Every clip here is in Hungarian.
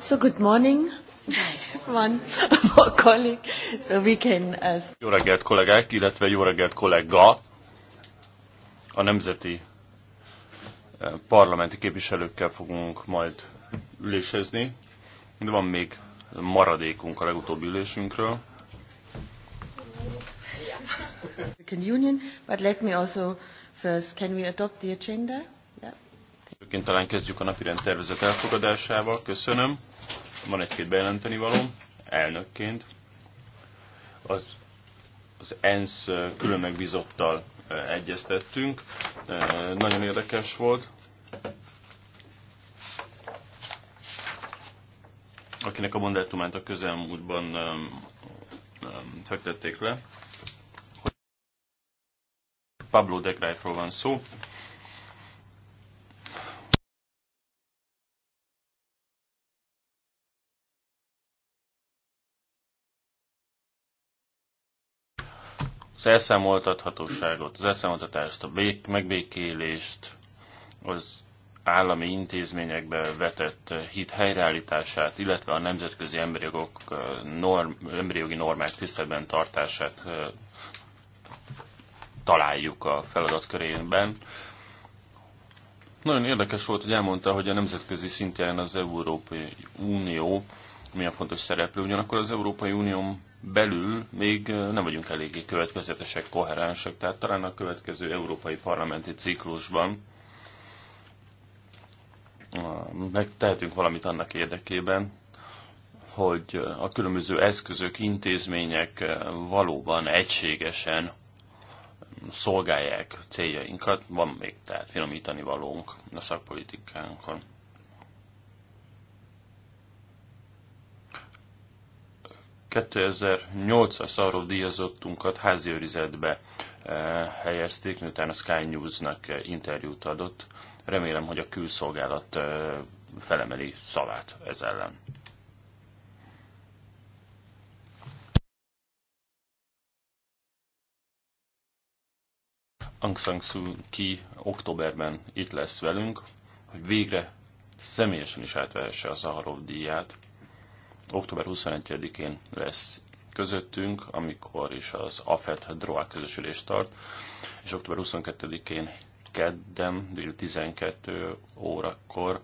So good morning, so we can... Ask. Uh, jó reggelt kollégák, illetve jó reggelt kollega a nemzeti eh, parlamenti képviselőkkel fogunk majd ülésezni, de van még maradékunk a legutóbbi ülésünkről. Union, but let me also first, can we adopt the agenda? Egyébként talán kezdjük a napirend tervezet elfogadásával. Köszönöm. Van egy-két bejelenteni való Elnökként. Az, az ENSZ külön megbizottal egyeztettünk. Nagyon érdekes volt. Akinek a mandátumát a közelmúltban fektették le. Pablo de Grijfról van szó, az elszámoltathatóságot, az elszámoltatást, a bék, megbékélést, az állami intézményekbe vetett hit helyreállítását, illetve a nemzetközi emberi, jogok, norm, emberi jogi normák tiszteletben tartását találjuk a feladat körében. Nagyon érdekes volt, hogy elmondta, hogy a nemzetközi szinten az Európai Unió milyen fontos szereplő, ugyanakkor az Európai Unión belül még nem vagyunk eléggé következetesek, koherensek, tehát talán a következő európai parlamenti ciklusban megtehetünk valamit annak érdekében, hogy a különböző eszközök, intézmények valóban egységesen szolgálják céljainkat, van még tehát finomítani valónk a szakpolitikánkon. 2008-as arról díjazottunkat házi őrizetbe eh, helyezték, miután a Sky News-nak eh, interjút adott. Remélem, hogy a külszolgálat eh, felemeli szavát ez ellen. Aung San Suu Kyi októberben itt lesz velünk, hogy végre személyesen is átvehesse az Aharov díját, október 21-én lesz közöttünk, amikor is az AFET DROA közösülést tart, és október 22-én kedden, dél 12 órakor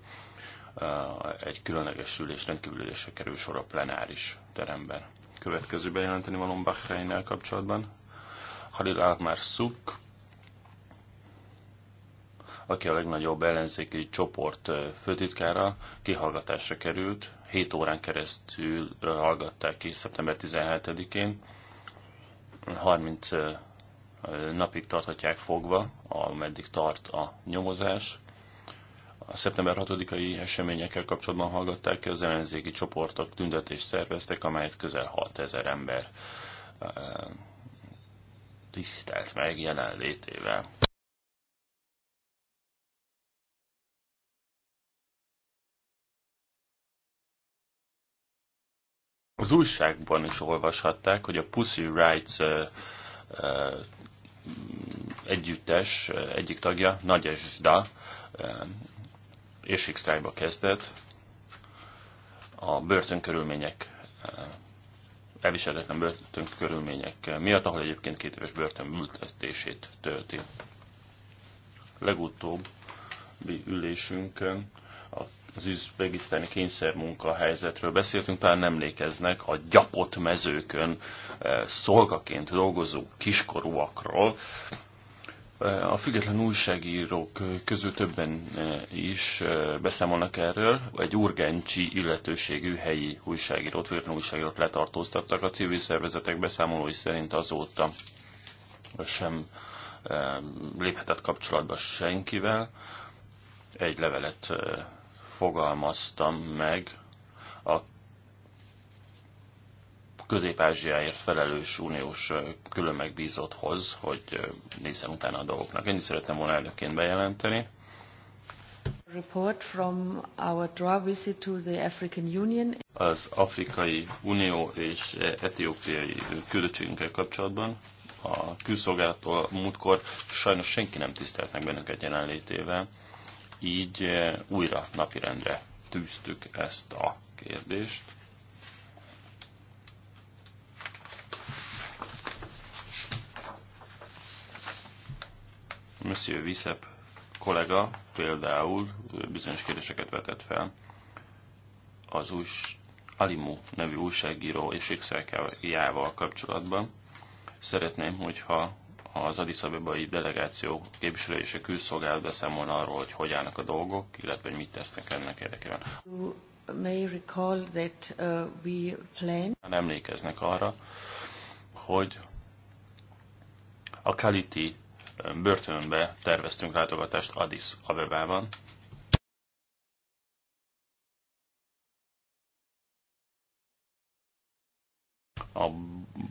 eh, egy különleges ülés, rendkívül ülésre kerül sor a plenáris teremben. Következő bejelenteni valóban Bahreinnel kapcsolatban. Halil Ahmar Suk aki a legnagyobb ellenzéki csoport főtitkára kihallgatásra került. 7 órán keresztül hallgatták ki szeptember 17-én. 30 napig tarthatják fogva, ameddig tart a nyomozás. A szeptember 6-ai eseményekkel kapcsolatban hallgatták ki az ellenzéki csoportok tüntetést szerveztek, amelyet közel 6000 ember tisztelt meg jelenlétével. Az újságban is olvashatták, hogy a Pussy Rights együttes egyik tagja, és x kezdett a börtönkörülmények elviselhetetlen börtönkörülmények miatt, ahol egyébként két éves börtönbüntetését tölti. Legutóbbi ülésünkön a az üzbegisztáni kényszermunkahelyzetről beszéltünk, talán emlékeznek a gyapott mezőkön eh, szolgaként dolgozó kiskorúakról. Eh, a független újságírók közül többen eh, is beszámolnak erről. Egy urgencsi illetőségű helyi újságírót, független újságírót letartóztattak. A civil szervezetek beszámolói szerint azóta sem léphetett kapcsolatba senkivel. Egy levelet fogalmaztam meg a közép-ázsiáért felelős uniós külön megbízotthoz, hogy nézzen utána a dolgoknak. Ennyit szerettem volna elnökként bejelenteni. Report from our draw visit to the African Union. Az Afrikai Unió és Etiópiai küldöttségünkkel kapcsolatban a külszolgálattól múltkor sajnos senki nem tisztelt meg bennünket jelenlétével így eh, újra napirendre tűztük ezt a kérdést. Monsieur Visep kollega például eh, bizonyos kérdéseket vetett fel az új Alimu nevű újságíró és ékszekjával kapcsolatban. Szeretném, hogyha az Addis Abebai delegáció képviselése külszolgálat beszámolna arról, hogy hogy állnak a dolgok, illetve hogy mit tesznek ennek érdekében. May recall that, uh, we plan... Emlékeznek arra, hogy a Kaliti um, börtönbe terveztünk látogatást Addis Abebában, a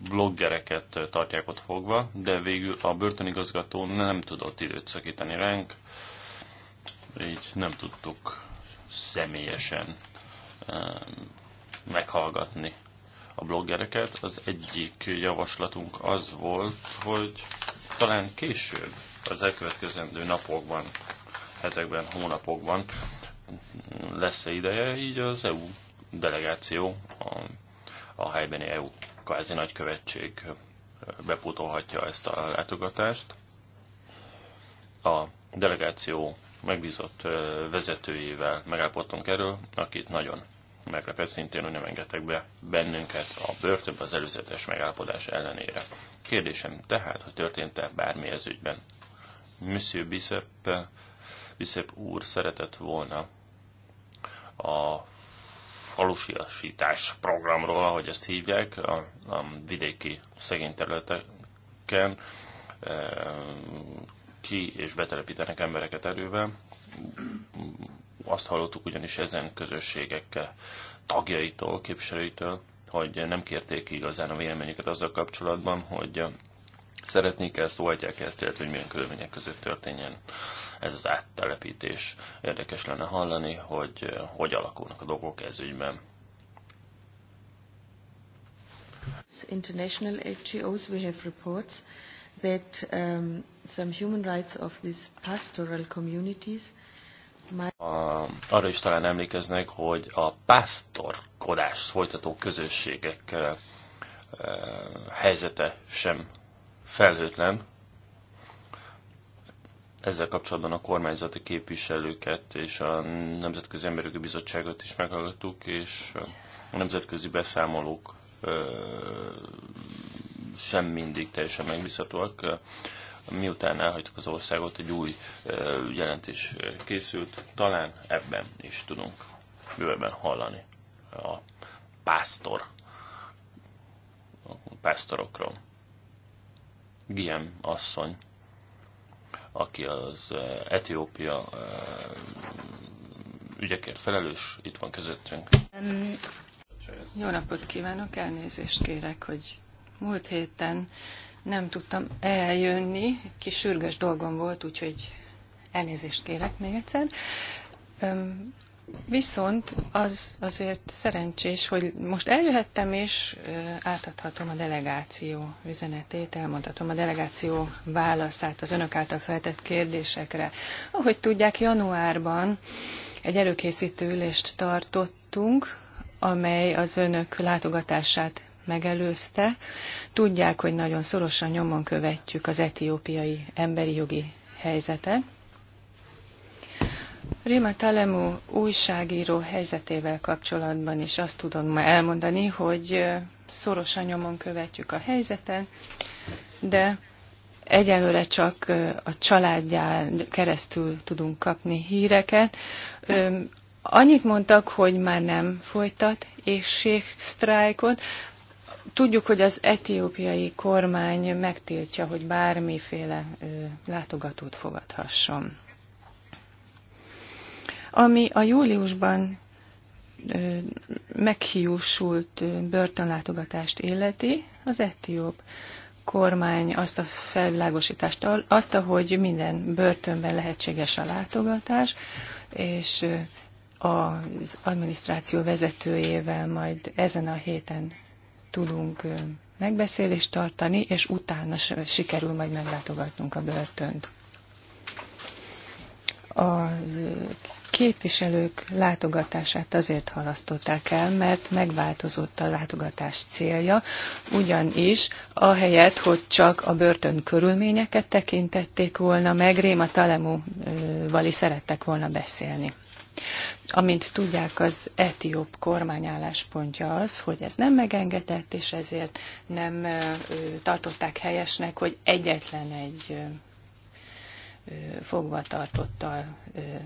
bloggereket tartják ott fogva, de végül a börtönigazgató nem tudott időt szakítani ránk, így nem tudtuk személyesen eh, meghallgatni a bloggereket. Az egyik javaslatunk az volt, hogy talán később, az elkövetkezendő napokban, hetekben, hónapokban lesz -e ideje, így az EU delegáció, a, a helybeni EU kvázi nagykövetség bepótolhatja ezt a látogatást. A delegáció megbízott vezetőjével megállapodtunk erről, akit nagyon meglepett szintén, hogy nem engedtek be bennünket a börtönbe az előzetes megállapodás ellenére. Kérdésem tehát, hogy történt-e bármi ez ügyben. Monsieur Bicep, úr szeretett volna a falusiasítás programról, ahogy ezt hívják, a, a vidéki szegény területeken e, ki és betelepítenek embereket erővel. Azt hallottuk ugyanis ezen közösségek tagjaitól, képviselőitől, hogy nem kérték igazán a véleményüket azzal kapcsolatban, hogy szeretnék ezt, oldják ezt, illetve hogy milyen körülmények között történjen ez az áttelepítés. Érdekes lenne hallani, hogy eh, hogy alakulnak a dolgok ez ügyben. International NGOs, we have reports that um, some human rights of these pastoral communities a, arra is talán emlékeznek, hogy a pásztorkodás folytató közösségek eh, eh, helyzete sem felhőtlen. Ezzel kapcsolatban a kormányzati képviselőket és a Nemzetközi Emberjogi Bizottságot is meghallgattuk, és a nemzetközi beszámolók sem mindig teljesen megbízhatóak. Miután elhagytuk az országot, egy új jelentés készült, talán ebben is tudunk bővebben hallani a pásztor, a pásztorokról. Giem asszony, aki az eh, Etiópia eh, ügyekért felelős, itt van közöttünk. Jó napot kívánok, elnézést kérek, hogy múlt héten nem tudtam eljönni, kis sürgős dolgom volt, úgyhogy elnézést kérek még egyszer. Viszont az azért szerencsés, hogy most eljöhettem, és átadhatom a delegáció üzenetét, elmondhatom a delegáció válaszát az önök által feltett kérdésekre. Ahogy tudják, januárban egy előkészítő ülést tartottunk, amely az önök látogatását megelőzte. Tudják, hogy nagyon szorosan nyomon követjük az etiópiai emberi jogi helyzetet Rima Talemu újságíró helyzetével kapcsolatban is azt tudom ma elmondani, hogy szorosan nyomon követjük a helyzeten, de egyelőre csak a családján keresztül tudunk kapni híreket. Annyit mondtak, hogy már nem folytat éjségsztrájkot. Tudjuk, hogy az etiópiai kormány megtiltja, hogy bármiféle látogatót fogadhasson. Ami a júliusban meghiúsult börtönlátogatást illeti, az etióp kormány azt a felvilágosítást adta, hogy minden börtönben lehetséges a látogatás, és az adminisztráció vezetőjével majd ezen a héten tudunk megbeszélést tartani, és utána sikerül majd meglátogatnunk a börtönt a képviselők látogatását azért halasztották el, mert megváltozott a látogatás célja, ugyanis ahelyett, hogy csak a börtön körülményeket tekintették volna meg, Réma talemu is szerettek volna beszélni. Amint tudják, az etióp kormány álláspontja az, hogy ez nem megengedett, és ezért nem tartották helyesnek, hogy egyetlen egy fogvatartottal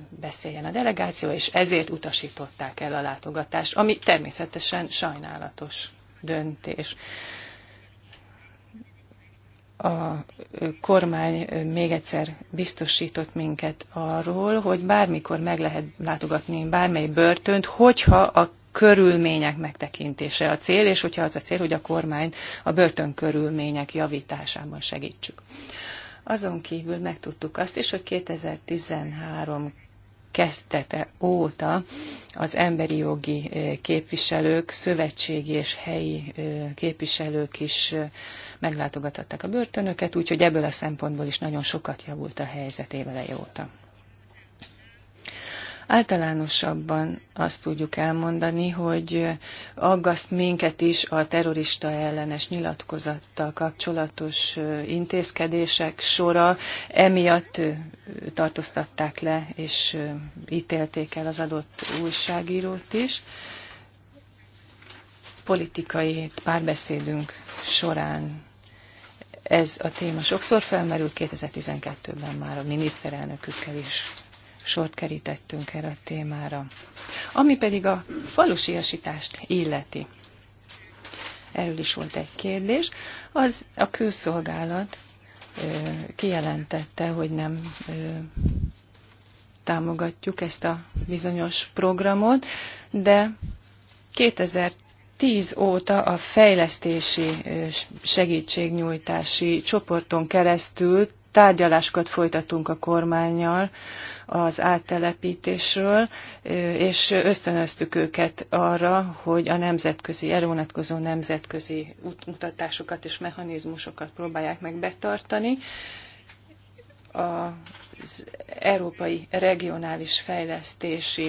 beszéljen a delegáció, és ezért utasították el a látogatást, ami természetesen sajnálatos döntés. A kormány még egyszer biztosított minket arról, hogy bármikor meg lehet látogatni bármely börtönt, hogyha a körülmények megtekintése a cél, és hogyha az a cél, hogy a kormány a börtön körülmények javításában segítsük. Azon kívül megtudtuk azt is, hogy 2013 kezdete óta az emberi jogi képviselők, szövetségi és helyi képviselők is meglátogatották a börtönöket, úgyhogy ebből a szempontból is nagyon sokat javult a helyzet éveleje óta. Általánosabban azt tudjuk elmondani, hogy aggaszt minket is a terrorista ellenes nyilatkozattal kapcsolatos intézkedések sora, emiatt tartóztatták le és ítélték el az adott újságírót is. Politikai párbeszédünk során ez a téma sokszor felmerül, 2012-ben már a miniszterelnökükkel is sort kerítettünk erre a témára. Ami pedig a falusiasítást illeti. Erről is volt egy kérdés. Az a külszolgálat ö, kijelentette, hogy nem ö, támogatjuk ezt a bizonyos programot, de 2000 2010 óta a fejlesztési segítségnyújtási csoporton keresztül tárgyalásokat folytatunk a kormányjal az áttelepítésről, és ösztönöztük őket arra, hogy a nemzetközi, elvonatkozó nemzetközi útmutatásokat és mechanizmusokat próbálják meg betartani. Az Európai Regionális Fejlesztési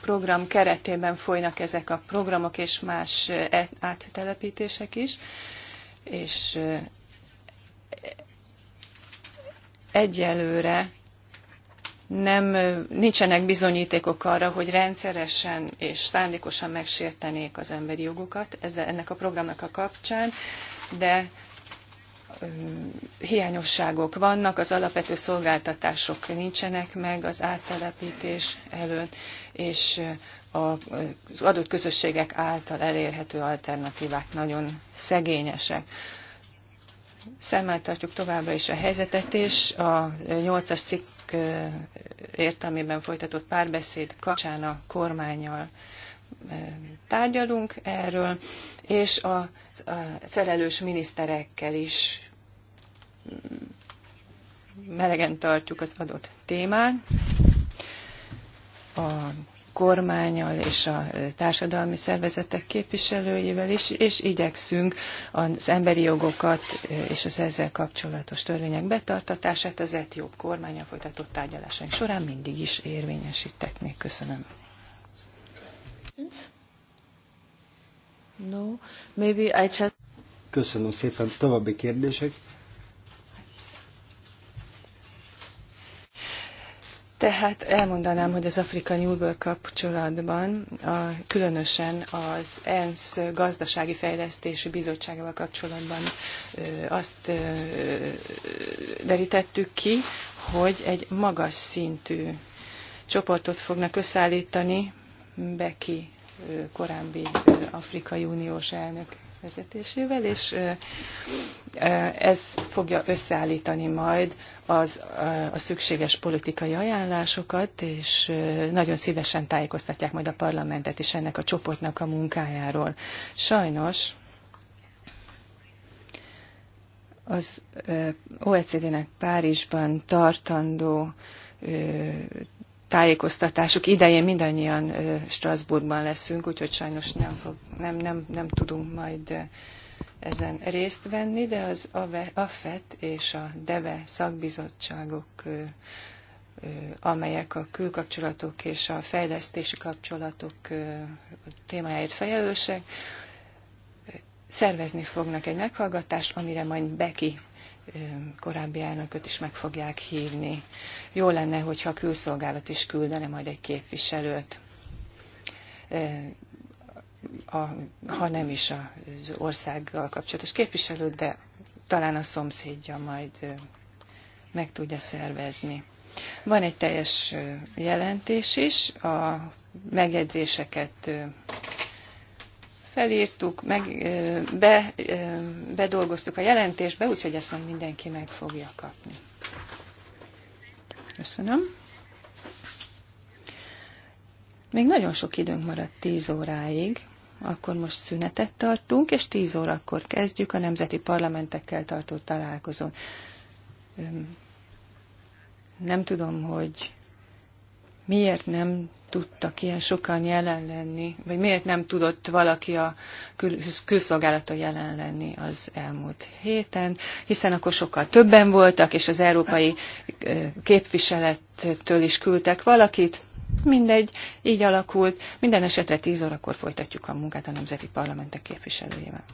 program keretében folynak ezek a programok és más e, áttelepítések is, és egyelőre nem, nincsenek bizonyítékok arra, hogy rendszeresen és szándékosan megsértenék az emberi jogokat ezzel, ennek a programnak a kapcsán, de hiányosságok vannak, az alapvető szolgáltatások nincsenek meg az áttelepítés előtt, és az adott közösségek által elérhető alternatívák nagyon szegényesek. Szemmel tartjuk továbbra is a helyzetet, és a 8-as cikk értelmében folytatott párbeszéd kapcsán a kormányjal tárgyalunk erről, és a felelős miniszterekkel is melegen tartjuk az adott témát. A kormányal és a társadalmi szervezetek képviselőivel is, és igyekszünk az emberi jogokat és az ezzel kapcsolatos törvények betartatását az etióp kormányal folytatott tárgyalásaink során mindig is érvényesíteni. Köszönöm. No, maybe I just... Köszönöm szépen. További kérdések? Tehát elmondanám, hogy az afrikai Unióval kapcsolatban, a, különösen az ENSZ gazdasági fejlesztési bizottságával kapcsolatban ö, azt ö, derítettük ki, hogy egy magas szintű csoportot fognak összeállítani Beki korábbi Afrikai Uniós elnök vezetésével, és ez fogja összeállítani majd az, a szükséges politikai ajánlásokat, és nagyon szívesen tájékoztatják majd a parlamentet is ennek a csoportnak a munkájáról. Sajnos az OECD-nek Párizsban tartandó tájékoztatásuk idején mindannyian Strasbourgban leszünk, úgyhogy sajnos nem, fog, nem, nem, nem tudunk majd ezen részt venni, de az AFET e, és a DEVE e szakbizottságok, amelyek a külkapcsolatok és a fejlesztési kapcsolatok témáért felelősek, szervezni fognak egy meghallgatást, amire majd Beki korábbi elnököt is meg fogják hívni. Jó lenne, hogyha a külszolgálat is küldene majd egy képviselőt, a, ha nem is az országgal kapcsolatos képviselőt, de talán a szomszédja majd meg tudja szervezni. Van egy teljes jelentés is, a megjegyzéseket felírtuk, meg, be, bedolgoztuk a jelentésbe, úgyhogy ezt majd mindenki meg fogja kapni. Köszönöm. Még nagyon sok időnk maradt 10 óráig, akkor most szünetet tartunk, és 10 órakor kezdjük a nemzeti parlamentekkel tartott találkozón. Nem tudom, hogy miért nem tudtak ilyen sokan jelen lenni, vagy miért nem tudott valaki a kül- külszolgálata jelen lenni az elmúlt héten, hiszen akkor sokkal többen voltak, és az európai képviselettől is küldtek valakit. Mindegy, így alakult. Minden esetre 10 órakor folytatjuk a munkát a nemzeti parlamentek képviselőjével.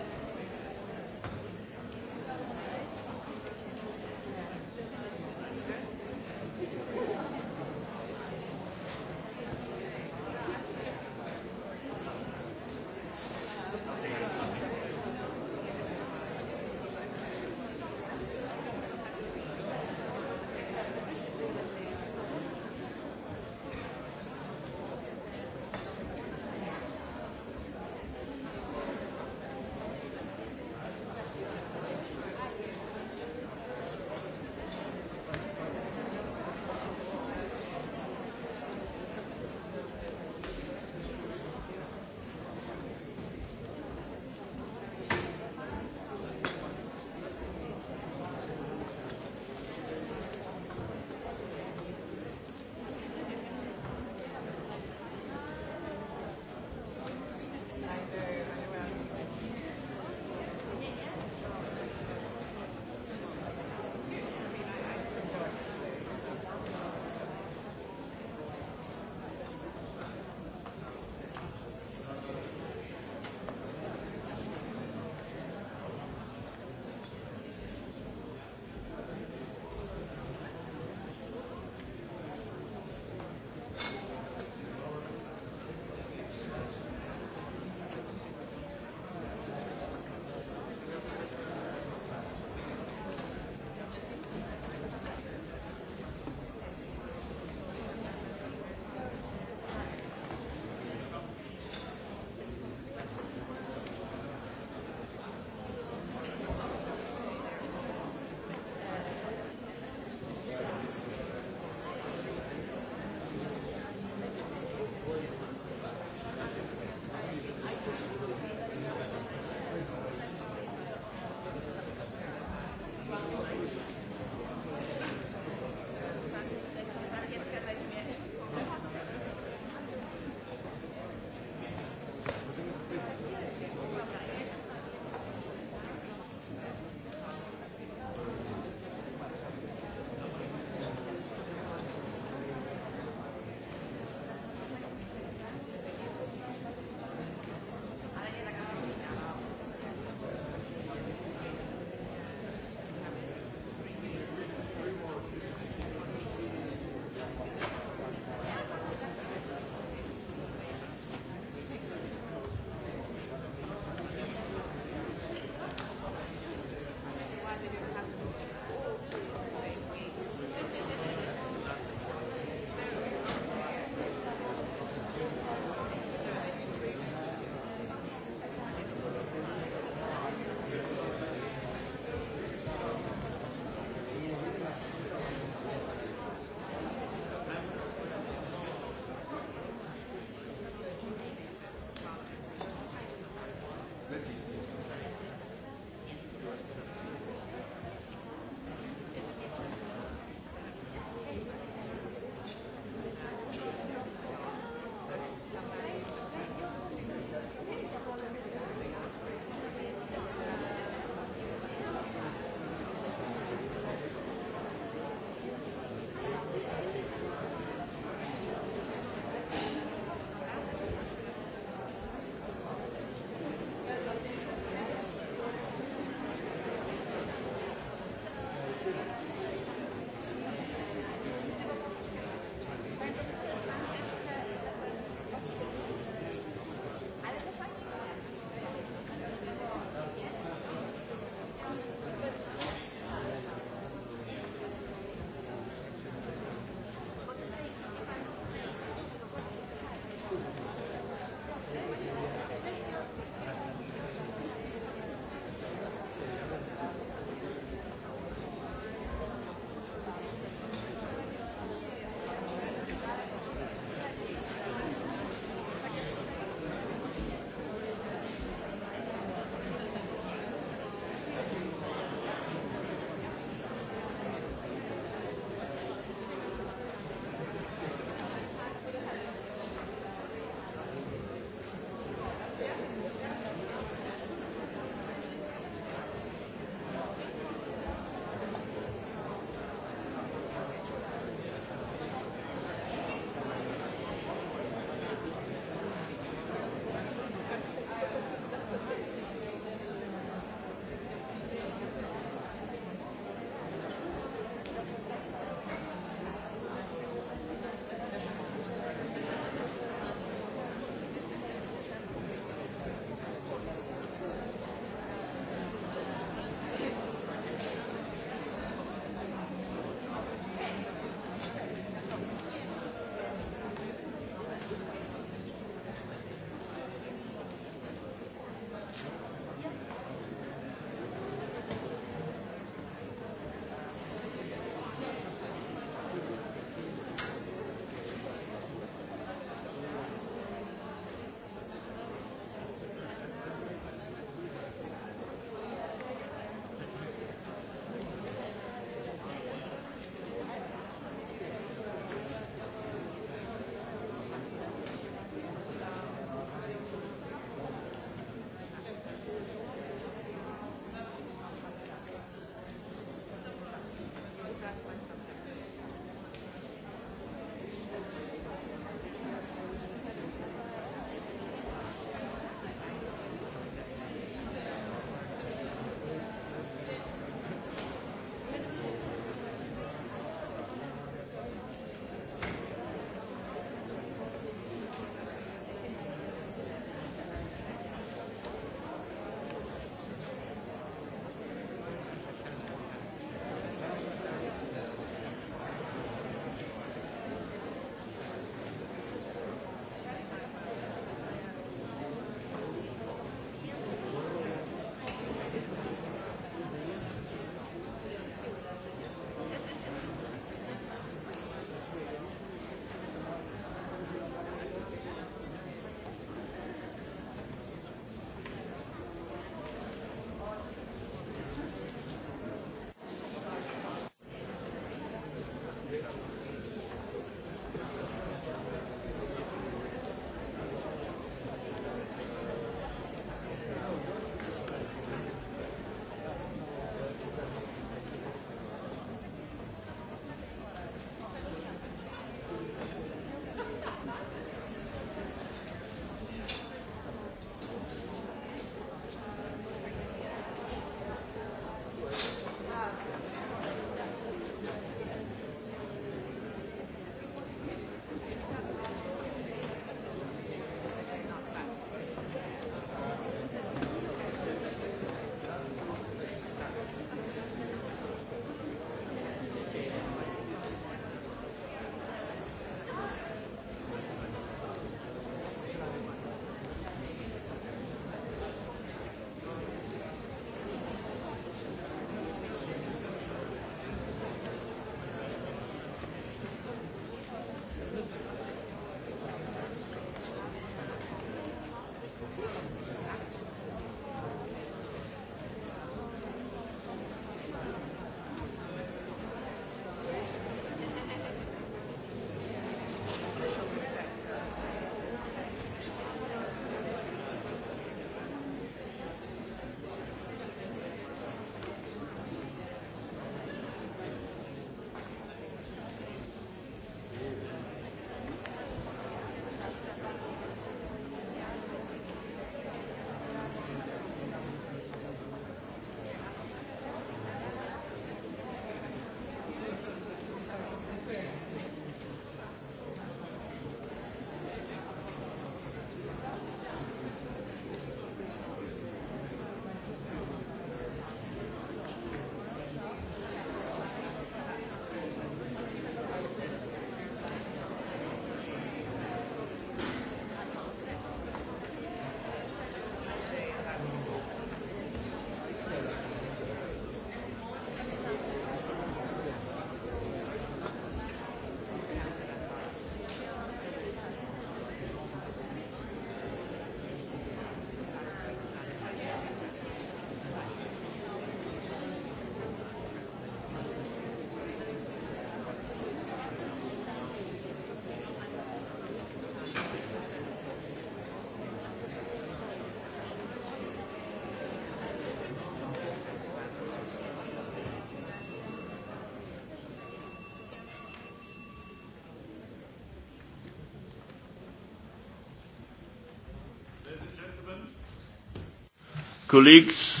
colleagues.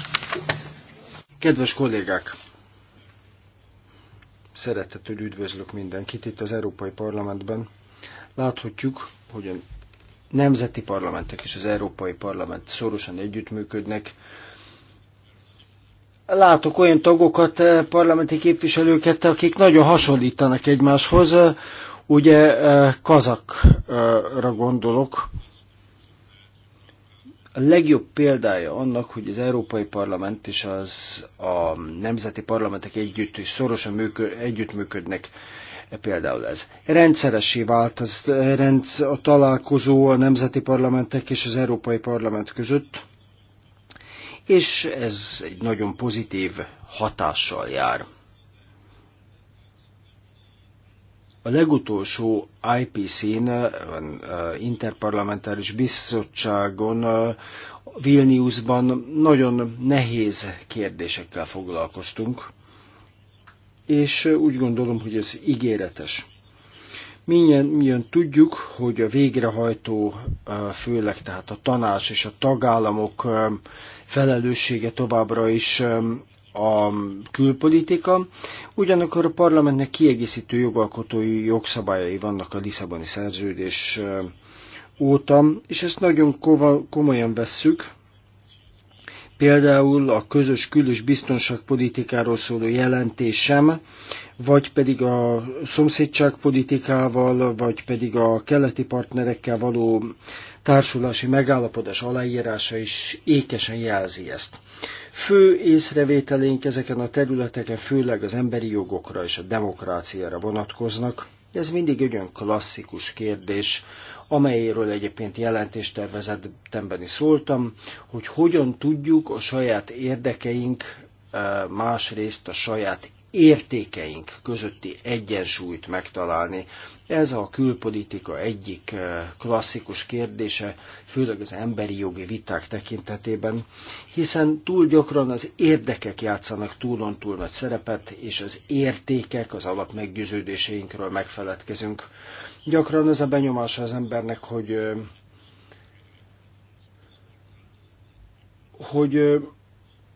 Kedves kollégák! Szeretettel üdvözlök mindenkit itt az Európai Parlamentben. Láthatjuk, hogy a nemzeti parlamentek és az Európai Parlament szorosan együttműködnek. Látok olyan tagokat, eh, parlamenti képviselőket, akik nagyon hasonlítanak egymáshoz. Ugye eh, kazakra gondolok, legjobb példája annak, hogy az Európai Parlament és az a nemzeti parlamentek együtt és szorosan működ, együttműködnek például ez. Rendszeresé vált az a találkozó a nemzeti parlamentek és az Európai Parlament között, és ez egy nagyon pozitív hatással jár. A legutolsó IPC-n, interparlamentáris bizottságon, Vilniusban nagyon nehéz kérdésekkel foglalkoztunk, és úgy gondolom, hogy ez ígéretes. Milyen, milyen tudjuk, hogy a végrehajtó, főleg tehát a tanács és a tagállamok felelőssége továbbra is a külpolitika, ugyanakkor a parlamentnek kiegészítő jogalkotói jogszabályai vannak a Lisszaboni szerződés óta, és ezt nagyon komolyan vesszük. Például a közös külös biztonságpolitikáról szóló jelentésem, vagy pedig a szomszédságpolitikával, vagy pedig a keleti partnerekkel való társulási megállapodás aláírása is ékesen jelzi ezt. Fő észrevételénk ezeken a területeken főleg az emberi jogokra és a demokráciára vonatkoznak. Ez mindig egy olyan klasszikus kérdés, amelyről egyébként jelentéstervezetemben is szóltam, hogy hogyan tudjuk a saját érdekeink eh, másrészt a saját értékeink közötti egyensúlyt megtalálni. Ez a külpolitika egyik eh, klasszikus kérdése, főleg az emberi jogi viták tekintetében, hiszen túl gyakran az érdekek játszanak túlon túl nagy szerepet, és az értékek, az alap meggyőződéseinkről megfeledkezünk. Gyakran az a benyomása az embernek, hogy eh, hogy eh,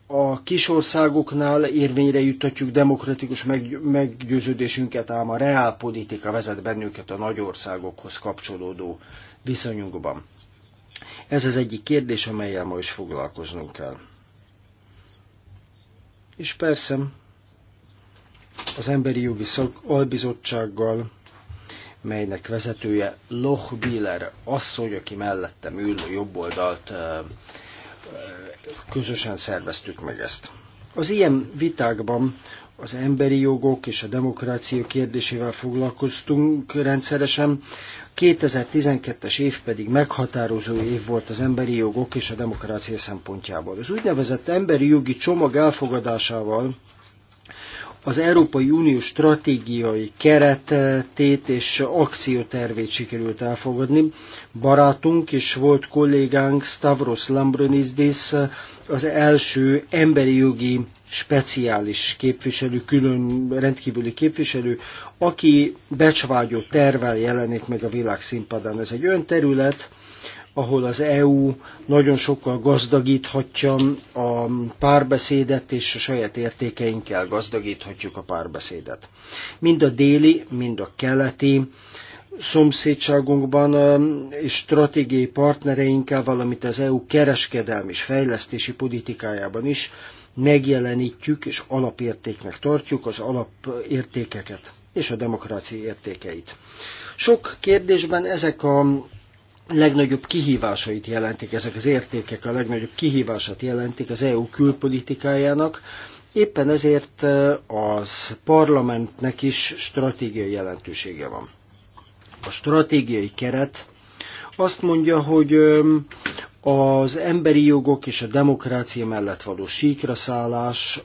a kisországoknál érvényre juttatjuk demokratikus meggyőződésünket, ám a reálpolitika vezet bennünket a nagy országokhoz kapcsolódó viszonyunkban. Ez az egyik kérdés, amelyel ma is foglalkoznunk kell. És persze az Emberi Jogi Szak Albizottsággal, melynek vezetője Loch Biller asszony, aki mellettem ül, a jobb oldalt eh, Közösen szerveztük meg ezt. Az ilyen vitákban az emberi jogok és a demokrácia kérdésével foglalkoztunk rendszeresen. 2012-es év pedig meghatározó év volt az emberi jogok és a demokrácia szempontjából. Az úgynevezett emberi jogi csomag elfogadásával az Európai Unió stratégiai keretét és akciótervét sikerült elfogadni. Barátunk és volt kollégánk Stavros Lambronidis az első emberi jogi speciális képviselő, külön rendkívüli képviselő, aki becsvágyó tervel jelenik meg a világ színpadán. Ez egy olyan terület, ahol az EU nagyon sokkal gazdagíthatja a párbeszédet, és a saját értékeinkkel gazdagíthatjuk a párbeszédet. Mind a déli, mind a keleti szomszédságunkban és stratégiai partnereinkkel, valamint az EU kereskedelmi és fejlesztési politikájában is megjelenítjük és alapértéknek tartjuk az alapértékeket és a demokrácia értékeit. Sok kérdésben ezek a legnagyobb kihívásait jelentik, ezek az értékek a legnagyobb kihívását jelentik az EU külpolitikájának, éppen ezért az parlamentnek is stratégiai jelentősége van. A stratégiai keret azt mondja, hogy az emberi jogok és a demokrácia mellett való síkra szállás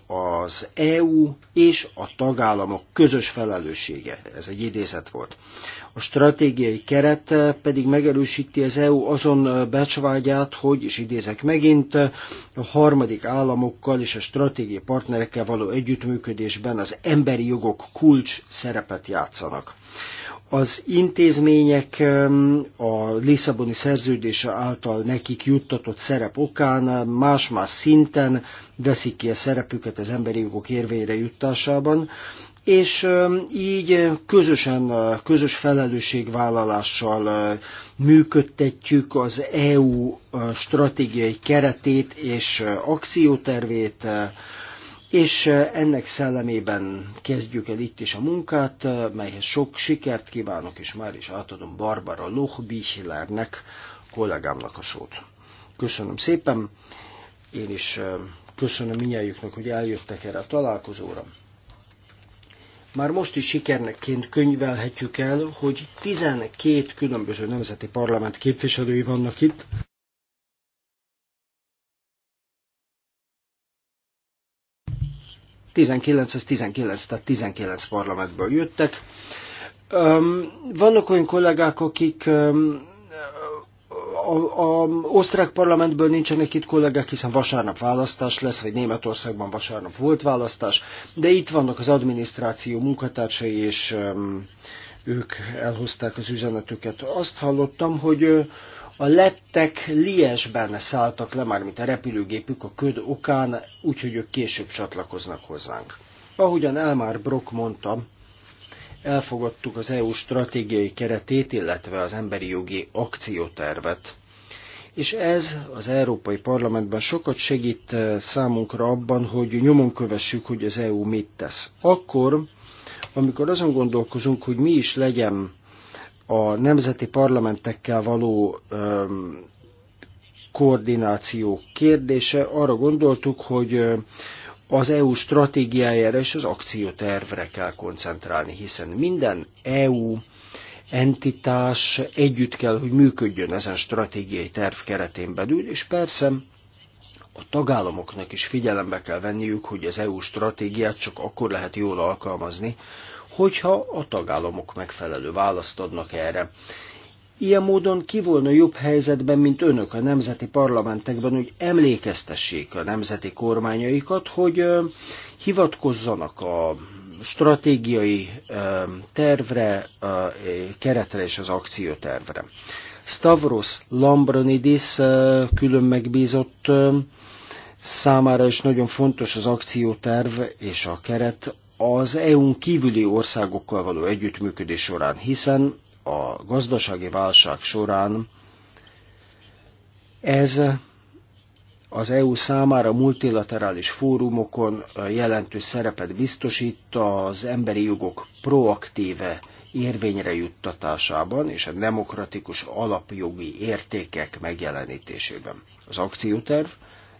az EU és a tagállamok közös felelőssége. Ez egy idézet volt. A stratégiai keret eh, pedig megerősíti az EU azon eh, becsvágyát, hogy, és idézek megint, a harmadik államokkal és a stratégiai partnerekkel való együttműködésben az emberi jogok kulcs szerepet játszanak az intézmények a Lisszaboni szerződése által nekik juttatott szerep okán eh, más-más szinten veszik ki a szerepüket az emberi jogok érvényre juttásában és így közösen, közös felelősségvállalással működtetjük az EU stratégiai keretét és akciótervét, és ennek szellemében kezdjük el itt is a munkát, melyhez sok sikert kívánok, és már is átadom Barbara Lochbichlernek, kollégámnak a szót. Köszönöm szépen, én is köszönöm minnyájuknak, hogy eljöttek erre a találkozóra. Már most is sikerneként könyvelhetjük el, hogy 12 különböző nemzeti parlament képviselői vannak itt. Tizenkilenc, 19, tehát 19 parlamentből jöttek. Vannak olyan kollégák, akik a, osztrák parlamentből nincsenek itt kollégák, hiszen vasárnap választás lesz, vagy Németországban vasárnap volt választás, de itt vannak az adminisztráció munkatársai, és um, ők elhozták az üzenetüket. Azt hallottam, hogy a lettek Liesben szálltak le, már, mint a repülőgépük a köd okán, úgyhogy ők később csatlakoznak hozzánk. Ahogyan Elmar Brock mondta, elfogadtuk az EU stratégiai keretét, illetve az emberi jogi akciótervet. És ez az Európai Parlamentben sokat segít eh, számunkra abban, hogy nyomon kövessük, hogy az EU mit tesz. Akkor, amikor azon gondolkozunk, hogy mi is legyen a nemzeti parlamentekkel való öm, ehm, koordináció kérdése, arra gondoltuk, hogy eh, az EU stratégiájára és az akciótervre kell koncentrálni, hiszen minden EU entitás együtt kell, hogy működjön ezen stratégiai terv keretén belül, és persze a tagállamoknak is figyelembe kell venniük, hogy az EU stratégiát csak akkor lehet jól alkalmazni, hogyha a tagállamok megfelelő választ adnak erre, Ilyen módon ki volna jobb helyzetben, mint önök a nemzeti parlamentekben, hogy emlékeztessék a nemzeti kormányaikat, hogy hivatkozzanak a stratégiai tervre, keretre és az akciótervre. Stavros Lambronidis külön megbízott számára is nagyon fontos az akcióterv és a keret az EU-n kívüli országokkal való együttműködés során, hiszen a gazdasági válság során ez az EU számára multilaterális fórumokon jelentős szerepet biztosít az emberi jogok proaktíve érvényre juttatásában és a demokratikus alapjogi értékek megjelenítésében. Az akcióterv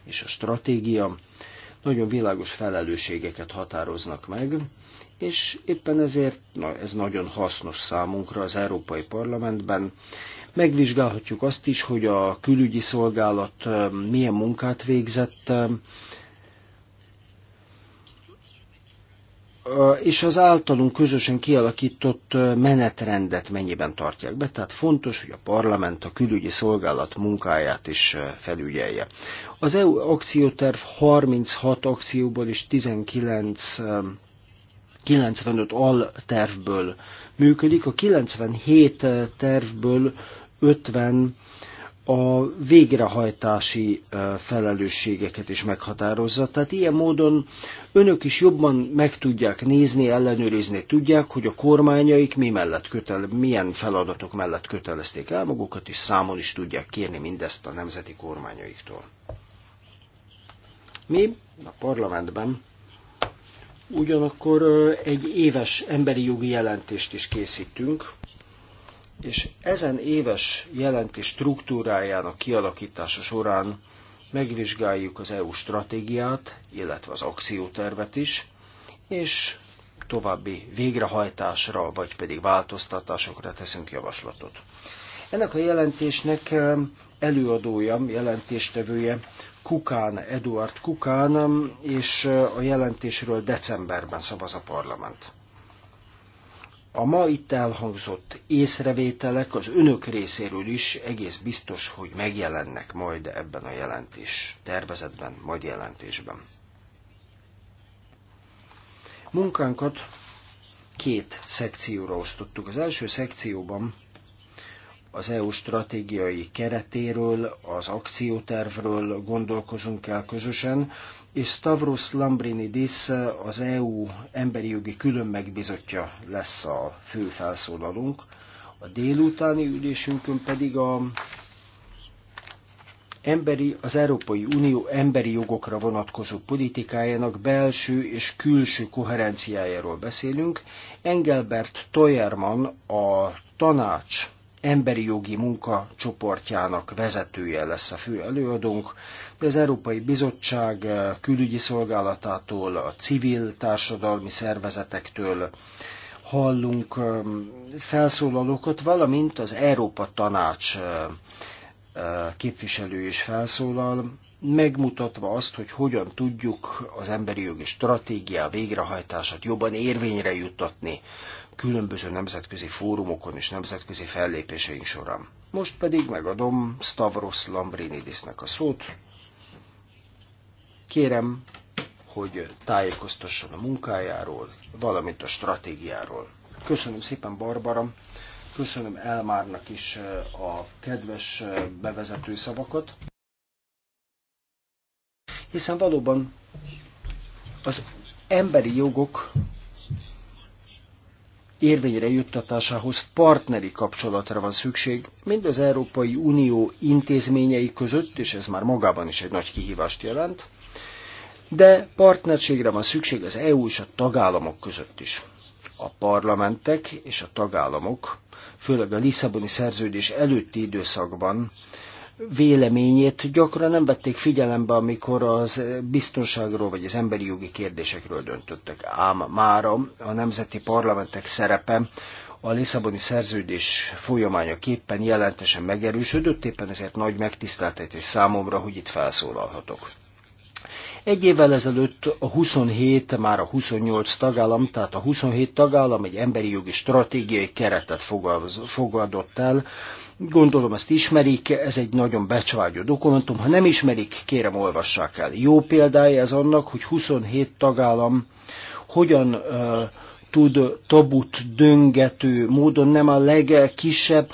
és a stratégia nagyon világos felelősségeket határoznak meg, és éppen ezért na, ez nagyon hasznos számunkra az Európai Parlamentben. Megvizsgálhatjuk azt is, hogy a külügyi szolgálat milyen munkát végzett, és az általunk közösen kialakított menetrendet mennyiben tartják be, tehát fontos, hogy a parlament a külügyi szolgálat munkáját is felügyelje. Az EU akcióterv 36 akcióból és 19 95 altervből működik, a 97 tervből 50 a végrehajtási felelősségeket is meghatározza. Tehát ilyen módon önök is jobban meg tudják nézni, ellenőrizni tudják, hogy a kormányaik mi mellett kötele, milyen feladatok mellett kötelezték el magukat, és számon is tudják kérni mindezt a nemzeti kormányaiktól. Mi a parlamentben Ugyanakkor egy éves emberi jogi jelentést is készítünk, és ezen éves jelentés struktúrájának kialakítása során megvizsgáljuk az EU stratégiát, illetve az akciótervet is, és további végrehajtásra, vagy pedig változtatásokra teszünk javaslatot. Ennek a jelentésnek előadója, jelentéstevője Kukán, Eduard Kukán, és a jelentésről decemberben szavaz a parlament. A ma itt elhangzott észrevételek az önök részéről is egész biztos, hogy megjelennek majd ebben a jelentés tervezetben, majd jelentésben. Munkánkat két szekcióra osztottuk. Az első szekcióban az EU stratégiai keretéről, az akciótervről gondolkozunk el közösen, és Stavros Lambrinidis az EU emberi jogi külön megbizotja lesz a fő felszólalunk. A délutáni ülésünkön pedig a emberi, az Európai Unió emberi jogokra vonatkozó politikájának belső és külső koherenciájáról beszélünk. Engelbert Toyerman, a tanács emberi jogi munka csoportjának vezetője lesz a fő előadónk, de az Európai Bizottság eh, külügyi szolgálatától, a civil társadalmi szervezetektől hallunk eh, felszólalókat, valamint az Európa Tanács eh, képviselő is felszólal, megmutatva azt, hogy hogyan tudjuk az emberi jogi stratégia végrehajtását jobban érvényre juttatni különböző nemzetközi fórumokon és nemzetközi fellépéseink során. Most pedig megadom Stavros Lambrinidisnek a szót. Kérem, hogy tájékoztasson a munkájáról, valamint a stratégiáról. Köszönöm szépen, Barbara! Köszönöm Elmárnak is eh, a kedves eh, bevezető szavakat, hiszen valóban az emberi jogok érvényre juttatásához partneri kapcsolatra van szükség, mind az Európai Unió intézményei között, és ez már magában is egy nagy kihívást jelent, de partnerségre van szükség az EU és a tagállamok között is. A parlamentek és a tagállamok, főleg a Lisszaboni szerződés előtti időszakban véleményét gyakran nem vették figyelembe, amikor az biztonságról vagy az emberi jogi kérdésekről döntöttek. Ám mára a nemzeti parlamentek szerepe a Lisszaboni szerződés folyamányaképpen jelentesen megerősödött, éppen ezért nagy megtiszteltetés számomra, hogy itt felszólalhatok. Egy évvel ezelőtt a 27, már a 28 tagállam, tehát a 27 tagállam egy emberi jogi stratégiai keretet fogadott el. Gondolom ezt ismerik, ez egy nagyon becsvágyó dokumentum. Ha nem ismerik, kérem olvassák el. Jó példája ez annak, hogy 27 tagállam hogyan tud tabut döngető módon nem a legkisebb,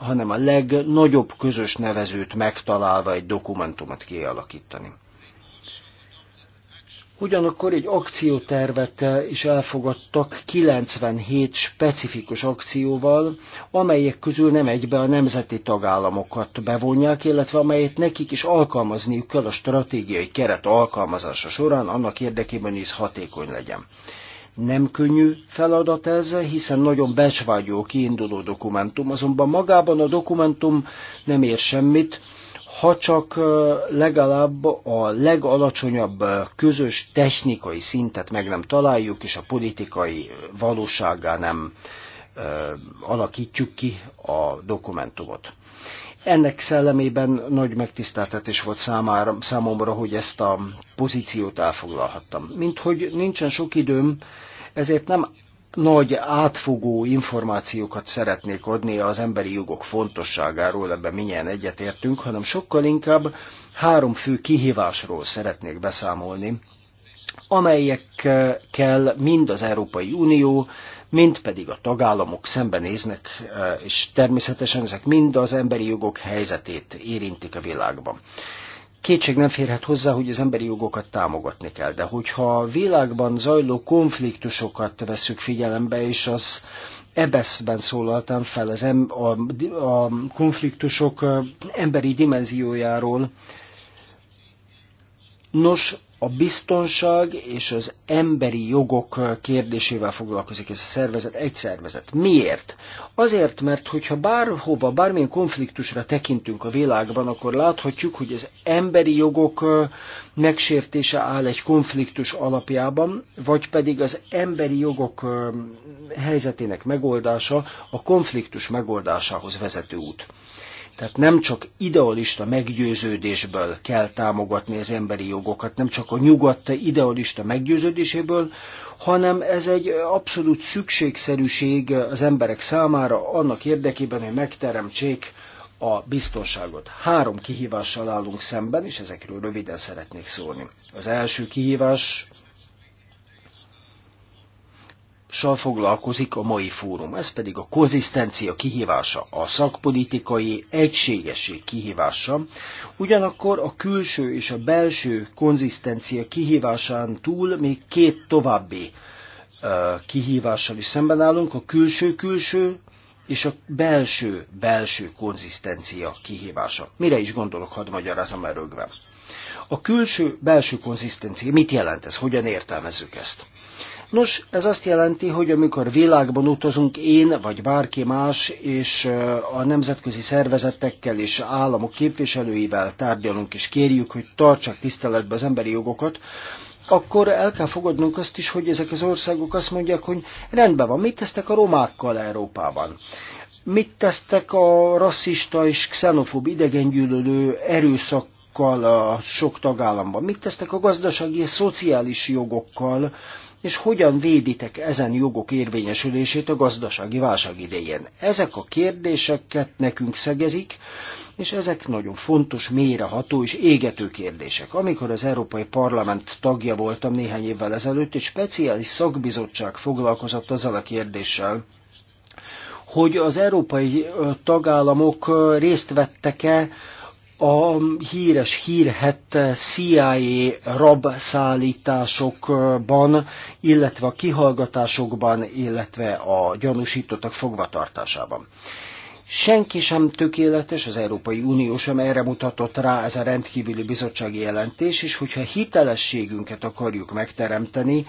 hanem a legnagyobb közös nevezőt megtalálva egy dokumentumot kialakítani. Ugyanakkor egy akciótervet eh, is elfogadtak 97 specifikus akcióval, amelyek közül nem egybe a nemzeti tagállamokat bevonják, illetve amelyet nekik is alkalmazniuk kell a stratégiai keret alkalmazása során, annak érdekében is hatékony legyen. Nem könnyű feladat ez, hiszen nagyon becsvágyó kiinduló dokumentum, azonban magában a dokumentum nem ér semmit, ha csak legalább a legalacsonyabb közös technikai szintet meg nem találjuk, és a politikai valóságá nem alakítjuk ki a dokumentumot. Ennek szellemében nagy megtiszteltetés volt számára, számomra, hogy ezt a pozíciót elfoglalhattam. Mint hogy nincsen sok időm, ezért nem nagy átfogó információkat szeretnék adni az emberi jogok fontosságáról, ebben minnyien egyetértünk, hanem sokkal inkább három fő kihívásról szeretnék beszámolni, amelyekkel mind az Európai Unió, mind pedig a tagállamok szembenéznek, és természetesen ezek mind az emberi jogok helyzetét érintik a világban kétség nem férhet hozzá, hogy az emberi jogokat támogatni kell. De hogyha a világban zajló konfliktusokat veszük figyelembe, és az ebeszben szólaltam fel az em, a, a konfliktusok emberi dimenziójáról, nos, a biztonság és az emberi jogok kérdésével foglalkozik ez a szervezet, egy szervezet. Miért? Azért, mert hogyha bárhova, bármilyen konfliktusra tekintünk a világban, akkor láthatjuk, hogy az emberi jogok megsértése áll egy konfliktus alapjában, vagy pedig az emberi jogok helyzetének megoldása a konfliktus megoldásához vezető út. Tehát nem csak idealista meggyőződésből kell támogatni az emberi jogokat, nem csak a nyugat idealista meggyőződéséből, hanem ez egy abszolút szükségszerűség az emberek számára annak érdekében, hogy megteremtsék a biztonságot. Három kihívással állunk szemben, és ezekről röviden szeretnék szólni. Az első kihívás sal foglalkozik a mai fórum, ez pedig a konzisztencia kihívása, a szakpolitikai egységesség kihívása, ugyanakkor a külső és a belső konzisztencia kihívásán túl még két további kihívással is szemben állunk, a külső-külső és a belső-belső konzisztencia kihívása. Mire is gondolok, hadd magyarázom erőgve. A külső-belső konzisztencia mit jelent ez, hogyan értelmezzük ezt? Nos, ez azt jelenti, hogy amikor világban utazunk én, vagy bárki más, és a nemzetközi szervezetekkel és államok képviselőivel tárgyalunk, és kérjük, hogy tartsák tiszteletbe az emberi jogokat, akkor el kell fogadnunk azt is, hogy ezek az országok azt mondják, hogy rendben van, mit tesztek a romákkal Európában? Mit tesztek a rasszista és xenofób idegengyűlölő erőszak a sok tagállamban? Mit tesztek a gazdasági és szociális jogokkal, és hogyan véditek ezen jogok érvényesülését a gazdasági válság idején. Ezek a kérdéseket nekünk szegezik, és ezek nagyon fontos, mélyreható és égető kérdések. Amikor az Európai Parlament tagja voltam néhány évvel ezelőtt, egy speciális szakbizottság foglalkozott azzal a kérdéssel, hogy az európai tagállamok részt vettek-e a híres, hírhette CIA rabszállításokban, illetve a kihallgatásokban, illetve a gyanúsítottak fogvatartásában. Senki sem tökéletes, az Európai Unió sem erre mutatott rá ez a rendkívüli bizottsági jelentés, és hogyha hitelességünket akarjuk megteremteni,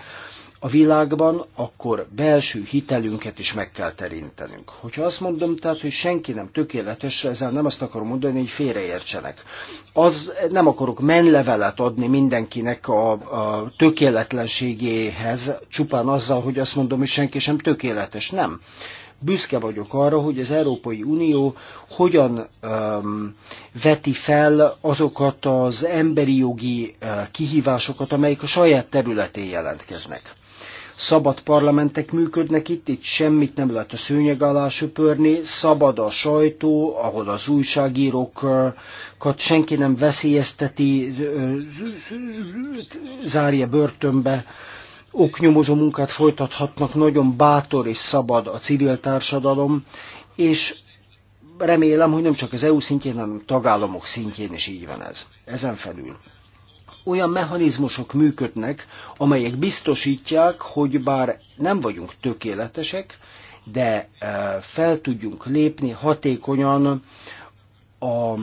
a világban, akkor belső hitelünket is meg kell terintenünk. Hogyha azt mondom, tehát, hogy senki nem tökéletes, ezzel nem azt akarom mondani, hogy félreértsenek. Az nem akarok menlevelet adni mindenkinek a, a tökéletlenségéhez, csupán azzal, hogy azt mondom, hogy senki sem tökéletes. Nem büszke vagyok arra, hogy az Európai Unió hogyan um, veti fel azokat az emberi jogi uh, kihívásokat, amelyek a saját területén jelentkeznek szabad parlamentek működnek itt, itt semmit nem lehet a szőnyeg alá söpörni, szabad a sajtó, ahol az újságírókat senki nem veszélyezteti, zárja börtönbe, oknyomozó munkát folytathatnak, nagyon bátor és szabad a civil társadalom, és remélem, hogy nem csak az EU szintjén, hanem tagállamok szintjén is így van ez. Ezen felül olyan mechanizmusok működnek, amelyek biztosítják, hogy bár nem vagyunk tökéletesek, de e, fel tudjunk lépni hatékonyan a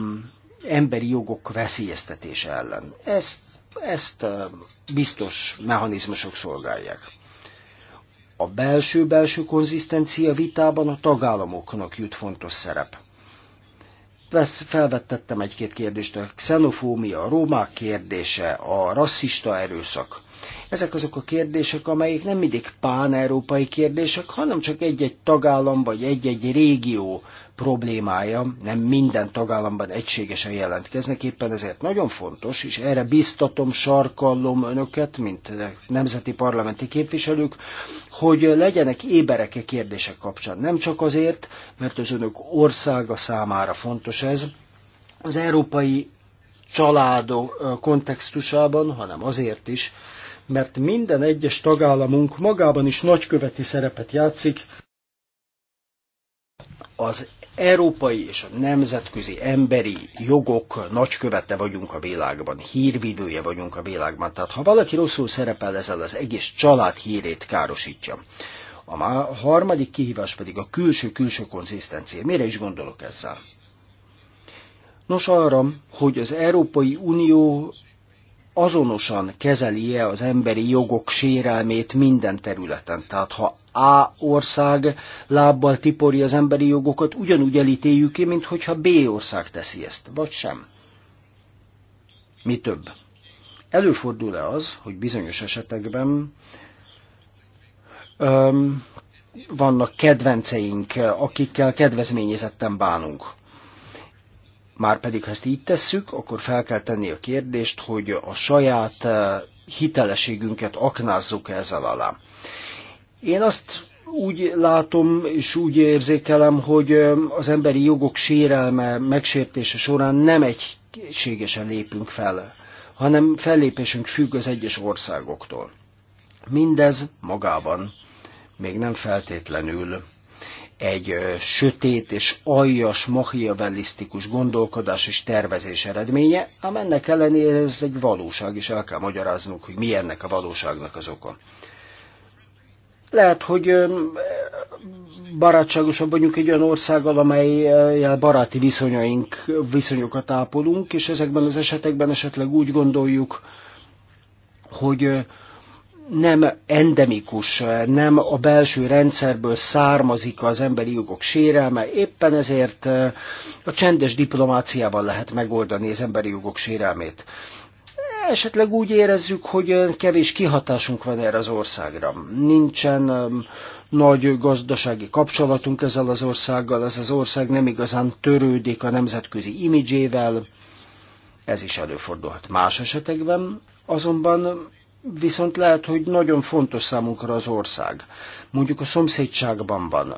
emberi jogok veszélyeztetése ellen. Ezt, ezt e, biztos mechanizmusok szolgálják. A belső-belső konzisztencia vitában a tagállamoknak jut fontos szerep vesz, felvettettem egy-két kérdést, a xenofómia, a romák kérdése, a rasszista erőszak. Ezek azok a kérdések, amelyek nem mindig pán-európai kérdések, hanem csak egy-egy tagállam vagy egy-egy régió problémája, nem minden tagállamban egységesen jelentkeznek, éppen ezért nagyon fontos, és erre biztatom, sarkallom önöket, mint nemzeti parlamenti képviselők, hogy legyenek éberek a e kérdések kapcsán. Nem csak azért, mert az önök országa számára fontos ez, az európai családok kontextusában, hanem azért is, mert minden egyes tagállamunk magában is nagyköveti szerepet játszik az európai és a nemzetközi emberi jogok nagykövete vagyunk a világban, hírvívője vagyunk a világban. Tehát ha valaki rosszul szerepel, ezzel az egész család hírét károsítja. A harmadik kihívás pedig a külső-külső konzisztencia. Mire is gondolok ezzel? Nos arra, hogy az Európai Unió azonosan kezeli-e az emberi jogok sérelmét minden területen. Tehát ha A ország lábbal tipori az emberi jogokat, ugyanúgy elítéljük ki, mint hogyha B ország teszi ezt, vagy sem. Mi több? Előfordul-e az, hogy bizonyos esetekben öm, vannak kedvenceink, akikkel kedvezményezetten bánunk? Már pedig, ha ezt így tesszük, akkor fel kell tenni a kérdést, hogy a saját eh, hitelességünket aknázzuk -e ezzel alá. Én azt úgy látom és úgy érzékelem, hogy eh, az emberi jogok sérelme, megsértése során nem egységesen lépünk fel, hanem fellépésünk függ az egyes országoktól. Mindez magában még nem feltétlenül egy sötét és aljas machiavellisztikus gondolkodás és tervezés eredménye, ám ennek ellenére ez egy valóság, és el kell magyaráznunk, hogy mi ennek a valóságnak az oka. Lehet, hogy barátságosabb vagyunk egy olyan országgal, amelyel baráti viszonyaink, viszonyokat ápolunk, és ezekben az esetekben esetleg úgy gondoljuk, hogy nem endemikus, nem a belső rendszerből származik az emberi jogok sérelme, éppen ezért eh, a csendes diplomáciával lehet megoldani az emberi jogok sérelmét. Esetleg úgy érezzük, hogy eh, kevés kihatásunk van erre az országra. Nincsen eh, nagy gazdasági kapcsolatunk ezzel az országgal, ez az ország nem igazán törődik a nemzetközi imidzsével, ez is előfordulhat más esetekben, azonban viszont lehet, hogy nagyon fontos számunkra az ország. Mondjuk a szomszédságban van.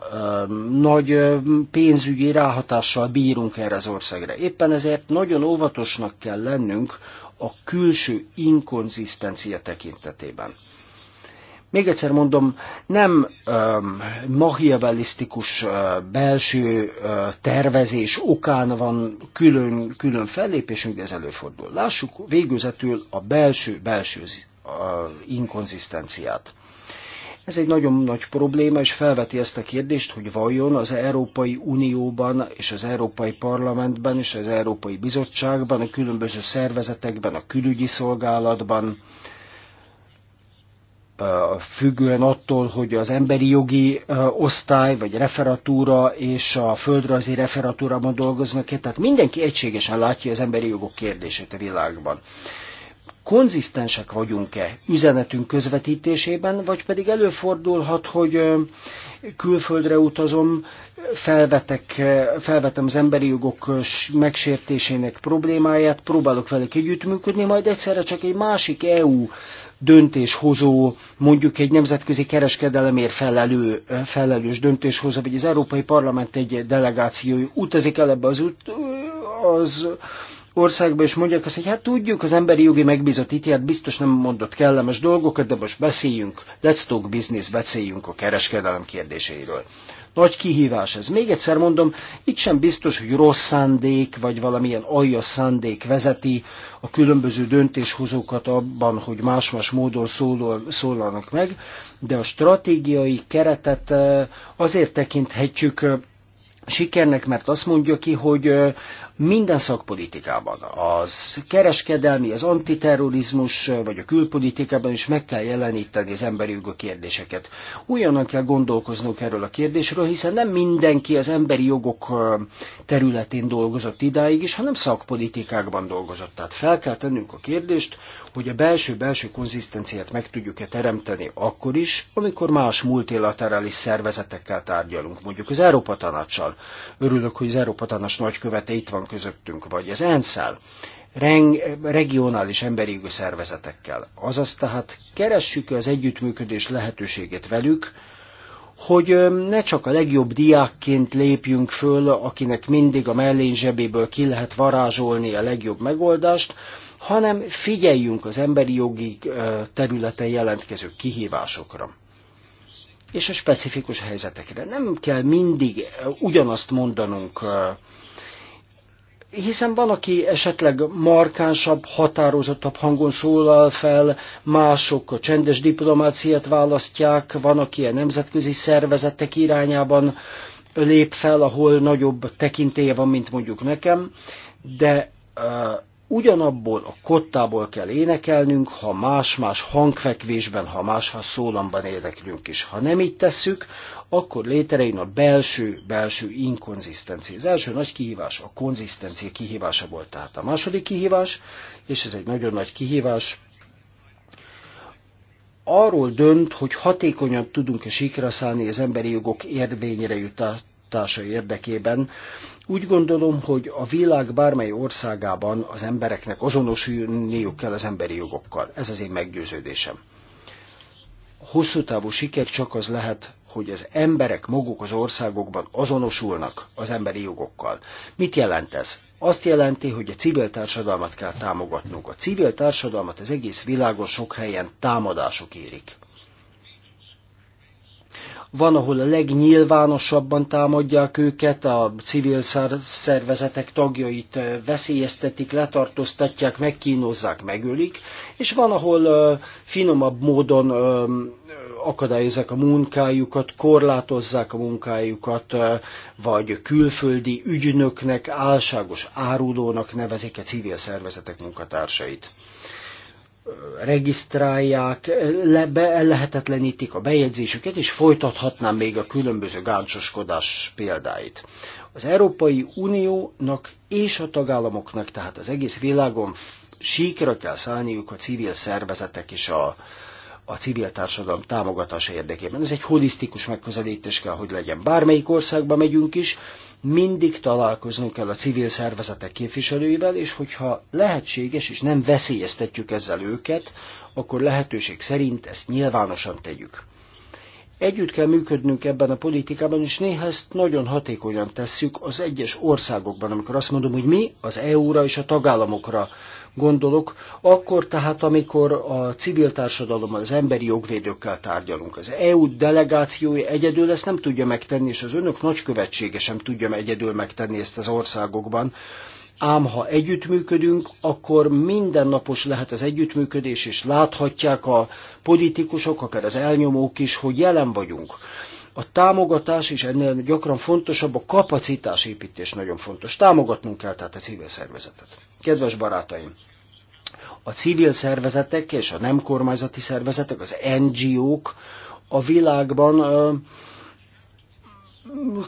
Nagy pénzügyi ráhatással bírunk erre az országra. Éppen ezért nagyon óvatosnak kell lennünk a külső inkonzisztencia tekintetében. Még egyszer mondom, nem um, machiavellisztikus uh, belső uh, tervezés okán van külön, külön fellépésünk, de ez előfordul. Lássuk végőzetül a belső-belső inkonzisztenciát. Ez egy nagyon nagy probléma, és felveti ezt a kérdést, hogy vajon az Európai Unióban és az Európai Parlamentben és az Európai Bizottságban, a különböző szervezetekben, a külügyi szolgálatban, függően attól, hogy az emberi jogi osztály, vagy referatúra és a földrajzi referatúrában dolgoznak -e. Tehát mindenki egységesen látja az emberi jogok kérdését a világban konzisztensek vagyunk-e üzenetünk közvetítésében, vagy pedig előfordulhat, hogy külföldre utazom, felvetek, felvetem az emberi jogok megsértésének problémáját, próbálok velük együttműködni, majd egyszerre csak egy másik EU döntéshozó, mondjuk egy nemzetközi kereskedelemért felelő, felelős döntéshozó, vagy az Európai Parlament egy delegációi utazik el ebbe az, az országba, és mondják azt, hogy hát tudjuk, az emberi jogi megbízott hát ítélet biztos nem mondott kellemes dolgokat, de most beszéljünk, let's talk business, beszéljünk a kereskedelem kérdéseiről. Nagy kihívás ez. Még egyszer mondom, itt sem biztos, hogy rossz szándék, vagy valamilyen alja szándék vezeti a különböző döntéshozókat abban, hogy más-más módon szólal, szólalnak meg, de a stratégiai keretet eh, azért tekinthetjük eh, sikernek, mert azt mondja ki, hogy eh, minden szakpolitikában, az kereskedelmi, az antiterrorizmus vagy a külpolitikában is meg kell jeleníteni az emberi jogok kérdéseket. Újonnan kell gondolkoznunk erről a kérdésről, hiszen nem mindenki az emberi jogok területén dolgozott idáig is, hanem szakpolitikákban dolgozott. Tehát fel kell tennünk a kérdést, hogy a belső-belső konzisztenciát meg tudjuk-e teremteni akkor is, amikor más multilaterális szervezetekkel tárgyalunk, mondjuk az Európa Tanácssal. Örülök, hogy az Európa Tanács nagykövete itt van van közöttünk, vagy az ENSZ-el, regionális emberi jogi szervezetekkel. Azaz tehát keressük az együttműködés lehetőségét velük, hogy ne csak a legjobb diákként lépjünk föl, akinek mindig a mellén zsebéből ki lehet varázsolni a legjobb megoldást, hanem figyeljünk az emberi jogi területen jelentkező kihívásokra és a specifikus helyzetekre. Nem kell mindig ugyanazt mondanunk hiszen valaki esetleg markánsabb, határozottabb hangon szólal fel, mások a csendes diplomáciát választják, van, aki a nemzetközi szervezetek irányában lép fel, ahol nagyobb tekintélye van, mint mondjuk nekem, de uh, ugyanabból a kottából kell énekelnünk, ha más-más hangfekvésben, ha más-más szólamban éneklünk is. Ha nem így tesszük, akkor létrejön a belső-belső inkonzisztencia. Az első nagy kihívás a konzisztencia kihívása volt tehát. A második kihívás, és ez egy nagyon nagy kihívás, arról dönt, hogy hatékonyan tudunk-e sikra szállni az emberi jogok érvényre jutása érdekében. Úgy gondolom, hogy a világ bármely országában az embereknek azonosulniuk kell az emberi jogokkal. Ez az én meggyőződésem. Hosszú távú siker csak az lehet, hogy az emberek maguk az országokban azonosulnak az emberi jogokkal. Mit jelent ez? Azt jelenti, hogy a civil társadalmat kell támogatnunk. A civil társadalmat az egész világon sok helyen támadások érik van, ahol a legnyilvánosabban támadják őket, a civil szervezetek tagjait veszélyeztetik, letartóztatják, megkínozzák, megölik, és van, ahol finomabb módon akadályozzák a munkájukat, korlátozzák a munkájukat, vagy külföldi ügynöknek, álságos árulónak nevezik a civil szervezetek munkatársait regisztrálják, le, be, ellehetetlenítik a bejegyzésüket, és folytathatnám még a különböző gáncsoskodás példáit. Az Európai Uniónak és a tagállamoknak, tehát az egész világon síkra kell szállniuk a civil szervezetek és a, a civil társadalom támogatása érdekében. Ez egy holisztikus megközelítés kell, hogy legyen. Bármelyik országba megyünk is, mindig találkoznunk kell a civil szervezetek képviselőivel, és hogyha lehetséges, és nem veszélyeztetjük ezzel őket, akkor lehetőség szerint ezt nyilvánosan tegyük. Együtt kell működnünk ebben a politikában, és néha ezt nagyon hatékonyan tesszük az egyes országokban, amikor azt mondom, hogy mi az EU-ra és a tagállamokra gondolok, akkor tehát, amikor a civil társadalom, az emberi jogvédőkkel tárgyalunk. Az EU delegációja egyedül ezt nem tudja megtenni, és az önök nagykövetsége sem tudja egyedül megtenni ezt az országokban. Ám ha együttműködünk, akkor mindennapos lehet az együttműködés, és láthatják a politikusok, akár az elnyomók is, hogy jelen vagyunk. A támogatás, is ennél gyakran fontosabb, a kapacitásépítés nagyon fontos. Támogatnunk kell tehát a civil szervezetet. Kedves barátaim! A civil szervezetek és a nem kormányzati szervezetek, az NGO-k a világban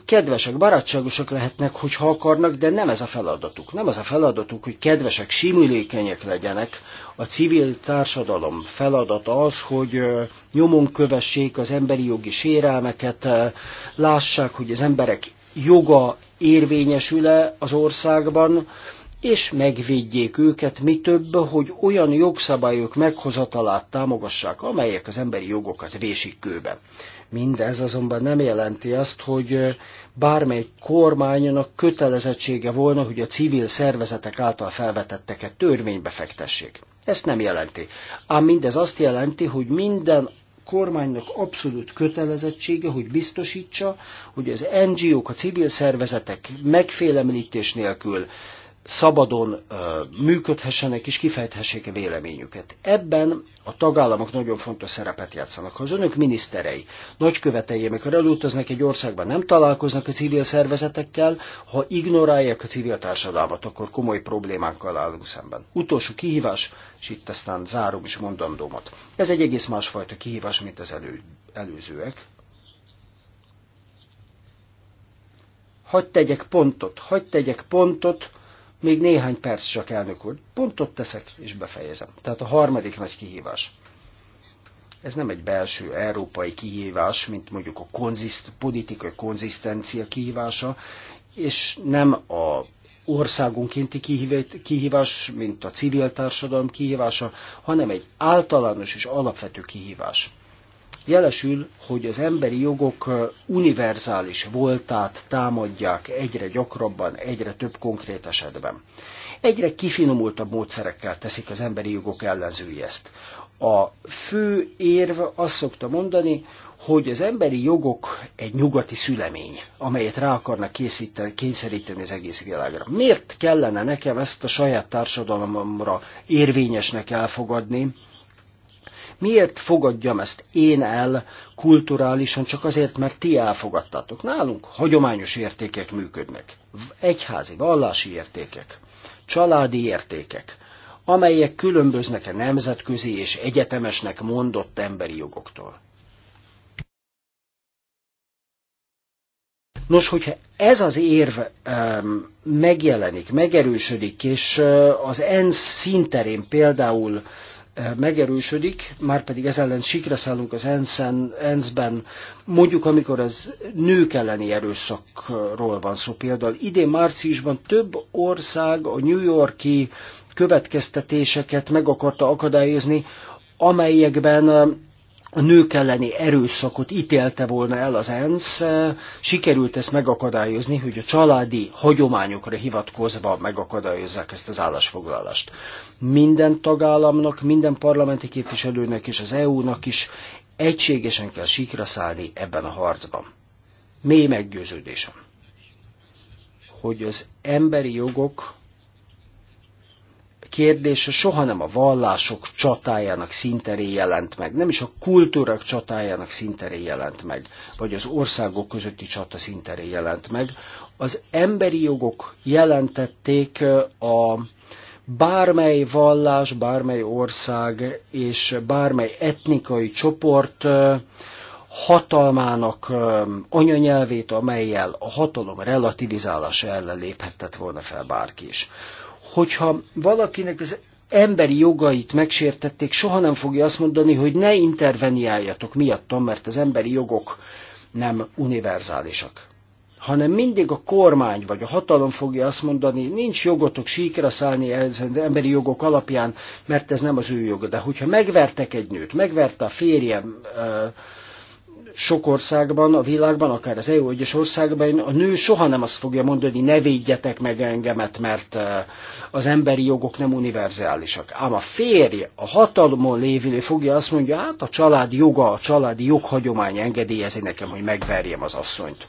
kedvesek, barátságosak lehetnek, hogyha akarnak, de nem ez a feladatuk. Nem ez a feladatuk, hogy kedvesek, simülékenyek legyenek. A civil társadalom feladata az, hogy nyomon kövessék az emberi jogi sérelmeket, lássák, hogy az emberek joga érvényesül-e az országban, és megvédjék őket, mi több, hogy olyan jogszabályok meghozatalát támogassák, amelyek az emberi jogokat vésik kőbe. Mindez azonban nem jelenti azt, hogy bármely kormánynak kötelezettsége volna, hogy a civil szervezetek által felvetetteket törvénybe fektessék. Ezt nem jelenti. Ám mindez azt jelenti, hogy minden kormánynak abszolút kötelezettsége, hogy biztosítsa, hogy az NGO-k, a civil szervezetek megfélemlítés nélkül szabadon működhessenek és kifejthessék a véleményüket. Ebben a tagállamok nagyon fontos szerepet játszanak. Ha az önök miniszterei, nagykövetei, amikor elutaznak egy országban, nem találkoznak a civil szervezetekkel, ha ignorálják a civil társadalmat, akkor komoly problémákkal állunk szemben. Utolsó kihívás, és itt aztán zárom is mondandómat. Ez egy egész másfajta kihívás, mint az elő, előzőek, Hagy tegyek pontot, hagy tegyek pontot még néhány perc csak, elnök úr. Pontot teszek, és befejezem. Tehát a harmadik nagy kihívás. Ez nem egy belső európai kihívás, mint mondjuk a konziszt, politikai konzisztencia kihívása, és nem a országunkénti kihívás, mint a civil társadalom kihívása, hanem egy általános és alapvető kihívás. Jelesül, hogy az emberi jogok univerzális voltát támadják egyre gyakrabban, egyre több konkrét esetben. Egyre kifinomultabb módszerekkel teszik az emberi jogok ellenzői ezt. A fő érv azt szokta mondani, hogy az emberi jogok egy nyugati szülemény, amelyet rá akarnak készíteni, kényszeríteni az egész világra. Miért kellene nekem ezt a saját társadalomra érvényesnek elfogadni, Miért fogadjam ezt én el kulturálisan, csak azért, mert ti elfogadtatok? Nálunk hagyományos értékek működnek. Egyházi, vallási értékek, családi értékek, amelyek különböznek a nemzetközi és egyetemesnek mondott emberi jogoktól. Nos, hogyha ez az érv um, megjelenik, megerősödik, és uh, az ENSZ szinterén például megerősödik, már pedig ez ellen sikre szállunk az ENSZ-ben, ENSZ mondjuk amikor az nők elleni erőszakról van szó például. Idén márciusban több ország a New Yorki következtetéseket meg akarta akadályozni, amelyekben a nők elleni erőszakot ítélte volna el az ENSZ, sikerült ezt megakadályozni, hogy a családi hagyományokra hivatkozva megakadályozzák ezt az állásfoglalást. Minden tagállamnak, minden parlamenti képviselőnek és az EU-nak is egységesen kell sikra szállni ebben a harcban. Mély meggyőződésem, hogy az emberi jogok kérdése soha nem a vallások csatájának szinterén jelent meg, nem is a kultúrák csatájának szinterén jelent meg, vagy az országok közötti csata szinterén jelent meg. Az emberi jogok jelentették a bármely vallás, bármely ország és bármely etnikai csoport hatalmának anyanyelvét, amelyel a hatalom relativizálása ellen léphetett volna fel bárki is hogyha valakinek az emberi jogait megsértették, soha nem fogja azt mondani, hogy ne interveniáljatok miattam, mert az emberi jogok nem univerzálisak. Hanem mindig a kormány vagy a hatalom fogja azt mondani, nincs jogotok síkra szállni ezen emberi jogok alapján, mert ez nem az ő joga. De hogyha megvertek egy nőt, megverte a férjem, sok országban, a világban, akár az EU egyes országban a nő soha nem azt fogja mondani, ne védjetek meg engemet, mert az emberi jogok nem univerzálisak. Ám a férj, a hatalmon lévő fogja azt mondja, hát a család joga, a családi joghagyomány engedélyezi nekem, hogy megverjem az asszonyt.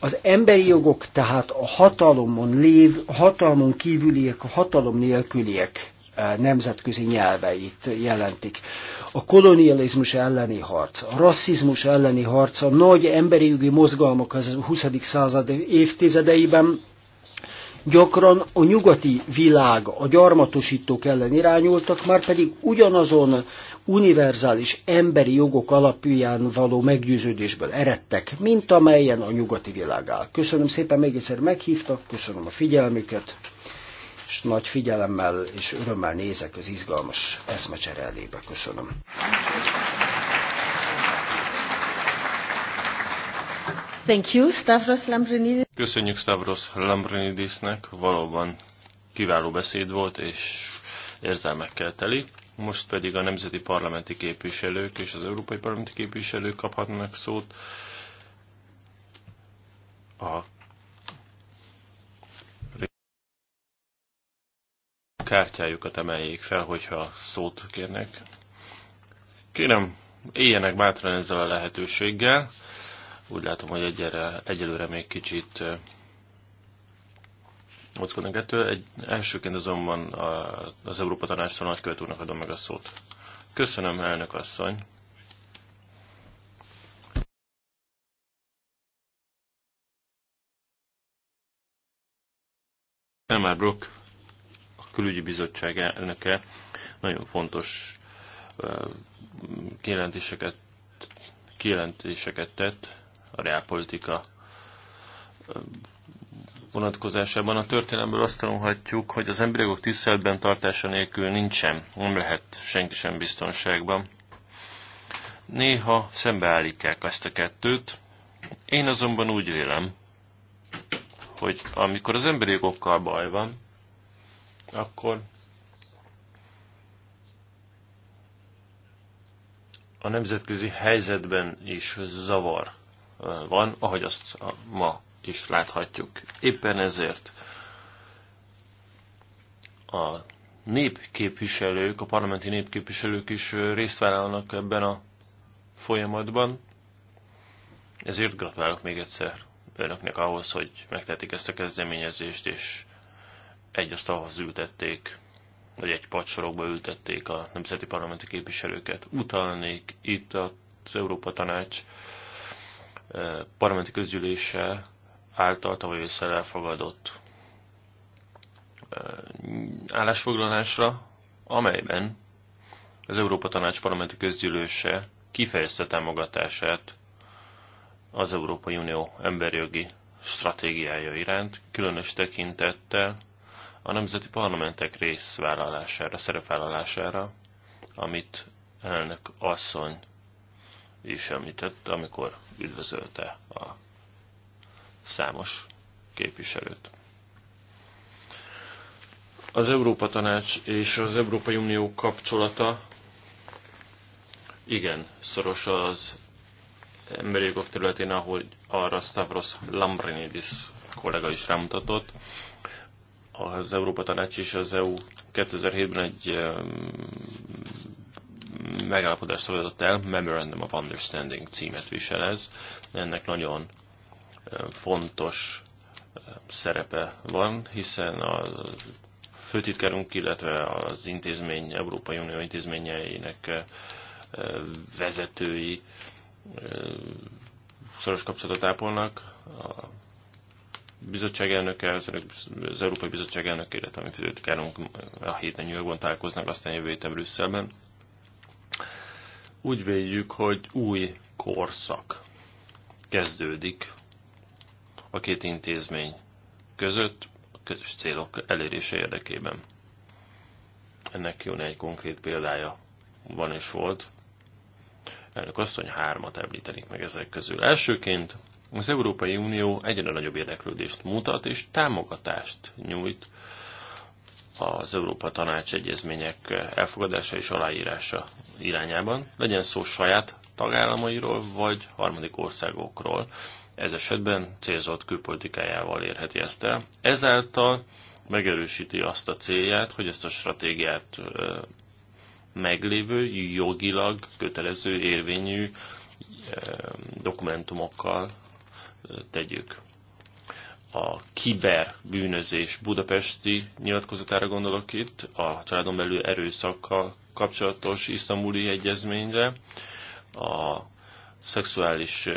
Az emberi jogok tehát a hatalomon lév, hatalmon kívüliek, a hatalom nélküliek nemzetközi nyelveit jelentik. A kolonializmus elleni harc, a rasszizmus elleni harc, a nagy emberi jogi mozgalmak az 20. század évtizedeiben gyakran a nyugati világ a gyarmatosítók ellen irányultak, már pedig ugyanazon univerzális emberi jogok alapján való meggyőződésből eredtek, mint amelyen a nyugati világ áll. Köszönöm szépen, még egyszer meghívtak, köszönöm a figyelmüket és nagy figyelemmel és örömmel nézek az izgalmas eszmecsere elébe. Köszönöm. Thank you, Stavros Lambrinidis. Köszönjük Stavros Lambrinidisnek, valóban kiváló beszéd volt, és érzelmekkel teli. Most pedig a nemzeti parlamenti képviselők és az európai parlamenti képviselők kaphatnak szót. A kártyájukat emeljék fel, hogyha szót kérnek. Kérem, éljenek bátran ezzel a lehetőséggel. Úgy látom, hogy egyelőre, egyelőre még kicsit mockodnak ettől. Egy, elsőként azonban a, az Európa Tanácsról nagykövet úrnak adom meg a szót. Köszönöm, elnök asszony! Elmar Brook külügyi bizottság elnöke nagyon fontos kijelentéseket, kijelentéseket tett a reálpolitika vonatkozásában. A történelmből azt tanulhatjuk, hogy az emberek tiszteletben tartása nélkül nincsen, nem lehet senki sem biztonságban. Néha szembeállítják ezt a kettőt. Én azonban úgy vélem, hogy amikor az emberi jogokkal baj van, akkor a nemzetközi helyzetben is zavar van, ahogy azt ma is láthatjuk. Éppen ezért a népképviselők, a parlamenti népképviselők is részt vállalnak ebben a folyamatban. Ezért gratulálok még egyszer önöknek ahhoz, hogy megtetik ezt a kezdeményezést, és egy asztalhoz ültették, vagy egy padsorokba ültették a nemzeti parlamenti képviselőket. Utalnék itt az Európa Tanács eh, parlamenti közgyűlése által tavaly ősszel elfogadott eh, állásfoglalásra, amelyben az Európa Tanács parlamenti közgyűlése kifejezte támogatását az Európai Unió emberjogi stratégiája iránt, különös tekintettel a nemzeti parlamentek részvállalására, szerepvállalására, amit elnök asszony is említett, amikor üdvözölte a számos képviselőt. Az Európa Tanács és az Európai Unió kapcsolata igen szoros az emberi jogok területén, ahogy arra Stavros Lambrinidis kollega is rámutatott az Európa Tanács és az EU 2007-ben egy megállapodást szolgáltatott el, Memorandum of Understanding címet visel ez. Ennek nagyon fontos szerepe van, hiszen a főtitkárunk, illetve az intézmény, Európai Unió intézményeinek vezetői szoros kapcsolatot ápolnak. A bizottság elnöke, az, az Európai Bizottság elnöke, illetve a mi főtitkárunk a héten New Yorkban találkoznak, aztán jövő héten Brüsszelben. Úgy véljük, hogy új korszak kezdődik a két intézmény között, a közös célok elérése érdekében. Ennek jó egy konkrét példája van és volt. Elnök asszony hármat említenik meg ezek közül. Elsőként az Európai Unió egyre nagyobb érdeklődést mutat és támogatást nyújt az Európa Tanács egyezmények elfogadása és aláírása irányában, legyen szó saját tagállamairól vagy harmadik országokról. Ez esetben célzott külpolitikájával érheti ezt el. Ezáltal megerősíti azt a célját, hogy ezt a stratégiát meglévő, jogilag kötelező, érvényű dokumentumokkal tegyük. A bűnözés budapesti nyilatkozatára gondolok itt, a családon belül erőszakkal kapcsolatos isztambuli egyezményre, a szexuális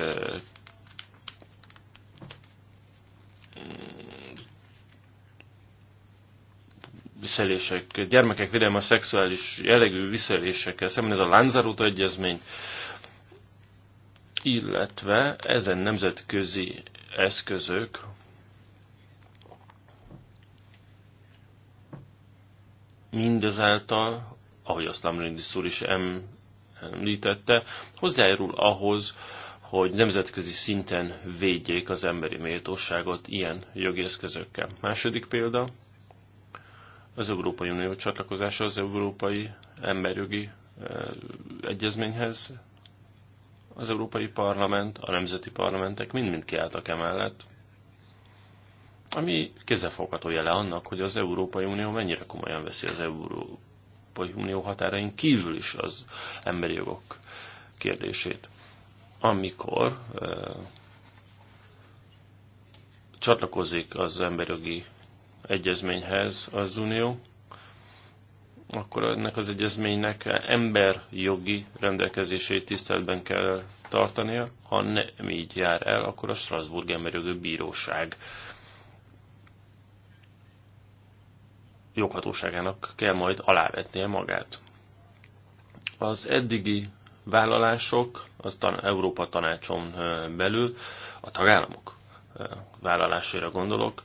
visszaélések, gyermekek védelme a szexuális jellegű visszaélésekkel szemben, ez a Lanzarote egyezmény, illetve ezen nemzetközi eszközök mindezáltal, ahogy azt Lamrindi úr is említette, hozzájárul ahhoz, hogy nemzetközi szinten védjék az emberi méltóságot ilyen jogi eszközökkel. Második példa, az Európai Unió csatlakozása az Európai Emberjogi eh, Egyezményhez, az Európai Parlament, a nemzeti parlamentek mind-mind kiálltak emellett, ami kézzelfogható jele annak, hogy az Európai Unió mennyire komolyan veszi az Európai Unió határain kívül is az emberi jogok kérdését. Amikor e, csatlakozik az emberi jogi egyezményhez az Unió, akkor ennek az egyezménynek emberjogi rendelkezését tiszteletben kell tartania. Ha nem így jár el, akkor a Strasbourg emberjogi bíróság joghatóságának kell majd alávetnie magát. Az eddigi vállalások az Európa tanácson belül, a tagállamok vállalásaira gondolok,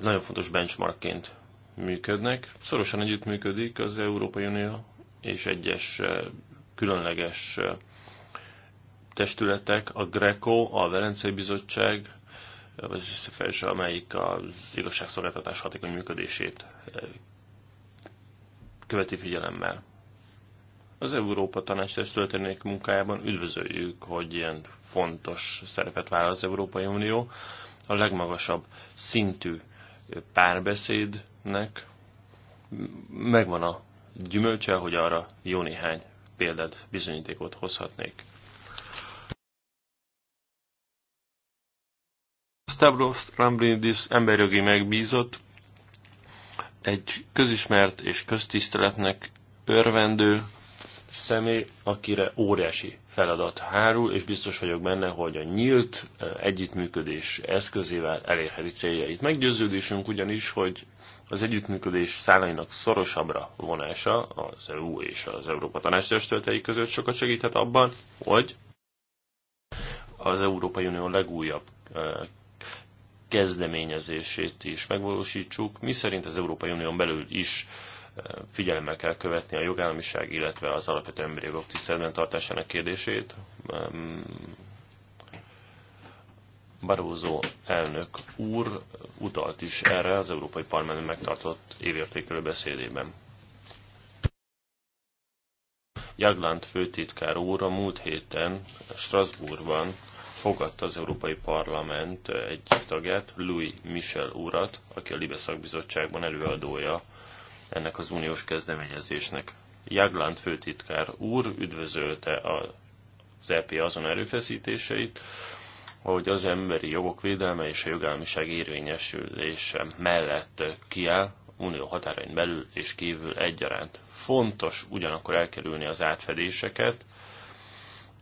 nagyon fontos benchmarkként működnek. Szorosan együttműködik az Európai Unió és egyes eh, különleges eh, testületek, a GRECO, a Velencei Bizottság, vagy az amelyik az igazságszolgáltatás hatékony működését eh, követi figyelemmel. Az Európa Tanács testületének munkájában üdvözöljük, hogy ilyen fontos szerepet vállal az Európai Unió. A legmagasabb szintű párbeszéd ennek megvan a gyümölcse, hogy arra jó néhány példát, bizonyítékot hozhatnék. Stavros Rambridis emberjogi megbízott, egy közismert és köztiszteletnek örvendő személy, akire óriási feladat hárul, és biztos vagyok benne, hogy a nyílt eh, együttműködés eszközével elérheti céljait. Meggyőződésünk ugyanis, hogy az együttműködés szálainak szorosabbra vonása az EU és az Európa Tanács testületei között sokat segíthet abban, hogy az Európai Unió legújabb e, kezdeményezését is megvalósítsuk, miszerint az Európai Unión belül is e, figyelemmel kell követni a jogállamiság, illetve az alapvető emberi jogok tiszteletben tartásának kérdését. Barózó elnök úr utalt is erre az Európai Parlament megtartott évértékelő beszédében. Jagland főtitkár úr a múlt héten Strasbourgban fogadta az Európai Parlament egyik tagját, Louis Michel úrat, aki a Libe szakbizottságban előadója ennek az uniós kezdeményezésnek. Jagland főtitkár úr üdvözölte az EP azon erőfeszítéseit, hogy az emberi jogok védelme és a jogállamiság érvényesülése mellett kiáll, unió határain belül és kívül egyaránt. Fontos ugyanakkor elkerülni az átfedéseket,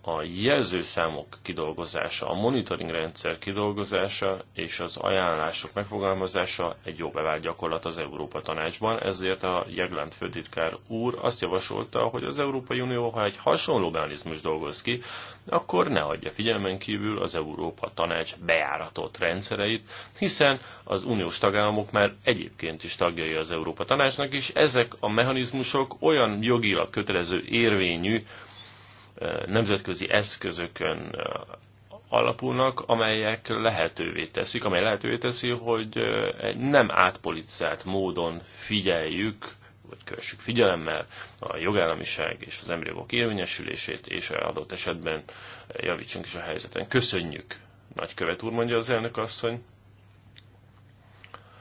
a jelzőszámok kidolgozása, a monitoring rendszer kidolgozása és az ajánlások megfogalmazása egy jó bevált gyakorlat az Európa Tanácsban, ezért a Jegland főtitkár úr azt javasolta, hogy az Európai Unió, ha egy hasonló mechanizmus dolgoz ki, akkor ne adja figyelmen kívül az Európa Tanács bejáratott rendszereit, hiszen az uniós tagállamok már egyébként is tagjai az Európa Tanácsnak, és ezek a mechanizmusok olyan jogilag kötelező érvényű, nemzetközi eszközökön alapulnak, amelyek lehetővé teszik, amely lehetővé teszi, hogy egy nem átpolitizált módon figyeljük, vagy kössük figyelemmel a jogállamiság és az emberi jogok érvényesülését, és adott esetben javítsunk is a helyzeten. Köszönjük, nagykövet úr, mondja az elnök asszony.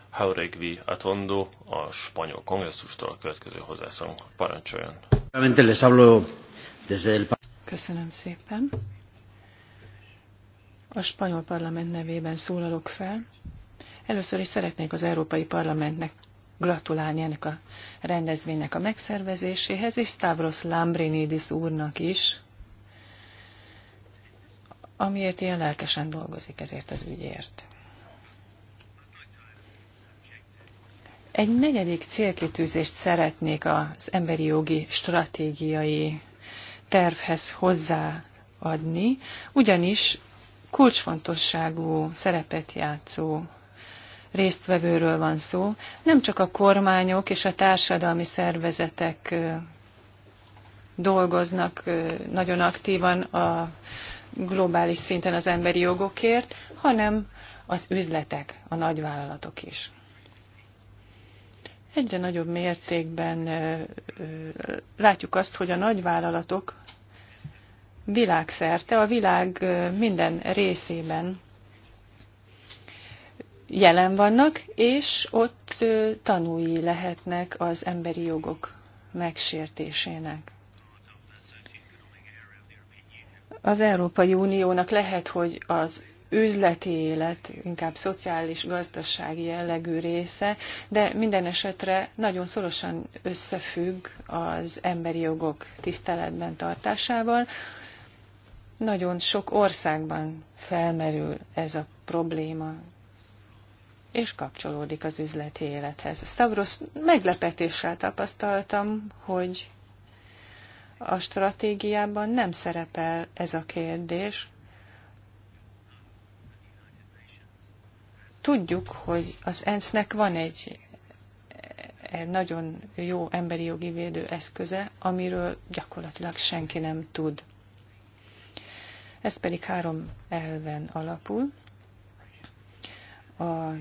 Hauregvi Atondo a spanyol kongresszustól a következő hozzászólunk. Parancsoljon! Köszönöm szépen. A spanyol parlament nevében szólalok fel. Először is szeretnék az Európai Parlamentnek gratulálni ennek a rendezvénynek a megszervezéséhez, és Stavros Lambrinidis úrnak is, amiért ilyen lelkesen dolgozik ezért az ügyért. Egy negyedik célkitűzést szeretnék az emberi jogi stratégiai tervhez hozzáadni, ugyanis kulcsfontosságú szerepet játszó résztvevőről van szó. Nem csak a kormányok és a társadalmi szervezetek dolgoznak nagyon aktívan a globális szinten az emberi jogokért, hanem az üzletek, a nagyvállalatok is egyre nagyobb mértékben látjuk azt, hogy a nagyvállalatok világszerte, a világ minden részében jelen vannak, és ott tanúi lehetnek az emberi jogok megsértésének. Az Európai Uniónak lehet, hogy az üzleti élet inkább szociális, gazdasági jellegű része, de minden esetre nagyon szorosan összefügg az emberi jogok tiszteletben tartásával. Nagyon sok országban felmerül ez a probléma, és kapcsolódik az üzleti élethez. Stavros meglepetéssel tapasztaltam, hogy a stratégiában nem szerepel ez a kérdés, Tudjuk, hogy az ENSZ-nek van egy, egy nagyon jó emberi jogi védő eszköze, amiről gyakorlatilag senki nem tud. Ez pedig három elven alapul. A e,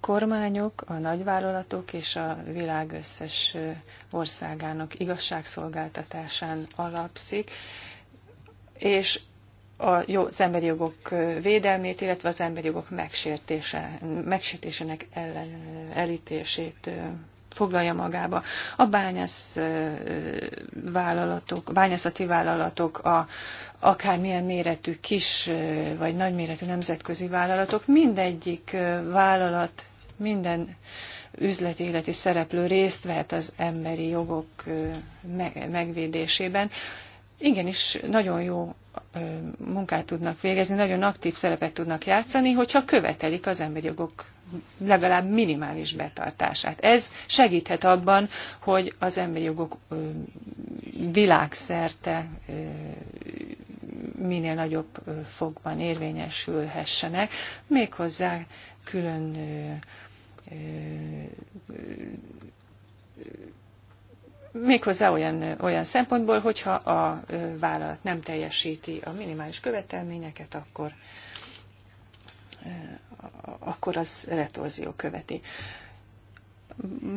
kormányok, a nagyvállalatok és a világ összes e, országának igazságszolgáltatásán alapszik, és az emberi jogok védelmét, illetve az emberi jogok megsértése, megsértésének ellen, elítését foglalja magába. A bányász vállalatok, bányászati vállalatok, a, akármilyen méretű kis vagy nagyméretű nemzetközi vállalatok, mindegyik vállalat, minden üzleti életi szereplő részt vehet az emberi jogok megvédésében igenis nagyon jó munkát tudnak végezni, nagyon aktív szerepet tudnak játszani, hogyha követelik az emberi jogok legalább minimális betartását. Ez segíthet abban, hogy az emberi jogok világszerte minél nagyobb fogban érvényesülhessenek, méghozzá külön méghozzá olyan, olyan szempontból, hogyha a vállalat nem teljesíti a minimális követelményeket, akkor, akkor az retorzió követi.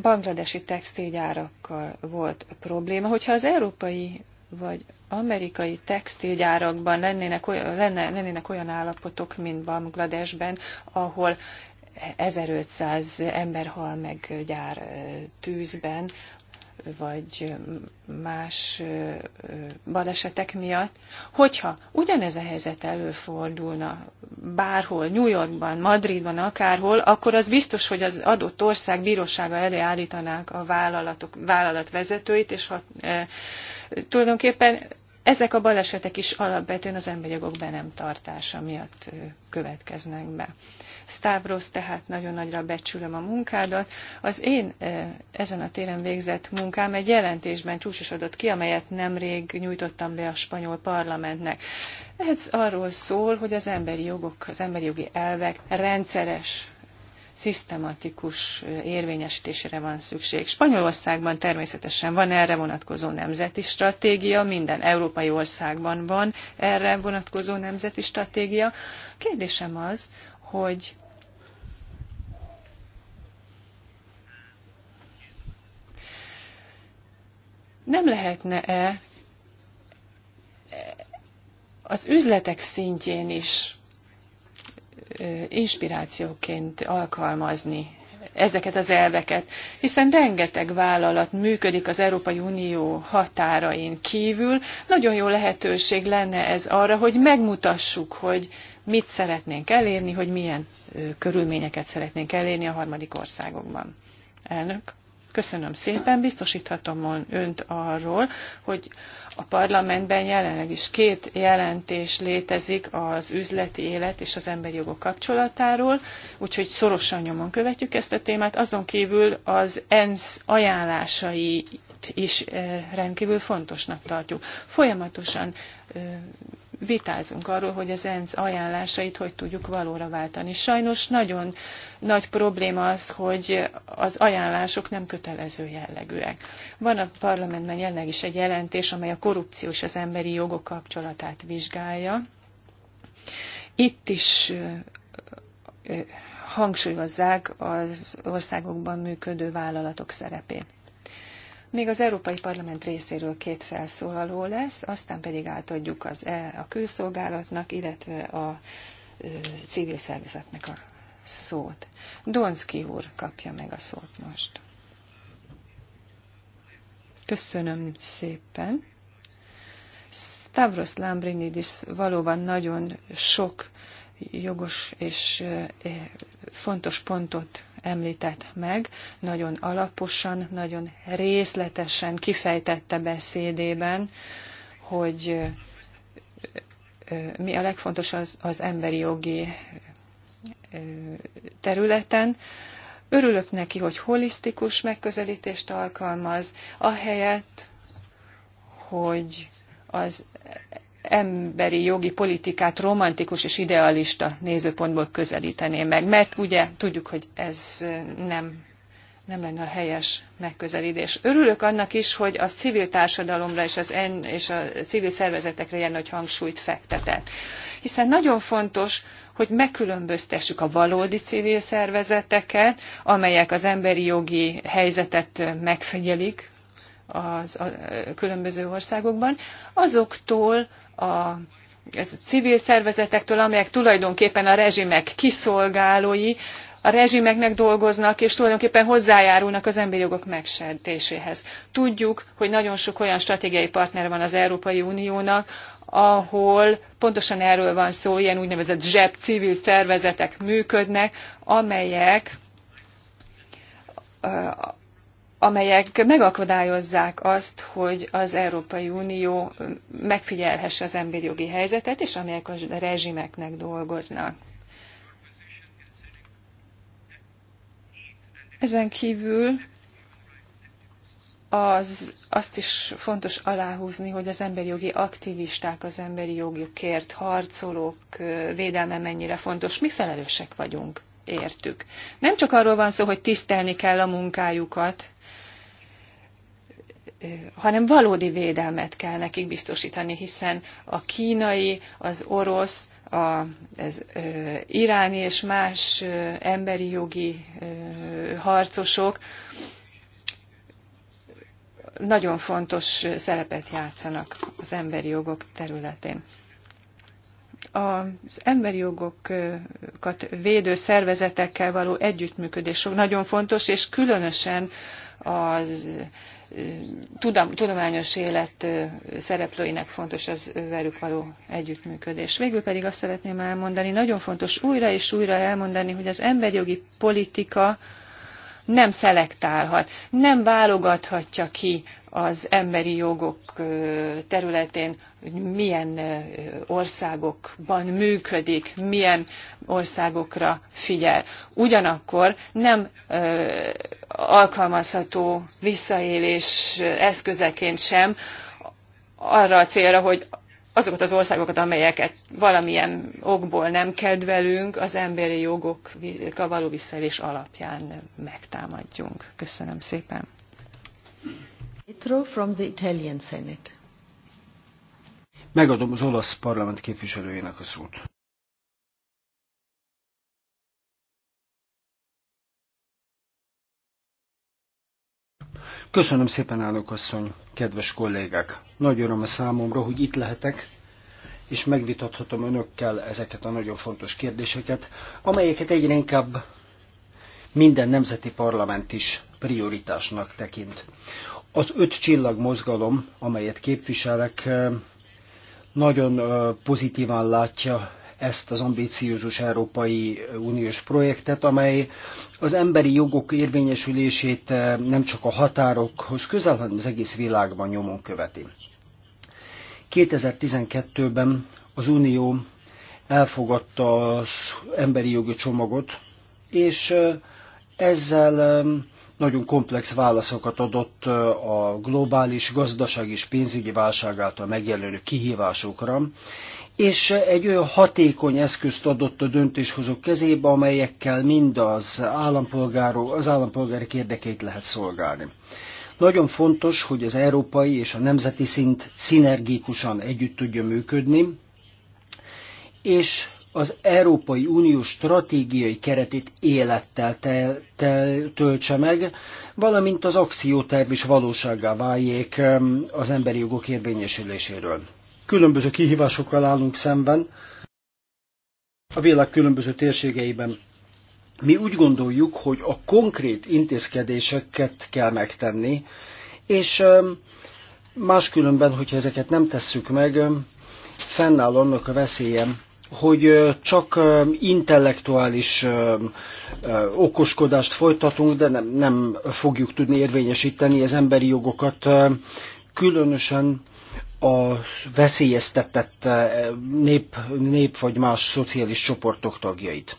Bangladesi textilgyárakkal volt probléma. Hogyha az európai vagy amerikai textilgyárakban lennének olyan, lenne, lennének olyan állapotok, mint Bangladesben, ahol 1500 ember hal meg gyár tűzben, vagy más balesetek miatt, hogyha ugyanez a helyzet előfordulna bárhol, New Yorkban, Madridban, akárhol, akkor az biztos, hogy az adott ország bírósága elé állítanák a vállalatok, vállalat vezetőit, és ha, e, tulajdonképpen ezek a balesetek is alapvetően az emberi jogok be nem tartása miatt következnek be. Stavros, tehát nagyon nagyra becsülöm a munkádat. Az én ezen a téren végzett munkám egy jelentésben csúcsosodott ki, amelyet nemrég nyújtottam be a spanyol parlamentnek. Ez arról szól, hogy az emberi jogok, az emberi jogi elvek rendszeres szisztematikus érvényesítésére van szükség. Spanyolországban természetesen van erre vonatkozó nemzeti stratégia, minden európai országban van erre vonatkozó nemzeti stratégia. Kérdésem az, hogy nem lehetne-e az üzletek szintjén is inspirációként alkalmazni ezeket az elveket, hiszen rengeteg vállalat működik az Európai Unió határain kívül. Nagyon jó lehetőség lenne ez arra, hogy megmutassuk, hogy mit szeretnénk elérni, hogy milyen körülményeket szeretnénk elérni a harmadik országokban. Elnök. Köszönöm szépen, biztosíthatom önt arról, hogy a parlamentben jelenleg is két jelentés létezik az üzleti élet és az emberi jogok kapcsolatáról, úgyhogy szorosan nyomon követjük ezt a témát. Azon kívül az ENSZ ajánlásai is eh, rendkívül fontosnak tartjuk. Folyamatosan eh, vitázunk arról, hogy az ENSZ ajánlásait hogy tudjuk valóra váltani. Sajnos nagyon nagy probléma az, hogy az ajánlások nem kötelező jellegűek. Van a parlamentben jelenleg is egy jelentés, amely a korrupció és az emberi jogok kapcsolatát vizsgálja. Itt is hangsúlyozzák az országokban működő vállalatok szerepét. Még az Európai Parlament részéről két felszólaló lesz, aztán pedig átadjuk az, e, a külszolgálatnak, illetve a civil szervezetnek a szót. Donszki úr kapja meg a szót most. Köszönöm szépen. Stavros Lambrinidis valóban nagyon sok jogos és fontos pontot említett meg, nagyon alaposan, nagyon részletesen kifejtette beszédében, hogy mi a legfontos az, az emberi jogi területen. Örülök neki, hogy holisztikus megközelítést alkalmaz, ahelyett, hogy az emberi jogi politikát romantikus és idealista nézőpontból közelítené meg, mert ugye tudjuk, hogy ez nem nem lenne a helyes megközelítés. Örülök annak is, hogy a civil társadalomra és, az en, és a civil szervezetekre ilyen nagy hangsúlyt fektetett. Hiszen nagyon fontos, hogy megkülönböztessük a valódi civil szervezeteket, amelyek az emberi jogi helyzetet megfigyelik, az a különböző országokban, azoktól a ez a civil szervezetektől, amelyek tulajdonképpen a rezsimek kiszolgálói, a rezsimeknek dolgoznak, és tulajdonképpen hozzájárulnak az emberi jogok megsértéséhez. Tudjuk, hogy nagyon sok olyan stratégiai partner van az Európai Uniónak, ahol pontosan erről van szó, ilyen úgynevezett zseb civil szervezetek működnek, amelyek amelyek megakadályozzák azt, hogy az Európai Unió megfigyelhesse az emberi jogi helyzetet, és amelyek a rezsimeknek dolgoznak. Ezen kívül az, azt is fontos aláhúzni, hogy az emberi jogi aktivisták, az emberi jogokért harcolók védelme mennyire fontos. Mi felelősek vagyunk értük. Nem csak arról van szó, hogy tisztelni kell a munkájukat, hanem valódi védelmet kell nekik biztosítani, hiszen a kínai, az orosz, a, az ö, iráni és más ö, emberi jogi ö, harcosok nagyon fontos szerepet játszanak az emberi jogok területén. Az emberi jogokat védő szervezetekkel való együttműködés nagyon fontos, és különösen az tudományos élet szereplőinek fontos az velük való együttműködés. Végül pedig azt szeretném elmondani, nagyon fontos újra és újra elmondani, hogy az emberjogi politika nem szelektálhat, nem válogathatja ki az emberi jogok területén, hogy milyen országokban működik, milyen országokra figyel. Ugyanakkor nem alkalmazható visszaélés eszközeként sem arra a célra, hogy azokat az országokat, amelyeket valamilyen okból nem kedvelünk, az emberi jogok való visszaélés alapján megtámadjunk. Köszönöm szépen. Itro from the Italian Senate. Megadom az olasz parlament képviselőjének a szót. Köszönöm szépen, állok asszony, kedves kollégák! Nagy öröm a számomra, hogy itt lehetek, és megvitathatom önökkel ezeket a nagyon fontos kérdéseket, amelyeket egyre inkább minden nemzeti parlament is prioritásnak tekint. Az öt csillag mozgalom, amelyet képviselek, eh, nagyon eh, pozitívan látja ezt az ambíciózus Európai Uniós projektet, amely az emberi jogok érvényesülését eh, nem csak a határokhoz közel, hanem az egész világban nyomon követi. 2012-ben az Unió elfogadta az emberi jogi csomagot, és eh, ezzel eh, nagyon komplex válaszokat adott a globális gazdaság és pénzügyi válság által megjelenő kihívásokra, és egy olyan hatékony eszközt adott a döntéshozók kezébe, amelyekkel mind az, az állampolgári érdekeit lehet szolgálni. Nagyon fontos, hogy az európai és a nemzeti szint szinergikusan együtt tudja működni, és az Európai Unió stratégiai keretét élettel tel, tel, töltse meg, valamint az akcióterv is valósággá váljék um, az emberi jogok érvényesüléséről különböző kihívásokkal állunk szemben a világ különböző térségeiben. Mi úgy gondoljuk, hogy a konkrét intézkedéseket kell megtenni, és máskülönben, hogyha ezeket nem tesszük meg, fennáll annak a veszélyem, hogy csak intellektuális okoskodást folytatunk, de nem, nem fogjuk tudni érvényesíteni az emberi jogokat, különösen a veszélyeztetett eh, nép, nép vagy más szociális csoportok tagjait.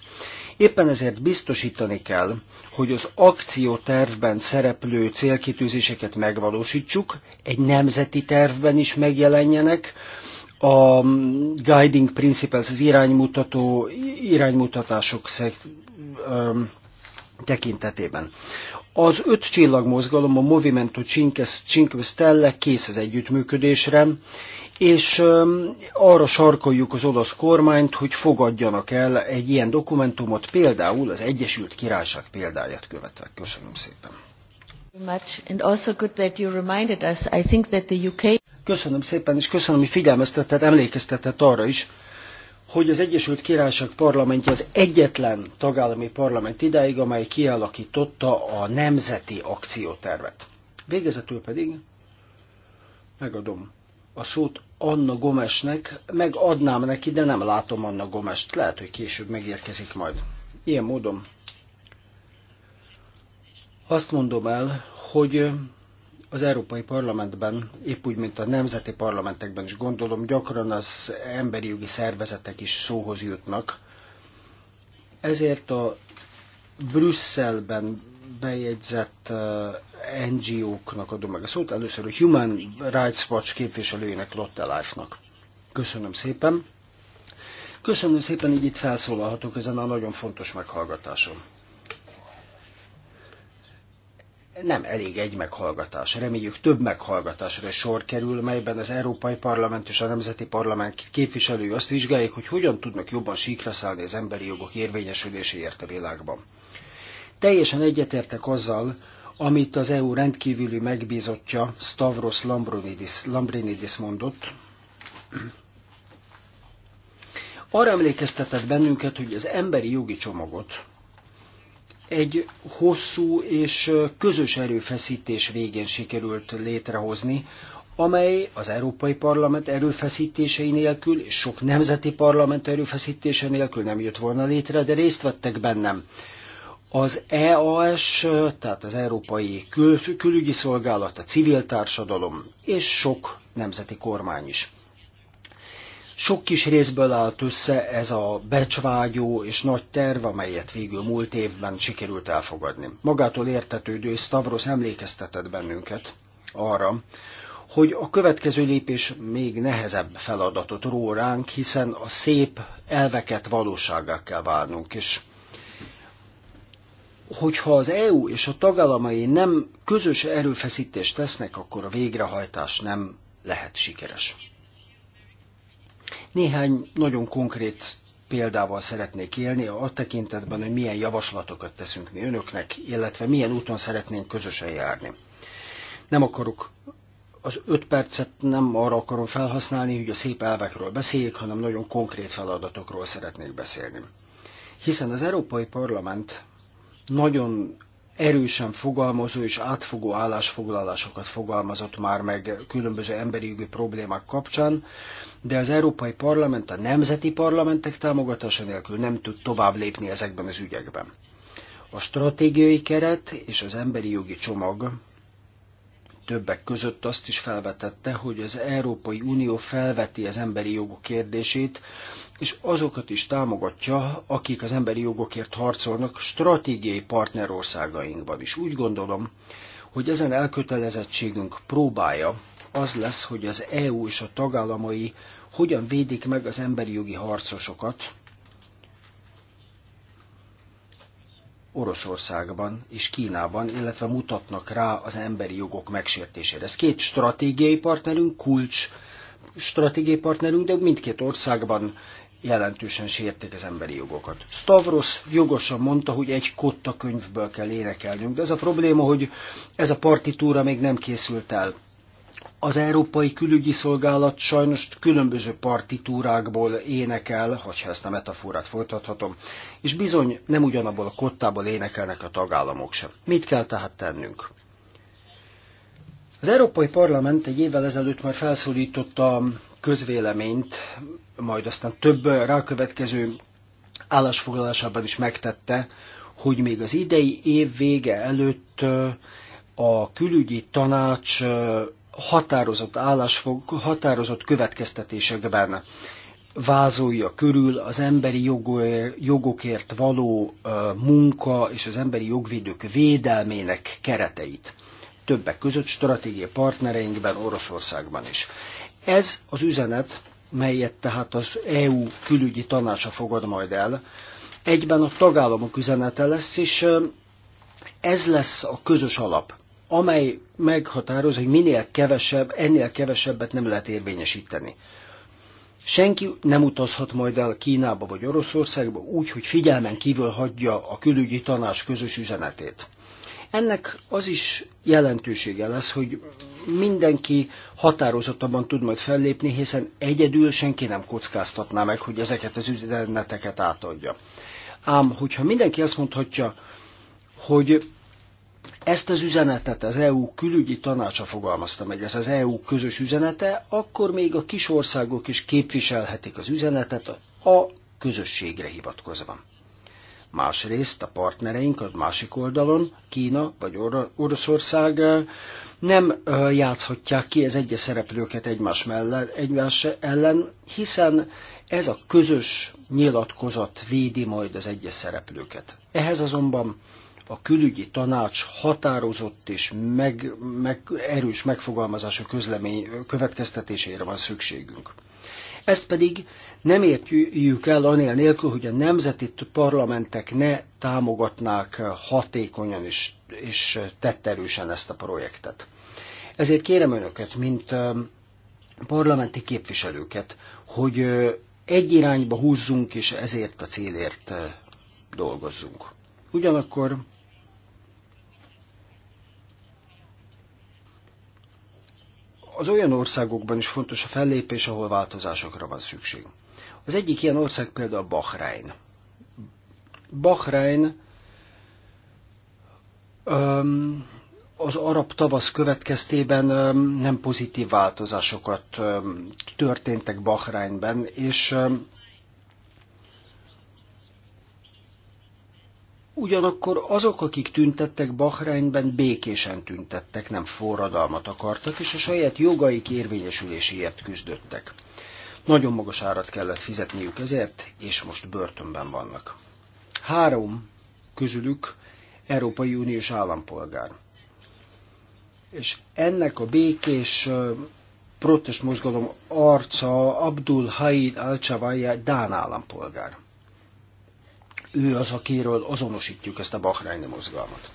Éppen ezért biztosítani kell, hogy az akciótervben szereplő célkitűzéseket megvalósítsuk, egy nemzeti tervben is megjelenjenek, a Guiding Principles, az iránymutató, iránymutatások tekintetében. Az öt csillagmozgalom, a Movimento Cinque Stelle kész az együttműködésre, és arra sarkoljuk az olasz kormányt, hogy fogadjanak el egy ilyen dokumentumot, például az Egyesült Királyság példáját követve. Köszönöm szépen. Köszönöm szépen, és köszönöm, hogy figyelmeztetett, emlékeztetett arra is, hogy az Egyesült Királyság parlamentje az egyetlen tagállami parlament idáig, amely kialakította a nemzeti akciótervet. Végezetül pedig megadom a szót Anna Gomesnek, megadnám neki, de nem látom Anna Gomest. Lehet, hogy később megérkezik majd. Ilyen módon azt mondom el, hogy az Európai Parlamentben, épp úgy, mint a nemzeti parlamentekben is gondolom, gyakran az emberi jogi szervezetek is szóhoz jutnak. Ezért a Brüsszelben bejegyzett eh, NGO-knak adom meg a szót, először a Human Rights Watch képviselőjének, Lotte Life-nak. Köszönöm szépen. Köszönöm szépen, így itt felszólalhatok ezen a nagyon fontos meghallgatáson nem elég egy meghallgatás. Reméljük több meghallgatásra sor kerül, melyben az Európai Parlament és a Nemzeti Parlament képviselői azt vizsgálják, hogy hogyan tudnak jobban síkra szállni az emberi jogok érvényesüléséért a világban. Teljesen egyetértek azzal, amit az EU rendkívüli megbízottja Stavros Lambrinidis, Lambrinidis mondott, arra emlékeztetett bennünket, hogy az emberi jogi csomagot egy hosszú és közös erőfeszítés végén sikerült létrehozni, amely az Európai Parlament erőfeszítései nélkül és sok nemzeti parlament erőfeszítése nélkül nem jött volna létre, de részt vettek bennem. Az EAS, tehát az Európai Kül- Külügyi Szolgálat, a civil társadalom és sok nemzeti kormány is. Sok kis részből állt össze ez a becsvágyó és nagy terv, amelyet végül múlt évben sikerült elfogadni. Magától értetődő Stavros emlékeztetett bennünket arra, hogy a következő lépés még nehezebb feladatot ró ránk, hiszen a szép elveket valósággá kell válnunk is. Hogyha az EU és a tagállamai nem közös erőfeszítést tesznek, akkor a végrehajtás nem lehet sikeres. Néhány nagyon konkrét példával szeretnék élni, a tekintetben, hogy milyen javaslatokat teszünk mi önöknek, illetve milyen úton szeretnénk közösen járni. Nem akarok az öt percet nem arra akarom felhasználni, hogy a szép elvekről beszéljek, hanem nagyon konkrét feladatokról szeretnék beszélni. Hiszen az Európai Parlament nagyon erősen fogalmazó és átfogó állásfoglalásokat fogalmazott már meg különböző emberi jogi problémák kapcsán, de az Európai Parlament a nemzeti parlamentek támogatása nélkül nem tud tovább lépni ezekben az ügyekben. A stratégiai keret és az emberi jogi csomag többek között azt is felvetette, hogy az Európai Unió felveti az emberi jogok kérdését, és azokat is támogatja, akik az emberi jogokért harcolnak stratégiai partnerországainkban is. Úgy gondolom, hogy ezen elkötelezettségünk próbája az lesz, hogy az EU és a tagállamai hogyan védik meg az emberi jogi harcosokat, Oroszországban és Kínában, illetve mutatnak rá az emberi jogok megsértésére. Ez két stratégiai partnerünk, kulcs stratégiai partnerünk, de mindkét országban jelentősen sértik az emberi jogokat. Stavros jogosan mondta, hogy egy kotta könyvből kell énekelnünk, de ez a probléma, hogy ez a partitúra még nem készült el az Európai Külügyi Szolgálat sajnos különböző partitúrákból énekel, hogyha ezt a metaforát folytathatom, és bizony nem ugyanabból a kottából énekelnek a tagállamok sem. Mit kell tehát tennünk? Az Európai Parlament egy évvel ezelőtt már felszólította a közvéleményt, majd aztán több rákövetkező állásfoglalásában is megtette, hogy még az idei év vége előtt a külügyi tanács határozott állásfog, határozott következtetésekben vázolja körül az emberi jogokért való munka és az emberi jogvédők védelmének kereteit. Többek között stratégiai partnereinkben, Oroszországban is. Ez az üzenet, melyet tehát az EU külügyi tanácsa fogad majd el, egyben a tagállamok üzenete lesz, és ez lesz a közös alap amely meghatároz, hogy minél kevesebb, ennél kevesebbet nem lehet érvényesíteni. Senki nem utazhat majd el Kínába vagy Oroszországba úgy, hogy figyelmen kívül hagyja a külügyi tanács közös üzenetét. Ennek az is jelentősége lesz, hogy mindenki határozottabban tud majd fellépni, hiszen egyedül senki nem kockáztatná meg, hogy ezeket az üzeneteket átadja. Ám, hogyha mindenki azt mondhatja, hogy ezt az üzenetet az EU külügyi tanácsa fogalmazta meg, ez az EU közös üzenete, akkor még a kis országok is képviselhetik az üzenetet a közösségre hivatkozva. Másrészt a partnereink a másik oldalon, Kína vagy Or- Oroszország eh, nem eh, játszhatják ki az egyes szereplőket egymás, mellett, egymás ellen, hiszen ez a közös nyilatkozat védi majd az egyes szereplőket. Ehhez azonban a külügyi tanács határozott és meg, meg, erős megfogalmazású közlemény következtetésére van szükségünk. Ezt pedig nem értjük el anél nélkül, hogy a nemzeti parlamentek ne támogatnák hatékonyan és, és tetterősen ezt a projektet. Ezért kérem önöket, mint um, parlamenti képviselőket, hogy uh, egy irányba húzzunk, és ezért a célért uh, dolgozzunk. Ugyanakkor az olyan országokban is fontos a fellépés, ahol változásokra van szükség. Az egyik ilyen ország például Bahrein. Bahrein az arab tavasz következtében nem pozitív változásokat történtek Bahreinben, és Ugyanakkor azok, akik tüntettek Bahreinben, békésen tüntettek, nem forradalmat akartak, és a saját jogaik érvényesüléséért küzdöttek. Nagyon magas árat kellett fizetniük ezért, és most börtönben vannak. Három közülük Európai Uniós állampolgár. És ennek a békés protest mozgalom arca Abdul Haid al Dán állampolgár ő az, akiről azonosítjuk ezt a bahrányi mozgalmat.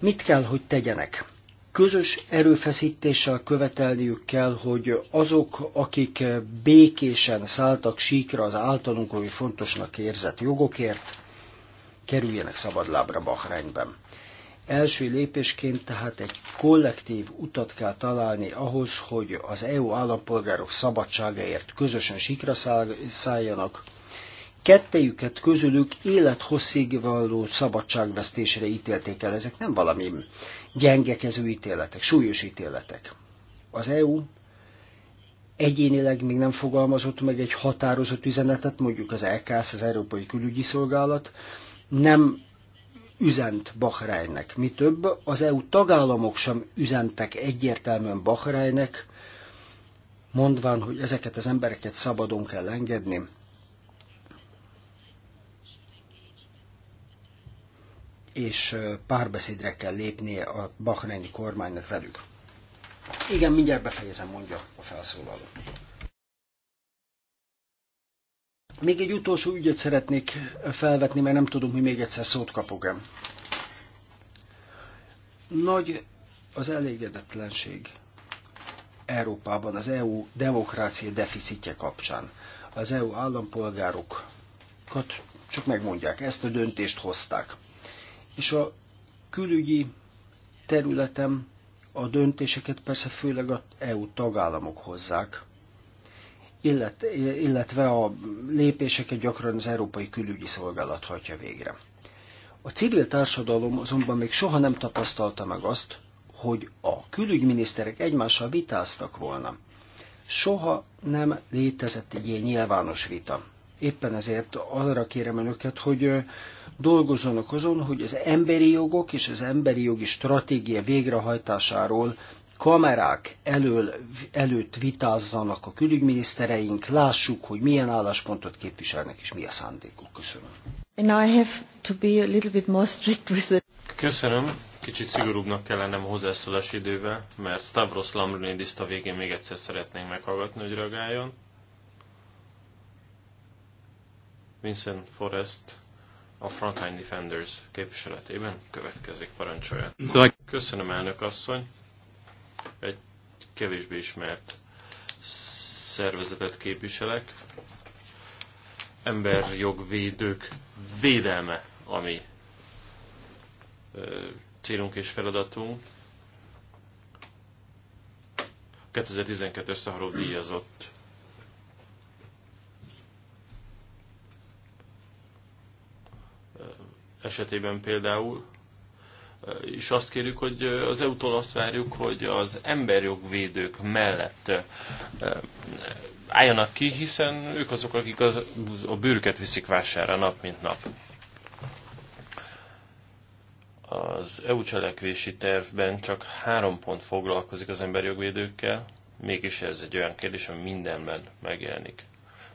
Mit kell, hogy tegyenek? Közös erőfeszítéssel követelniük kell, hogy azok, akik békésen szálltak síkra az általunk ami fontosnak érzett jogokért, kerüljenek szabadlábra Bahreinben. Első lépésként tehát egy kollektív utat kell találni ahhoz, hogy az EU állampolgárok szabadságáért közösen sikra szálljanak, kettejüket közülük élethosszig való szabadságvesztésre ítélték el. Ezek nem valami gyengekező ítéletek, súlyos ítéletek. Az EU egyénileg még nem fogalmazott meg egy határozott üzenetet, mondjuk az EKS, az Európai Külügyi Szolgálat, nem üzent Bahreinnek. Mi több, az EU tagállamok sem üzentek egyértelműen Bahreinnek, mondván, hogy ezeket az embereket szabadon kell engedni, és párbeszédre kell lépnie a bahreini kormánynak velük. Igen, mindjárt befejezem, mondja a felszólaló. Még egy utolsó ügyet szeretnék felvetni, mert nem tudom, hogy még egyszer szót kapok-e. Nagy az elégedetlenség Európában az EU demokrácia deficitje kapcsán. Az EU állampolgárokat csak megmondják, ezt a döntést hozták és a külügyi területem a döntéseket persze főleg az EU tagállamok hozzák, illetve a lépéseket gyakran az Európai Külügyi Szolgálat hajtja végre. A civil társadalom azonban még soha nem tapasztalta meg azt, hogy a külügyminiszterek egymással vitáztak volna. Soha nem létezett egy ilyen nyilvános vita. Éppen ezért arra kérem önöket, hogy dolgozzanak azon, hogy az emberi jogok és az emberi jogi stratégia végrehajtásáról kamerák elől, előtt vitázzanak a külügyminisztereink, lássuk, hogy milyen álláspontot képviselnek és mi a szándékuk. Köszönöm. Köszönöm. Kicsit szigorúbbnak kell lennem a hozzászólás idővel, mert Stavros Lambrinidiszt a végén még egyszer szeretnénk meghallgatni, hogy reagáljon. Vincent Forrest a Frontline Defenders képviseletében következik parancsolja. Szóval- Köszönöm elnök asszony. Egy kevésbé ismert szervezetet képviselek. Emberjogvédők védelme, ami célunk és feladatunk. 2012-es Szaharov díjazott esetében például és eh, azt kérjük, hogy eh, az EU-tól azt várjuk, hogy az emberjogvédők mellett eh, álljanak ki, hiszen ők azok, akik az, a bőrüket viszik vására nap mint nap. Az EU cselekvési tervben csak három pont foglalkozik az emberjogvédőkkel, mégis ez egy olyan kérdés, ami mindenben megjelenik.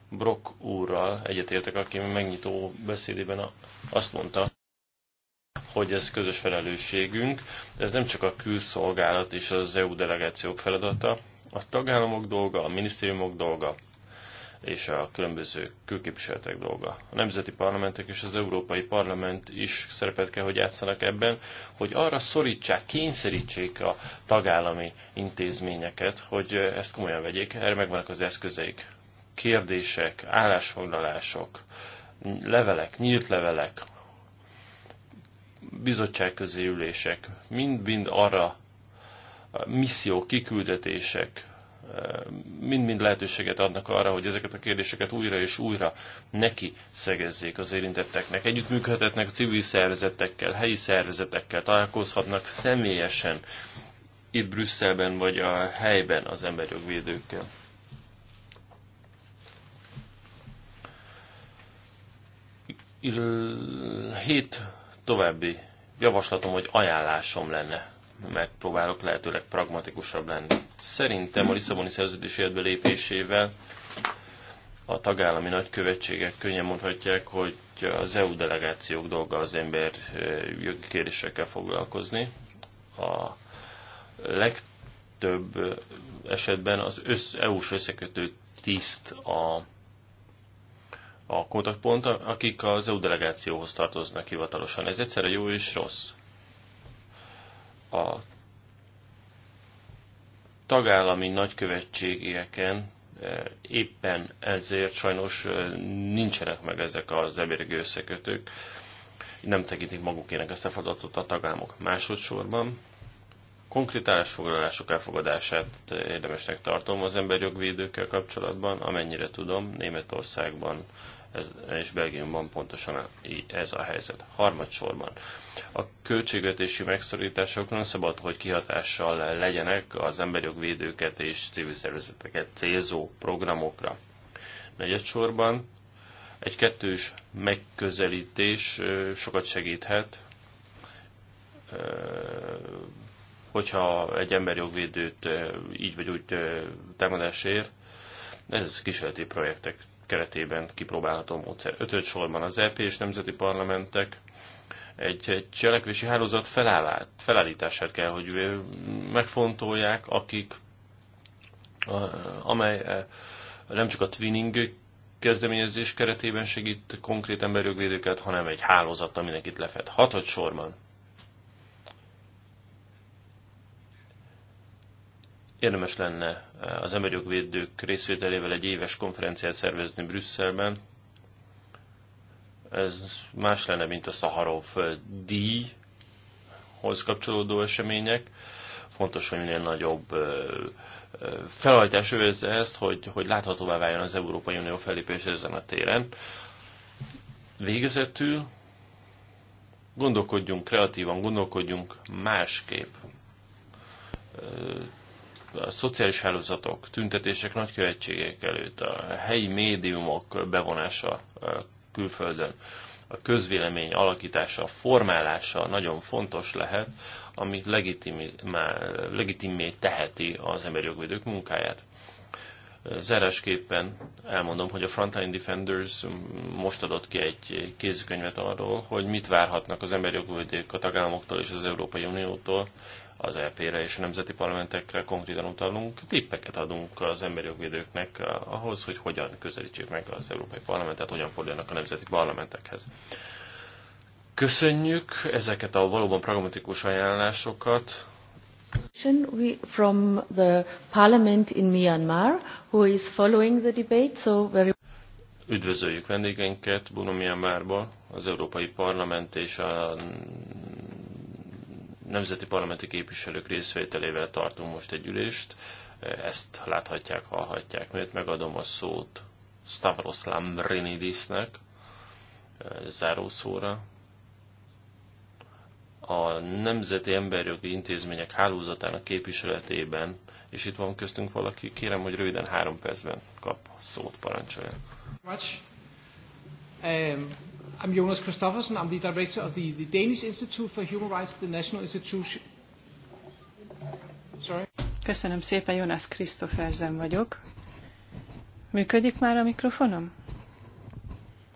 Brock úrral egyetértek, aki megnyitó beszédében azt mondta, hogy ez közös felelősségünk. Ez nem csak a külszolgálat és az EU delegációk feladata, a tagállamok dolga, a minisztériumok dolga és a különböző külképviseletek dolga. A nemzeti parlamentek és az Európai Parlament is szerepet kell, hogy játszanak ebben, hogy arra szorítsák, kényszerítsék a tagállami intézményeket, hogy ezt komolyan vegyék, erre megvannak az eszközeik. Kérdések, állásfoglalások, levelek, nyílt levelek, bizottságközi ülések, mind-mind arra misszió, kiküldetések, e, mind-mind lehetőséget adnak arra, hogy ezeket a kérdéseket újra és újra neki szegezzék az érintetteknek. Együttműködhetnek civil szervezetekkel, helyi szervezetekkel, találkozhatnak személyesen itt Brüsszelben vagy a helyben az emberjogvédőkkel. Hét további javaslatom, hogy ajánlásom lenne. Megpróbálok lehetőleg pragmatikusabb lenni. Szerintem a Lisszaboni szerződés életbe lépésével a tagállami nagykövetségek könnyen mondhatják, hogy az EU delegációk dolga az ember jogi kérésekkel foglalkozni. A legtöbb esetben az EU-s összekötő tiszt a a kontaktpont, akik az EU delegációhoz tartoznak hivatalosan. Ez egyszerre jó és rossz. A tagállami nagykövetségieken e, éppen ezért sajnos e, nincsenek meg ezek az ebérgő összekötők. Nem tekintik magukének ezt a feladatot a tagállamok másodszorban. Konkrét állásfoglalások elfogadását e, érdemesnek tartom az emberjogvédőkkel kapcsolatban, amennyire tudom, Németországban ez, és Belgiumban pontosan ez a helyzet. Harmadsorban a költségvetési megszorítások nem szabad, hogy kihatással legyenek az emberjogvédőket és civil szervezeteket célzó programokra. Negyedsorban egy kettős megközelítés sokat segíthet, hogyha egy emberjogvédőt így vagy úgy támadás ér, ez kísérleti projektek keretében kipróbálható módszer. Ötöd sorban az EP és nemzeti parlamentek egy cselekvési hálózat felállát, felállítását kell, hogy megfontolják, akik, amely nem csak a twinning kezdeményezés keretében segít konkrét emberjogvédőket, hanem egy hálózat, aminek itt lefed. Hatod sorban Érdemes lenne eh, az jogvédők részvételével egy éves konferenciát szervezni Brüsszelben. Ez más lenne, mint a Szaharov eh, díjhoz kapcsolódó események. Fontos, hogy minél nagyobb eh, felhajtás övezze ezt, hogy, hogy láthatóvá váljon az Európai Unió fellépése ezen a téren. Végezetül gondolkodjunk kreatívan, gondolkodjunk másképp a szociális hálózatok, tüntetések nagykövetségek előtt, a helyi médiumok bevonása külföldön, a közvélemény alakítása, a formálása nagyon fontos lehet, ami legitimé teheti az emberi jogvédők munkáját. Zárásképpen elmondom, hogy a Frontline Defenders most adott ki egy kézikönyvet arról, hogy mit várhatnak az emberi jogvédők a tagállamoktól és az Európai Uniótól az EP-re és a nemzeti parlamentekre konkrétan utalunk, tippeket adunk az emberi jogvédőknek eh, ahhoz, hogy hogyan közelítsék meg az Európai Parlamentet, hogyan forduljanak a nemzeti parlamentekhez. Köszönjük ezeket a valóban pragmatikus ajánlásokat. From the parliament in Myanmar, who is following the debate, so very Üdvözöljük vendégeinket Burma az Európai Parlament és a nemzeti parlamenti képviselők részvételével tartunk most egy ülést, ezt láthatják, hallhatják. Mert megadom a szót Stavros Lambrinidisnek zárószóra. A Nemzeti Emberjogi Intézmények Hálózatának képviseletében, és itt van köztünk valaki, kérem, hogy röviden három percben kap szót, parancsoljon. I'm Jonas Christoffersen. I'm the director of the, the Danish Institute for Human Rights, the National Institution. Sorry. Köszönöm szépen, Jonas Christoffersen vagyok. Működik már a mikrofonom?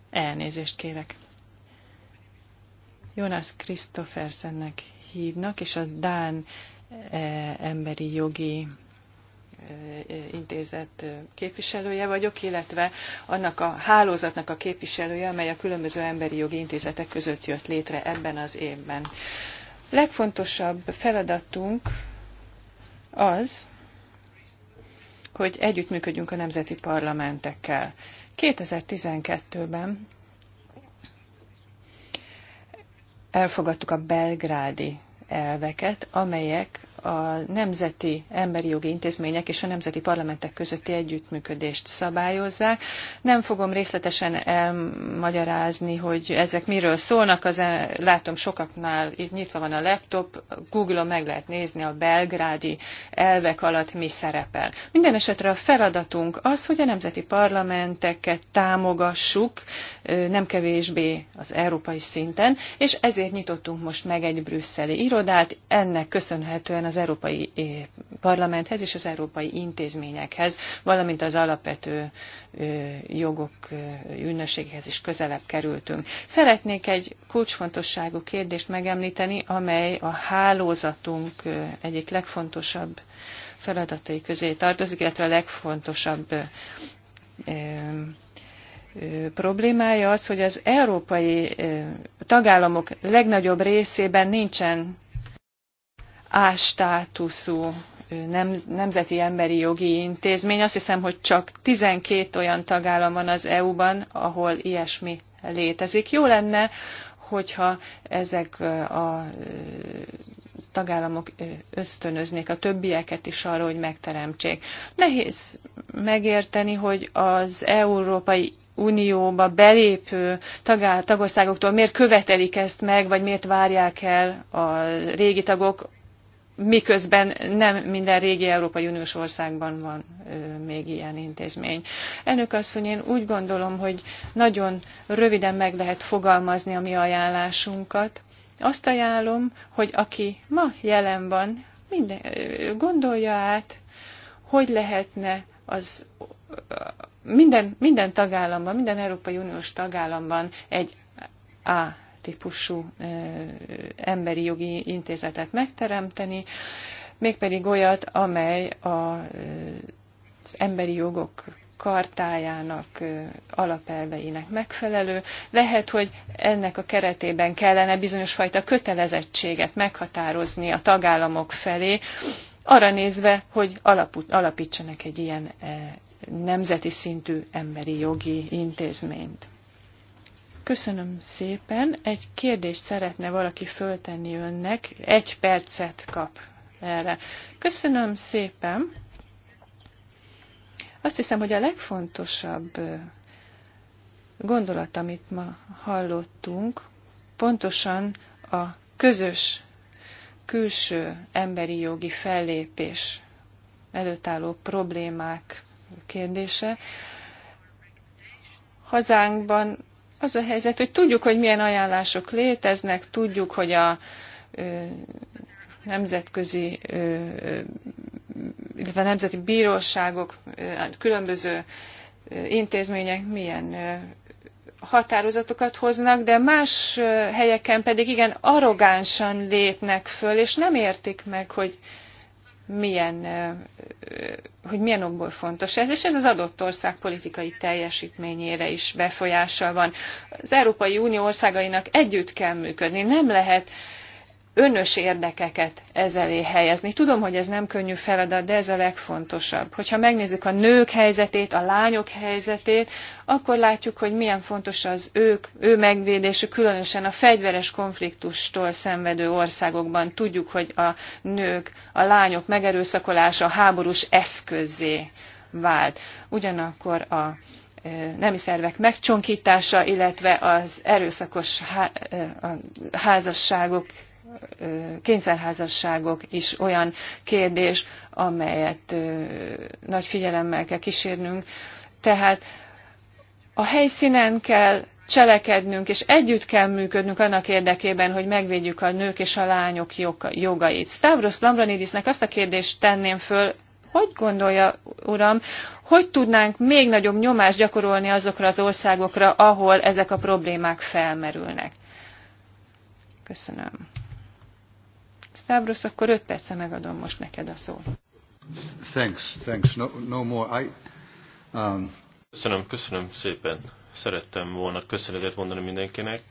Elnézést kérek. Jonas Christoffersennek hívnak, és a Dán eh, emberi jogi Intézet képviselője vagyok, illetve annak a hálózatnak a képviselője, amely a különböző emberi jogi intézetek között jött létre ebben az évben. Legfontosabb feladatunk az, hogy együttműködjünk a nemzeti parlamentekkel. 2012-ben elfogadtuk a belgrádi elveket, amelyek a nemzeti emberi jogi intézmények és a nemzeti parlamentek közötti együttműködést szabályozzák. Nem fogom részletesen elmagyarázni, hogy ezek miről szólnak. Az, látom sokaknál itt nyitva van a laptop, Google-on meg lehet nézni a belgrádi elvek alatt mi szerepel. Minden esetre a feladatunk az, hogy a nemzeti parlamenteket támogassuk, nem kevésbé az európai szinten, és ezért nyitottunk most meg egy brüsszeli irodát. Ennek köszönhetően az Európai eh, Parlamenthez és az európai intézményekhez, valamint az alapvető eh, jogok eh, ünnösséghez is közelebb kerültünk. Szeretnék egy kulcsfontosságú kérdést megemlíteni, amely a hálózatunk egyik legfontosabb feladatai közé tartozik, illetve a legfontosabb problémája az, hogy az európai tagállamok legnagyobb részében nincsen a státuszú nem, nemzeti emberi jogi intézmény. Azt hiszem, hogy csak 12 olyan tagállam van az EU-ban, ahol ilyesmi létezik. Jó lenne, hogyha ezek a tagállamok ösztönöznék a többieket is arra, hogy megteremtsék. Nehéz megérteni, hogy az Európai Unióba belépő tagá, tagországoktól miért követelik ezt meg, vagy miért várják el a régi tagok miközben nem minden régi Európai Uniós országban van még ilyen intézmény. Elnök asszony, én úgy gondolom, hogy nagyon röviden meg lehet fogalmazni a mi ajánlásunkat. Azt ajánlom, hogy aki ma jelen van, minden, gondolja át, hogy lehetne az minden, minden tagállamban, minden Európai Uniós tagállamban egy A típusú emberi jogi intézetet megteremteni, mégpedig olyat, amely az emberi jogok kartájának alapelveinek megfelelő. Lehet, hogy ennek a keretében kellene bizonyos fajta kötelezettséget meghatározni a tagállamok felé, arra nézve, hogy alapítsanak egy ilyen nemzeti szintű emberi jogi intézményt. Köszönöm szépen. Egy kérdést szeretne valaki föltenni önnek. Egy percet kap erre. Köszönöm szépen. Azt hiszem, hogy a legfontosabb gondolat, amit ma hallottunk, pontosan a közös külső emberi jogi fellépés előtt álló problémák kérdése. Hazánkban az a helyzet, hogy tudjuk, hogy milyen ajánlások léteznek, tudjuk, hogy a nemzetközi, illetve nemzeti bíróságok, hát különböző intézmények milyen határozatokat hoznak, de más helyeken pedig igen arrogánsan lépnek föl, és nem értik meg, hogy milyen, hogy milyen okból fontos ez, és ez az adott ország politikai teljesítményére is befolyással van. Az Európai Unió országainak együtt kell működni, nem lehet önös érdekeket ezelé helyezni. Tudom, hogy ez nem könnyű feladat, de ez a legfontosabb. Hogyha megnézzük a nők helyzetét, a lányok helyzetét, akkor látjuk, hogy milyen fontos az ők, ő megvédése, különösen a fegyveres konfliktustól szenvedő országokban. Tudjuk, hogy a nők, a lányok megerőszakolása a háborús eszközé vált. Ugyanakkor a e, nemi szervek megcsonkítása, illetve az erőszakos e, házasságok kényszerházasságok is olyan kérdés, amelyet nagy figyelemmel kell kísérnünk. Tehát a helyszínen kell cselekednünk, és együtt kell működnünk annak érdekében, hogy megvédjük a nők és a lányok jogait. Stavros Lambranidisnek azt a kérdést tenném föl, hogy gondolja, uram, hogy tudnánk még nagyobb nyomást gyakorolni azokra az országokra, ahol ezek a problémák felmerülnek? Köszönöm. Stavros, akkor 5 perce megadom most neked a szót. Thanks, thanks. No, no more. I, um... Köszönöm, köszönöm szépen. Szerettem volna köszönetet mondani mindenkinek,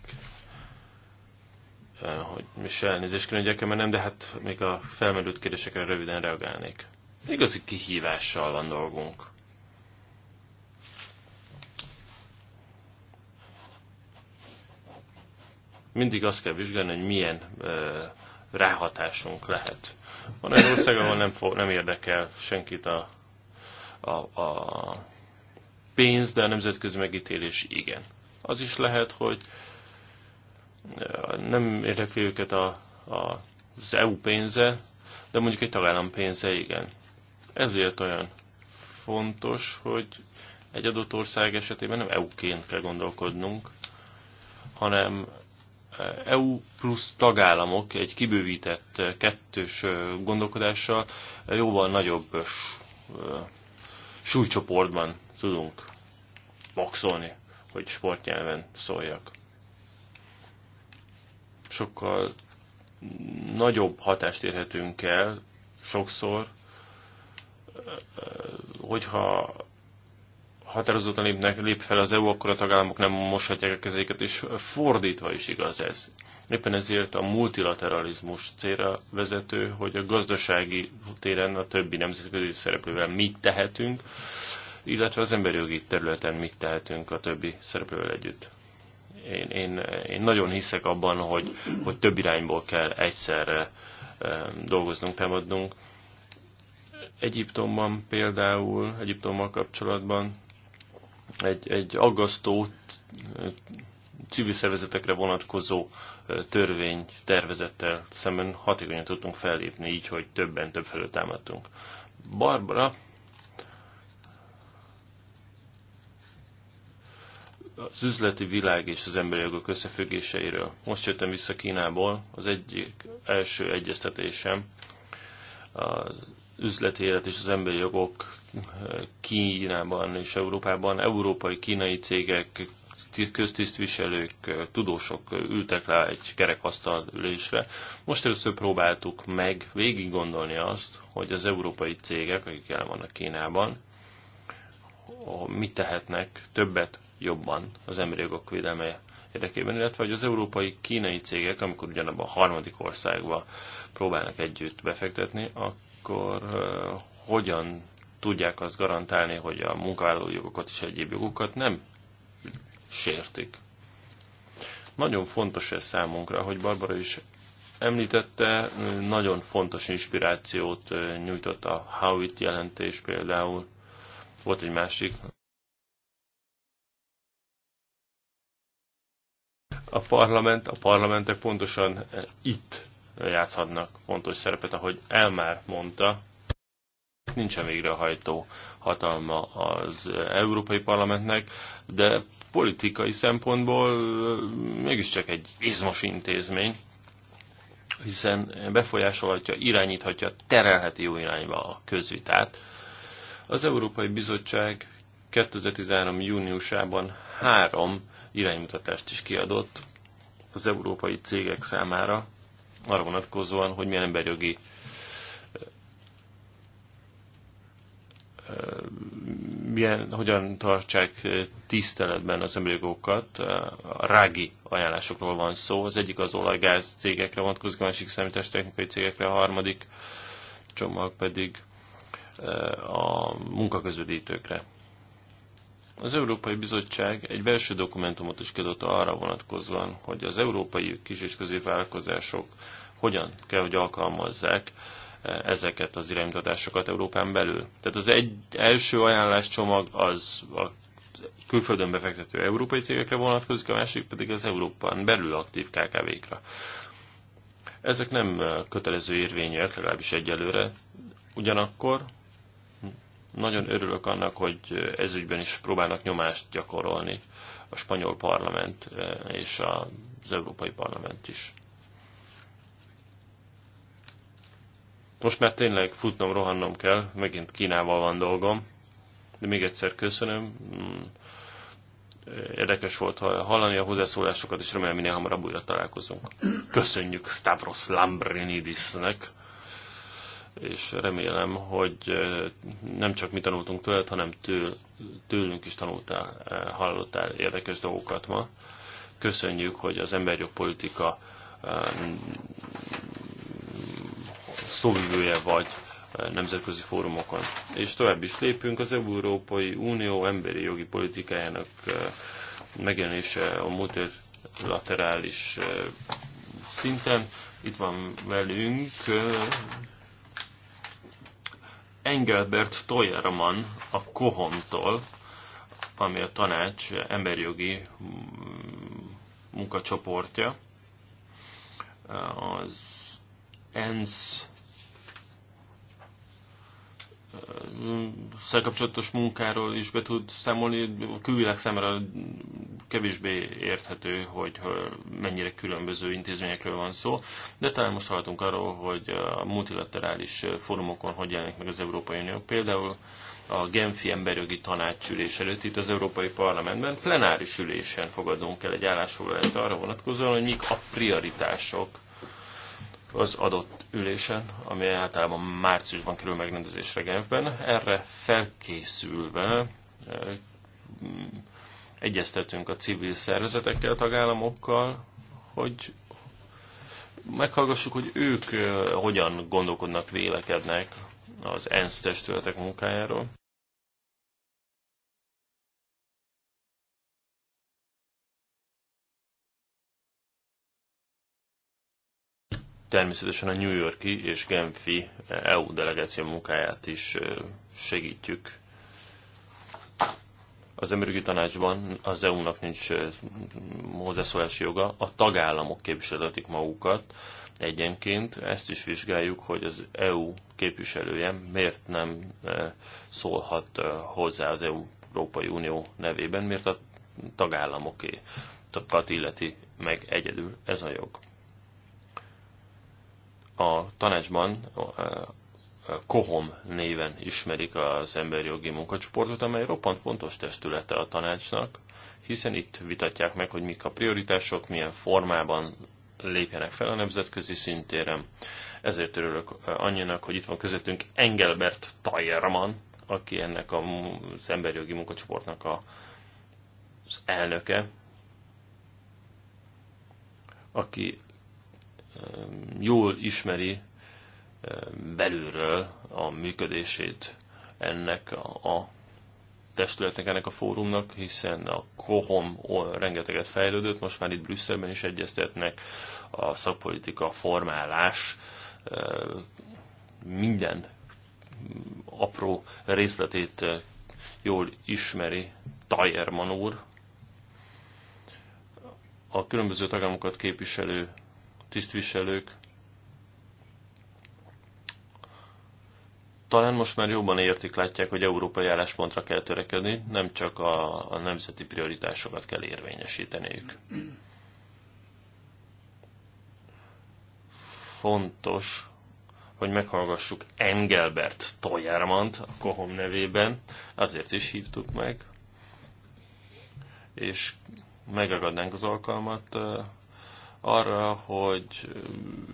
eh, hogy se elnézést kérjek, mert nem, de hát még a felmerült kérdésekre röviden reagálnék. Igazi kihívással van dolgunk. Mindig azt kell vizsgálni, hogy milyen eh, ráhatásunk lehet. Van egy ország, ahol nem, fog, nem érdekel senkit a, a, a pénz, de a nemzetközi megítélés igen. Az is lehet, hogy eh, nem érdekli őket a, a, az EU pénze, de mondjuk egy tagállam pénze igen. Ezért olyan fontos, hogy egy adott ország esetében nem EU-ként kell gondolkodnunk, hanem EU e plusz tagállamok egy kibővített e, kettős e, gondolkodással jóval nagyobb súlycsoportban tudunk boxolni, hogy sportnyelven szóljak. Sokkal nagyobb hatást érhetünk el sokszor, hogyha határozottan lépnek, lép fel az EU, akkor a tagállamok nem moshatják a kezeiket, és fordítva is igaz ez. Éppen ezért a multilateralizmus célra vezető, hogy a gazdasági téren a többi nemzetközi szereplővel mit tehetünk, illetve az emberi jogi területen mit tehetünk a többi szereplővel együtt. Én, én, én nagyon hiszek abban, hogy, hogy több irányból kell egyszerre dolgoznunk, támadnunk. Egyiptomban például, Egyiptommal kapcsolatban egy, egy aggasztó civil szervezetekre vonatkozó törvény tervezettel szemben hatékonyan tudtunk fellépni, így, hogy többen több felől támadtunk. Barbara az üzleti világ és az emberi jogok összefüggéseiről. Most jöttem vissza Kínából, az egyik első egyeztetésem az üzleti élet és az emberi jogok eh, Kínában és Európában. Európai kínai cégek, köztisztviselők, eh, tudósok ültek rá egy kerekasztal ülésre. Most először próbáltuk meg végig gondolni azt, hogy az európai cégek, akik el vannak Kínában, mit tehetnek többet jobban az emberi jogok védelme érdekében, illetve hogy az európai kínai cégek, amikor ugyanabban a harmadik országba próbálnak együtt befektetni, a akkor hogyan tudják azt garantálni, hogy a munkavállaló jogokat és egyéb jogokat nem sértik. Nagyon fontos ez számunkra, hogy Barbara is említette, nagyon fontos inspirációt nyújtott a Howitt jelentés például. Volt egy másik. A parlament, a parlamentek pontosan itt játszhatnak fontos szerepet, ahogy Elmár mondta, nincsen végrehajtó hatalma az Európai Parlamentnek, de politikai szempontból mégiscsak egy izmos intézmény, hiszen befolyásolhatja, irányíthatja, terelheti jó irányba a közvitát. Az Európai Bizottság 2013. júniusában három iránymutatást is kiadott az európai cégek számára, arra vonatkozóan, hogy milyen emberjogi milyen, hogyan tartsák tiszteletben az emberjogokat. A rági ajánlásokról van szó. Az egyik az olajgáz cégekre vonatkozik, a másik technikai cégekre, a harmadik csomag pedig a munkaközvedítőkre. Az Európai Bizottság egy belső dokumentumot is kiadott arra vonatkozóan, hogy az európai kis- és középvállalkozások hogyan kell, hogy alkalmazzák eh, ezeket az iránymutatásokat Európán belül. Tehát az egy első ajánláscsomag az a külföldön befektető európai cégekre vonatkozik, a másik pedig az Európán belül aktív KKV-kra. Ezek nem eh, kötelező érvényűek, legalábbis egyelőre. Ugyanakkor nagyon örülök annak, hogy ezügyben is próbálnak nyomást gyakorolni a spanyol parlament eh, és az európai parlament is. Most már tényleg futnom, rohannom kell, megint Kínával van dolgom, de még egyszer köszönöm. Hmm. Érdekes volt hallani a hozzászólásokat, és remélem minél hamarabb újra találkozunk. Köszönjük Stavros Lambrinidisnek! és remélem, hogy nem csak mi tanultunk tőled, hanem től, tőlünk is tanultál, hallottál érdekes dolgokat ma. Köszönjük, hogy az emberjogpolitika szóvivője vagy nemzetközi fórumokon. És tovább is lépünk az Európai Unió emberi jogi politikájának megjelenése a multilaterális szinten. Itt van velünk Engelbert Toyerman a Kohontól, ami a tanács emberjogi mm, munkacsoportja, az ENSZ szerkapcsolatos munkáról is be tud számolni, külvileg számára kevésbé érthető, hogy mennyire különböző intézményekről van szó, de talán most hallhatunk arról, hogy a multilaterális fórumokon hogy jelenik meg az Európai Unió. Például a Genfi Emberjogi Tanácsülés előtt itt az Európai Parlamentben plenáris ülésen fogadunk el egy állásfoglalást arra vonatkozóan, hogy mik a prioritások az adott ülésen, ami általában márciusban kerül megrendezésre Genfben. Erre felkészülve egyeztetünk a civil szervezetekkel, tagállamokkal, hogy meghallgassuk, hogy ők hogyan gondolkodnak, vélekednek az ENSZ testületek munkájáról. természetesen a New Yorki és Genfi EU eh, e delegáció munkáját is eh, segítjük. Az emberi tanácsban az EU-nak nincs eh, hozzászólási joga, a tagállamok képviseletik magukat egyenként. Ezt is vizsgáljuk, hogy az EU képviselője miért nem szólhat hozzá az e Európai Unió nevében, miért a tagállamoké illeti meg egyedül ez a jog a tanácsban Kohom néven ismerik az emberjogi munkacsoportot, amely roppant fontos testülete a tanácsnak, hiszen itt vitatják meg, hogy mik a prioritások, milyen formában lépjenek fel a nemzetközi szintéren. Ezért örülök annyinak, hogy itt van közöttünk Engelbert Tajerman, aki ennek az emberjogi munkacsoportnak a, az elnöke, aki jól ismeri belülről a működését ennek a testületnek, ennek a fórumnak, hiszen a KOHOM rengeteget fejlődött, most már itt Brüsszelben is egyeztetnek a szakpolitika formálás minden apró részletét jól ismeri Tajerman úr, a különböző tagállamokat képviselő tisztviselők. Talán most már jobban értik, látják, hogy európai álláspontra kell törekedni, nem csak a, a nemzeti prioritásokat kell érvényesíteniük. Fontos, hogy meghallgassuk Engelbert Toyermant a Kohom nevében, azért is hívtuk meg, és megragadnánk az alkalmat eh, arra, hogy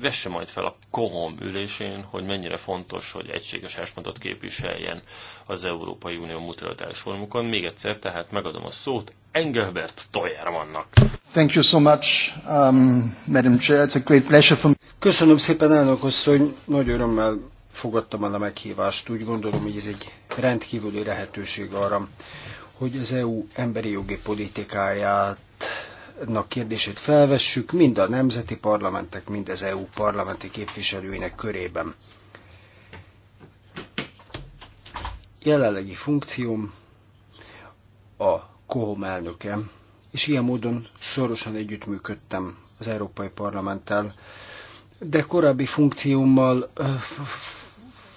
vesse majd fel a kohom ülésén, hogy mennyire fontos, hogy egységes áspontot képviseljen az Európai Unió mutatás formukon. Még egyszer, tehát megadom a szót Engelbert Toyermannak. Thank you so much, um, Madam Chair. It's a great pleasure for me. Köszönöm szépen, elnök asszony. Nagy örömmel fogadtam el a meghívást. Úgy gondolom, hogy ez egy rendkívüli lehetőség arra, hogy az EU emberi jogi politikáját nak kérdését felvessük mind a nemzeti parlamentek, mind az EU parlamenti képviselőinek körében. Jelenlegi funkcióm a KOHOM elnöke, és ilyen módon szorosan együttműködtem az Európai Parlamenttel, de korábbi funkciómmal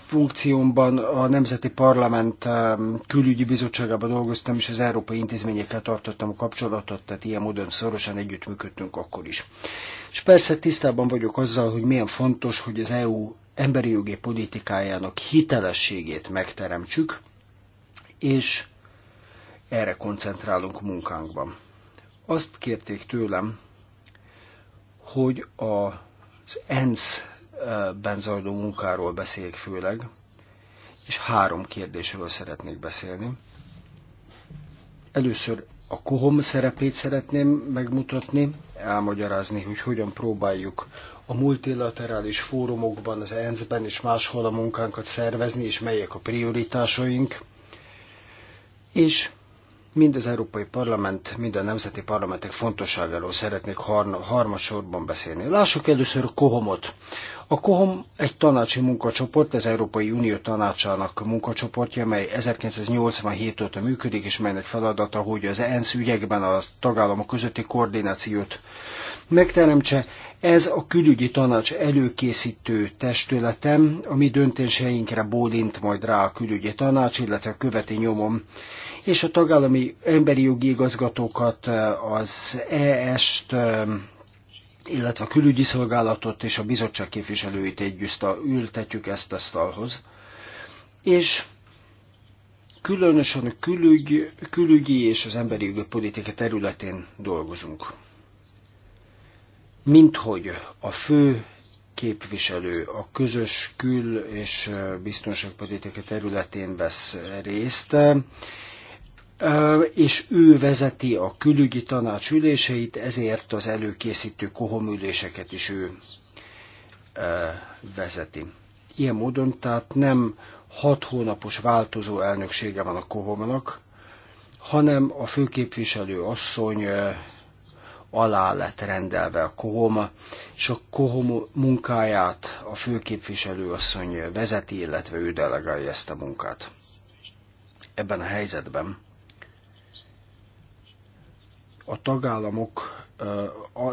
funkciómban a Nemzeti Parlament um, külügyi bizottságában dolgoztam, és az európai intézményekkel tartottam a kapcsolatot, tehát ilyen módon szorosan együttműködtünk akkor is. És persze tisztában vagyok azzal, hogy milyen fontos, hogy az EU emberi jogi politikájának hitelességét megteremtsük, és erre koncentrálunk munkánkban. Azt kérték tőlem, hogy az ENSZ ben zajló munkáról beszéljek főleg, és három kérdésről szeretnék beszélni. Először a kohom szerepét szeretném megmutatni, elmagyarázni, hogy hogyan próbáljuk a multilaterális fórumokban, az ENSZ-ben és máshol a munkánkat szervezni, és melyek a prioritásaink, és Mind az Európai Parlament, mind a nemzeti parlamentek fontosságáról szeretnék har- harmadsorban beszélni. Lássuk először a Kohomot. A Kohom egy tanácsi munkacsoport, az Európai Unió tanácsának munkacsoportja, mely 1987 óta működik, és melynek feladata, hogy az ENSZ ügyekben a tagállamok közötti koordinációt megteremtse. Ez a külügyi tanács előkészítő testületem, ami döntéseinkre bólint majd rá a külügyi tanács, illetve követi nyomom és a tagállami emberi jogi igazgatókat, az ES-t, illetve a külügyi szolgálatot és a bizottság képviselőit együtt ültetjük ezt a asztalhoz. És különösen a külügy, külügyi és az emberi jogi politika területén dolgozunk. Minthogy a fő képviselő a közös kül- és biztonságpolitika területén vesz részt, és ő vezeti a külügyi tanács üléseit, ezért az előkészítő kohomüléseket is ő vezeti. Ilyen módon tehát nem hat hónapos változó elnöksége van a kohomnak, hanem a főképviselő asszony alá lett rendelve a kohom, és a kohom munkáját a főképviselő asszony vezeti, illetve ő delegálja ezt a munkát. Ebben a helyzetben a tagállamok a,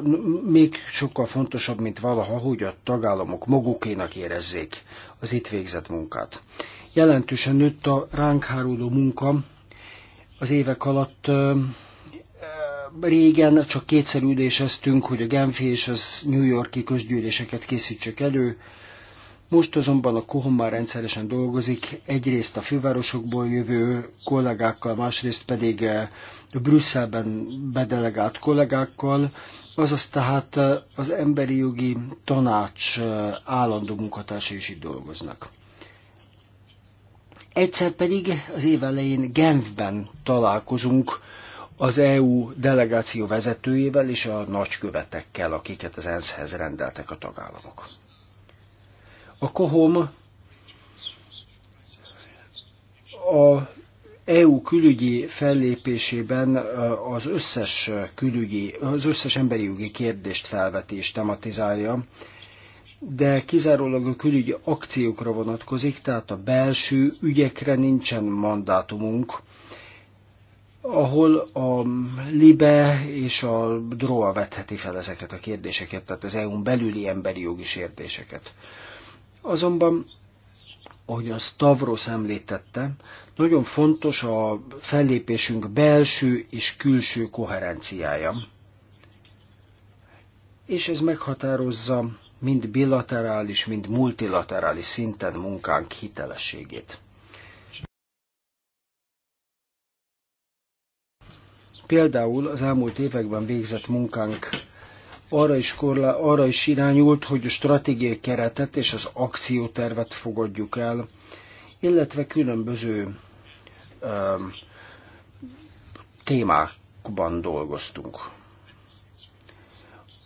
még sokkal fontosabb, mint valaha, hogy a tagállamok magukénak érezzék az itt végzett munkát. Jelentősen nőtt a ránk háruló munka az évek alatt. Régen csak kétszer üléseztünk, hogy a Genfi és az New Yorki közgyűléseket készítsük elő, most azonban a Kohon már rendszeresen dolgozik, egyrészt a fővárosokból jövő kollégákkal, másrészt pedig eh, Brüsszelben bedelegált kollégákkal, azaz tehát eh, az emberi jogi tanács eh, állandó munkatársai is itt dolgoznak. Egyszer pedig az év elején Genfben találkozunk az EU delegáció vezetőjével és a nagykövetekkel, akiket az ENSZ-hez rendeltek a tagállamok. A kohom a EU külügyi fellépésében az összes külügyi, az összes emberi jogi kérdést felveti és tematizálja, de kizárólag a külügyi akciókra vonatkozik, tehát a belső ügyekre nincsen mandátumunk, ahol a LIBE és a DROA vetheti fel ezeket a kérdéseket, tehát az EU-n belüli emberi jogi kérdéseket. Azonban, a Stavros említette, nagyon fontos a fellépésünk belső és külső koherenciája. És ez meghatározza mind bilaterális, mind multilaterális szinten munkánk hitelességét. Például az elmúlt években végzett munkánk arra is, korla, arra is irányult, hogy a stratégiai keretet és az akciótervet fogadjuk el, illetve különböző um, témákban dolgoztunk.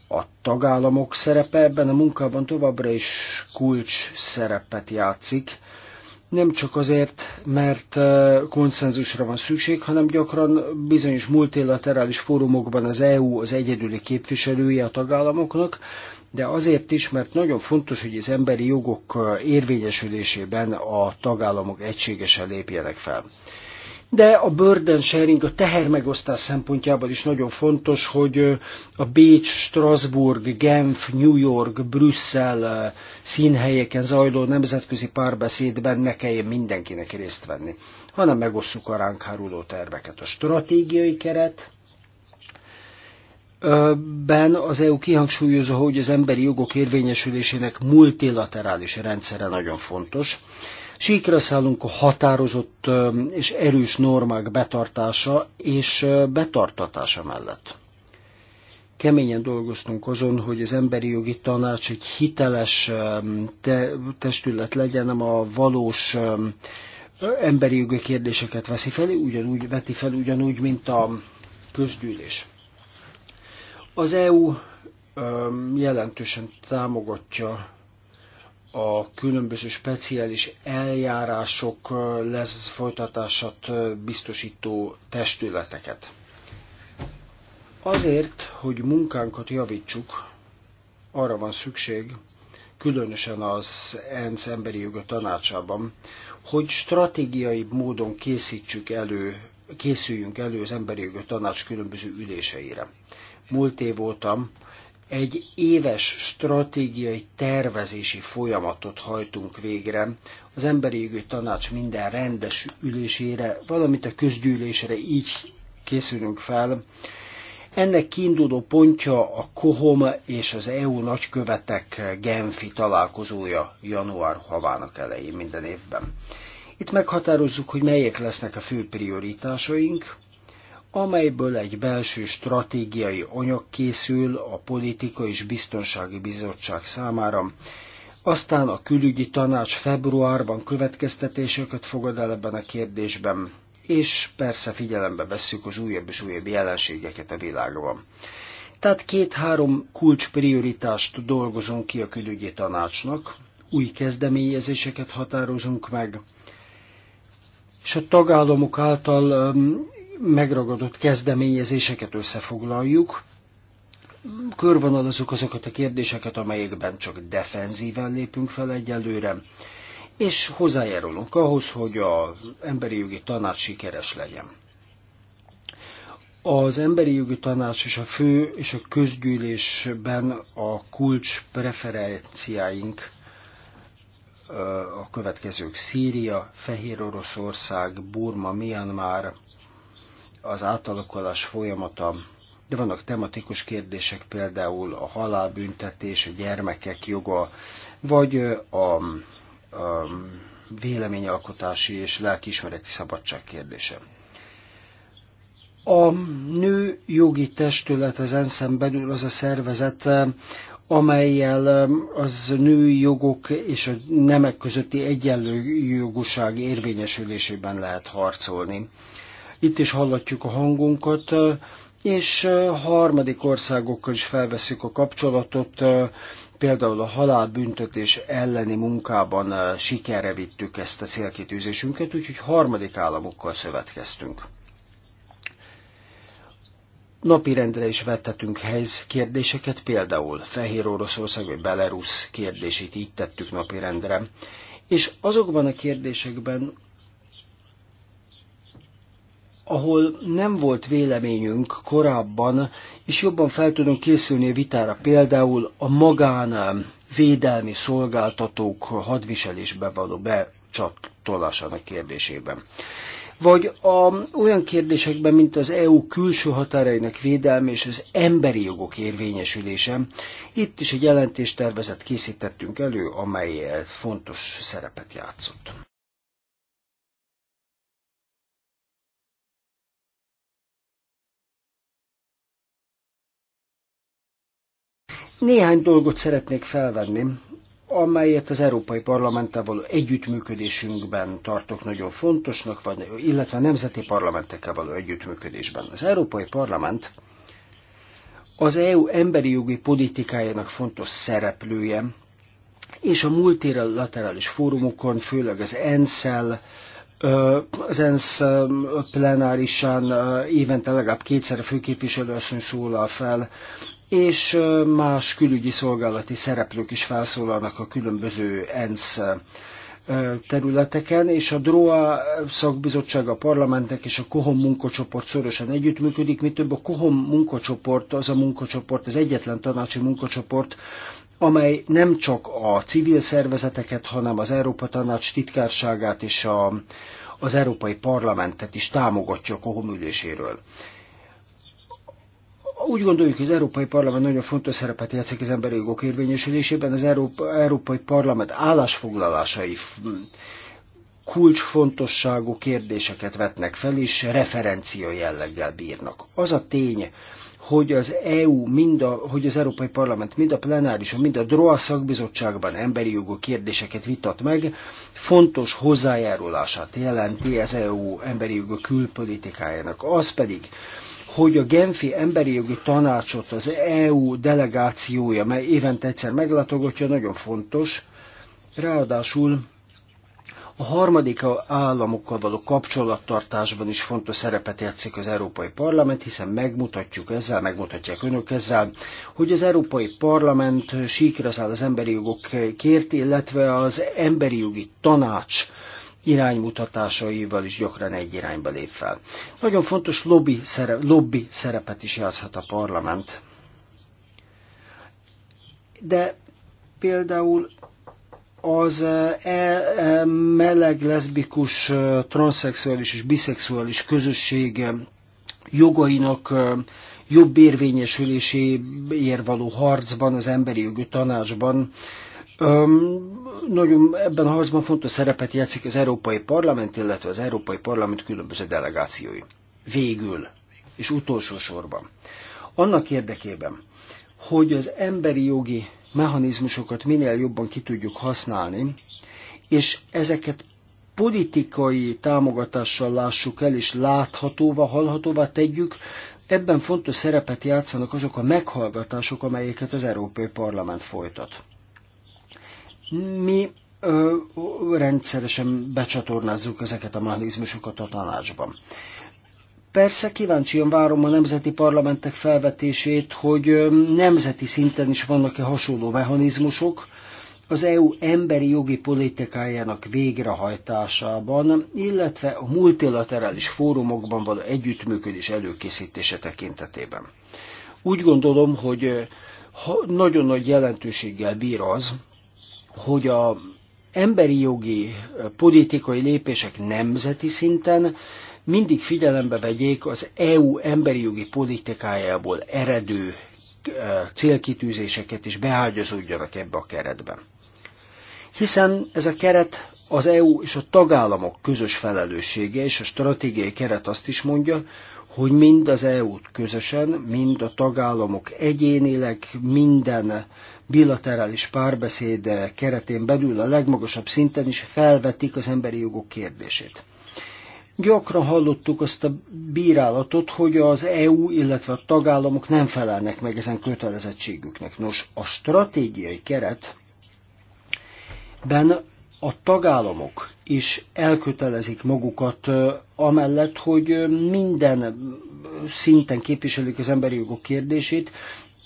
A tagállamok szerepe ebben a munkában továbbra is kulcs szerepet játszik, nem csak azért, mert eh, konszenzusra van szükség, hanem gyakran bizonyos multilaterális fórumokban az EU az egyedüli képviselője a tagállamoknak, de azért is, mert nagyon fontos, hogy az emberi jogok eh, érvényesülésében a tagállamok egységesen lépjenek fel de a burden sharing, a tehermegosztás szempontjából is nagyon fontos, hogy a Bécs, Strasbourg, Genf, New York, Brüsszel színhelyeken zajló nemzetközi párbeszédben ne kelljen mindenkinek részt venni, hanem megosszuk a ránk háruló terveket. A stratégiai keret, Ben az EU kihangsúlyozza, hogy az emberi jogok érvényesülésének multilaterális rendszere nagyon fontos. Síkra szállunk a határozott és erős normák betartása és betartatása mellett. Keményen dolgoztunk azon, hogy az emberi jogi tanács egy hiteles te- testület legyen, nem a valós emberi jogi kérdéseket veszi fel, ugyanúgy veti fel, ugyanúgy, mint a közgyűlés. Az EU jelentősen támogatja a különböző speciális eljárások lesz folytatását biztosító testületeket. Azért, hogy munkánkat javítsuk, arra van szükség, különösen az ENSZ emberi jogok tanácsában, hogy stratégiai módon készítsük elő, készüljünk elő az emberi jogok tanács különböző üléseire. Múlt év voltam egy éves stratégiai tervezési folyamatot hajtunk végre az Emberi Jogi Tanács minden rendes ülésére, valamint a közgyűlésre így készülünk fel. Ennek kiinduló pontja a KOHOM és az EU nagykövetek Genfi találkozója január havának elején minden évben. Itt meghatározzuk, hogy melyek lesznek a fő prioritásaink, amelyből egy belső stratégiai anyag készül a Politika és Biztonsági Bizottság számára. Aztán a külügyi tanács februárban következtetéseket fogad el ebben a kérdésben, és persze figyelembe vesszük az újabb és újabb jelenségeket a világban. Tehát két-három kulcsprioritást dolgozunk ki a külügyi tanácsnak, új kezdeményezéseket határozunk meg, és a tagállamok által megragadott kezdeményezéseket összefoglaljuk, körvonalazzuk azokat a kérdéseket, amelyekben csak defenzíven lépünk fel egyelőre, és hozzájárulunk ahhoz, hogy az emberi jogi tanács sikeres legyen. Az emberi jogi tanács és a fő és a közgyűlésben a kulcs preferenciáink a következők Szíria, Fehér Oroszország, Burma, Myanmar, az átalakulás folyamata, de vannak tematikus kérdések, például a halálbüntetés, a gyermekek joga, vagy a, a véleményalkotási és lelkiismereti szabadság kérdése. A nő jogi testület az enszem belül az a szervezet, amelyel az női jogok és a nemek közötti egyenlő jogúság érvényesülésében lehet harcolni itt is hallatjuk a hangunkat, és harmadik országokkal is felveszik a kapcsolatot, például a halálbüntetés elleni munkában sikerre vittük ezt a célkitűzésünket, úgyhogy harmadik államokkal szövetkeztünk. Napirendre is vettetünk helyz kérdéseket, például Fehér Oroszország vagy Belarus kérdését így tettük napirendre. És azokban a kérdésekben, ahol nem volt véleményünk korábban, és jobban fel tudunk készülni a vitára, például a magán eh, védelmi szolgáltatók hadviselésbe való becsatolásának kérdésében. Vagy a, olyan kérdésekben, mint az EU külső határainak védelme és az emberi jogok érvényesülése, itt is egy jelentéstervezet készítettünk elő, amely eh, fontos szerepet játszott. Néhány dolgot szeretnék felvenni, amelyet az Európai Parlamenttel való együttműködésünkben tartok nagyon fontosnak, vagy, illetve a nemzeti parlamentekkel való együttműködésben. Az Európai Parlament az EU emberi jogi politikájának fontos szereplője, és a multilaterális fórumokon, főleg az ENSZ-el, az ENSZ plenárisan évente legalább kétszer a főképviselőasszony szólal fel és más külügyi szolgálati szereplők is felszólalnak a különböző ENSZ területeken, és a DROA szakbizottság, a parlamentek és a KOHOM munkacsoport szorosan együttműködik, mi több a KOHOM munkacsoport, az a munkacsoport, az egyetlen tanácsi munkacsoport, amely nem csak a civil szervezeteket, hanem az Európa Tanács titkárságát és a, az Európai Parlamentet is támogatja a KOHOM üléséről úgy gondoljuk, hogy az Európai Parlament nagyon fontos szerepet játszik az emberi jogok érvényesülésében, az Európa, Európai Parlament állásfoglalásai kulcsfontosságú kérdéseket vetnek fel, és referencia jelleggel bírnak. Az a tény, hogy az EU, mind a, hogy az Európai Parlament mind a plenárison, mind a DROA szakbizottságban emberi jogok kérdéseket vitat meg, fontos hozzájárulását jelenti az EU emberi jogok külpolitikájának. Az pedig, hogy a Genfi Emberi Jogi Tanácsot az EU delegációja, mely évente egyszer meglátogatja, nagyon fontos. Ráadásul a harmadik államokkal való kapcsolattartásban is fontos szerepet játszik az Európai Parlament, hiszen megmutatjuk ezzel, megmutatják önök ezzel, hogy az Európai Parlament síkra száll az emberi jogokért, illetve az emberi jogi tanács iránymutatásaival is gyakran egy irányba lép fel. Nagyon fontos lobby, szerep, lobby szerepet is játszhat a parlament. De például az e, e meleg, leszbikus, e, transzexuális és biszexuális közösség e, jogainak jobb érvényesüléséért való harcban, az emberi jogi tanácsban nagyon ebben a harcban fontos szerepet játszik az Európai Parlament, illetve az Európai Parlament különböző delegációi. Végül, és utolsó sorban. Annak érdekében, hogy az emberi jogi mechanizmusokat minél jobban ki tudjuk használni, és ezeket politikai támogatással lássuk el, és láthatóvá, hallhatóvá tegyük, ebben fontos szerepet játszanak azok a meghallgatások, amelyeket az Európai Parlament folytat. Mi ö, rendszeresen becsatornázzuk ezeket a mechanizmusokat a tanácsban. Persze kíváncsian várom a nemzeti parlamentek felvetését, hogy nemzeti szinten is vannak-e hasonló mechanizmusok az EU emberi jogi politikájának végrehajtásában, illetve a multilaterális fórumokban való együttműködés előkészítése tekintetében. Úgy gondolom, hogy nagyon nagy jelentőséggel bír az, hogy a emberi jogi politikai lépések nemzeti szinten mindig figyelembe vegyék az EU emberi jogi politikájából eredő célkitűzéseket, is beágyazódjanak ebbe a keretbe. Hiszen ez a keret az EU és a tagállamok közös felelőssége, és a stratégiai keret azt is mondja, hogy mind az EU-t közösen, mind a tagállamok egyénileg minden bilaterális párbeszéd eh, keretén belül a legmagasabb szinten is felvetik az emberi jogok kérdését. Gyakran hallottuk azt a bírálatot, hogy az EU, illetve a tagállamok nem felelnek meg ezen kötelezettségüknek. Nos, a stratégiai keretben a tagállamok is elkötelezik magukat eh, amellett, hogy eh, minden szinten képviselik az emberi jogok kérdését,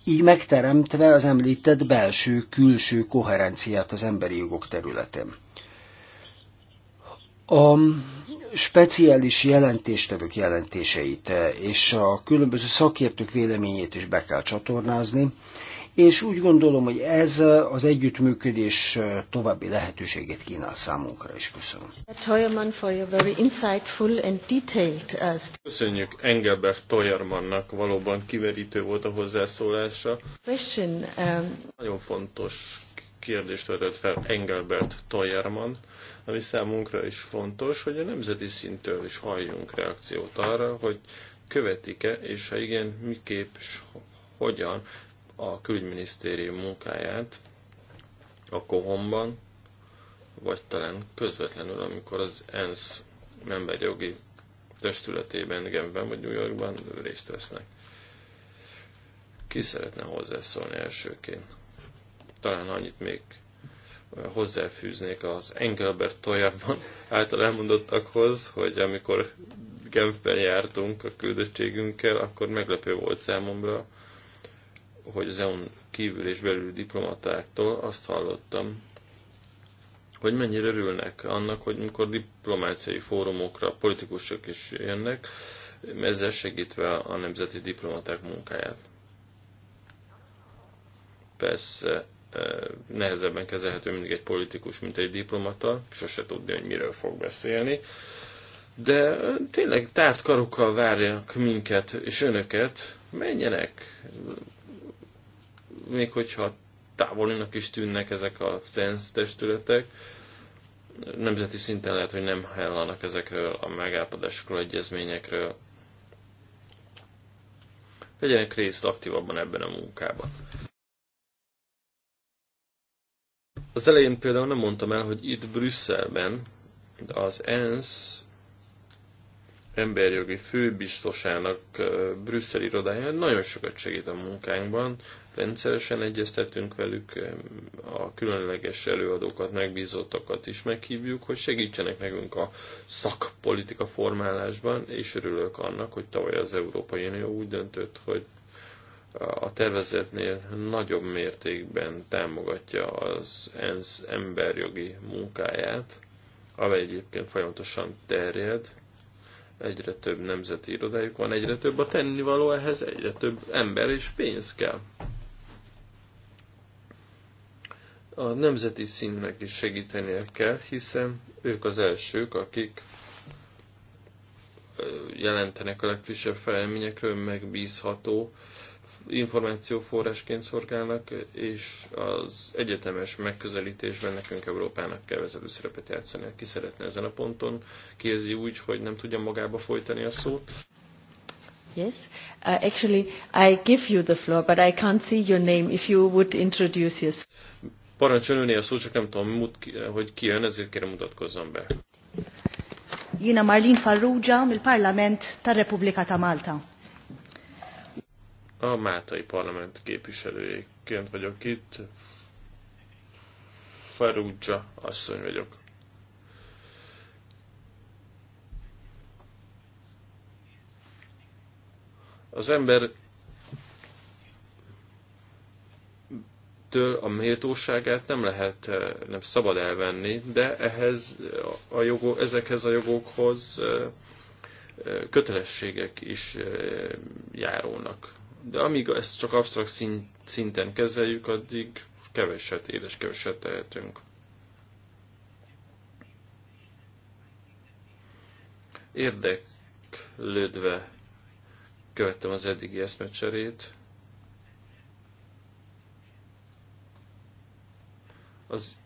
így megteremtve az említett belső-külső koherenciát az emberi jogok területén. A speciális jelentéstevők jelentéseit eh, és a különböző szakértők véleményét is be kell csatornázni, és úgy gondolom, hogy ez az együttműködés további lehetőséget kínál számunkra is. Köszönöm. Uh, Köszönjük Engelbert Toyermannak, valóban kiverítő volt a hozzászólása. Question, um, Nagyon fontos kérdést vetett fel Engelbert Toyerman, ami számunkra is fontos, hogy a nemzeti szintől is halljunk reakciót arra, hogy követik-e, és ha igen, miképp, hogyan a külügyminisztérium munkáját a Kohomban, vagy talán közvetlenül, amikor az ENSZ emberjogi testületében, Genben vagy New Yorkban részt vesznek. Ki szeretne hozzászólni elsőként? Talán annyit még hozzáfűznék az Engelbert tojában által elmondottakhoz, hogy amikor Genfben jártunk a küldöttségünkkel, akkor meglepő volt számomra, hogy az EU-n kívül és belül diplomatáktól azt hallottam, hogy mennyire örülnek annak, hogy amikor diplomáciai fórumokra politikusok is jönnek, ezzel segítve a nemzeti diplomaták munkáját. Persze e, nehezebben kezelhető mindig egy politikus, mint egy diplomata, sose tudni, hogy miről fog beszélni, de tényleg tárt karokkal várjanak minket és önöket, menjenek, még hogyha távolinak is tűnnek ezek a szenz testületek, nemzeti szinten lehet, hogy nem hallanak ezekről a megállapodásokról, egyezményekről. Vegyenek részt aktívabban ebben a munkában. Az elején például nem mondtam el, hogy itt Brüsszelben az ENSZ emberjogi főbiztosának brüsszeli irodája nagyon sokat segít a munkánkban, rendszeresen egyeztetünk velük, a különleges előadókat, megbízottakat is meghívjuk, hogy segítsenek nekünk a szakpolitika formálásban, és örülök annak, hogy tavaly az Európai Unió úgy döntött, hogy a tervezetnél nagyobb mértékben támogatja az ENSZ emberjogi munkáját, amely egyébként folyamatosan terjed, egyre több nemzeti irodájuk van, egyre több a tennivaló, ehhez egyre több ember és pénz kell. A nemzeti színnek is segítenie kell, hiszen ők az elsők, akik jelentenek a legfrissebb fejleményekről megbízható információforrásként szolgálnak, és az egyetemes megközelítésben nekünk Európának kell vezető szerepet játszani, ki szeretne ezen a ponton, ki érzi úgy, hogy nem tudja magába folytani a szót. Yes, uh, actually I give you the floor, but I can't see your name if you would introduce yourself. Parancsoljon a szó, csak nem tudom, hogy ki jön, ezért kérem mutatkozzon be. Jina Marlin Farrugia mill-Parlament ta repubblika ta' Malta a Mátai Parlament képviselőjéként vagyok itt. Farugja asszony vagyok. Az ember től a méltóságát nem lehet, eh, nem szabad elvenni, de ehhez a jogok, ezekhez a jogokhoz eh, eh, kötelességek is járónak de amíg ezt csak absztrakt szinten kezeljük, addig keveset, édes keveset tehetünk. Érdeklődve követtem az eddigi eszmecserét. Az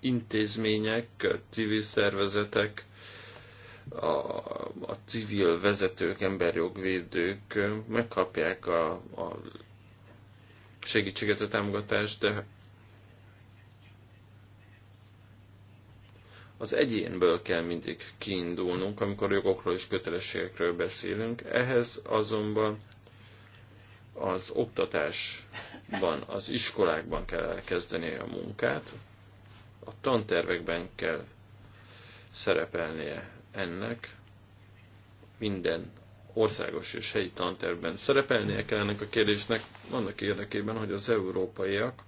intézmények, civil szervezetek a, a civil vezetők, emberjogvédők megkapják a, a segítséget, a támogatást, de az egyénből kell mindig kiindulnunk, amikor jogokról és kötelességekről beszélünk. Ehhez azonban az oktatásban, az iskolákban kell elkezdeni a munkát, a tantervekben kell szerepelnie ennek minden országos és helyi tantervben szerepelnie kell ennek a kérdésnek annak érdekében, hogy az európaiak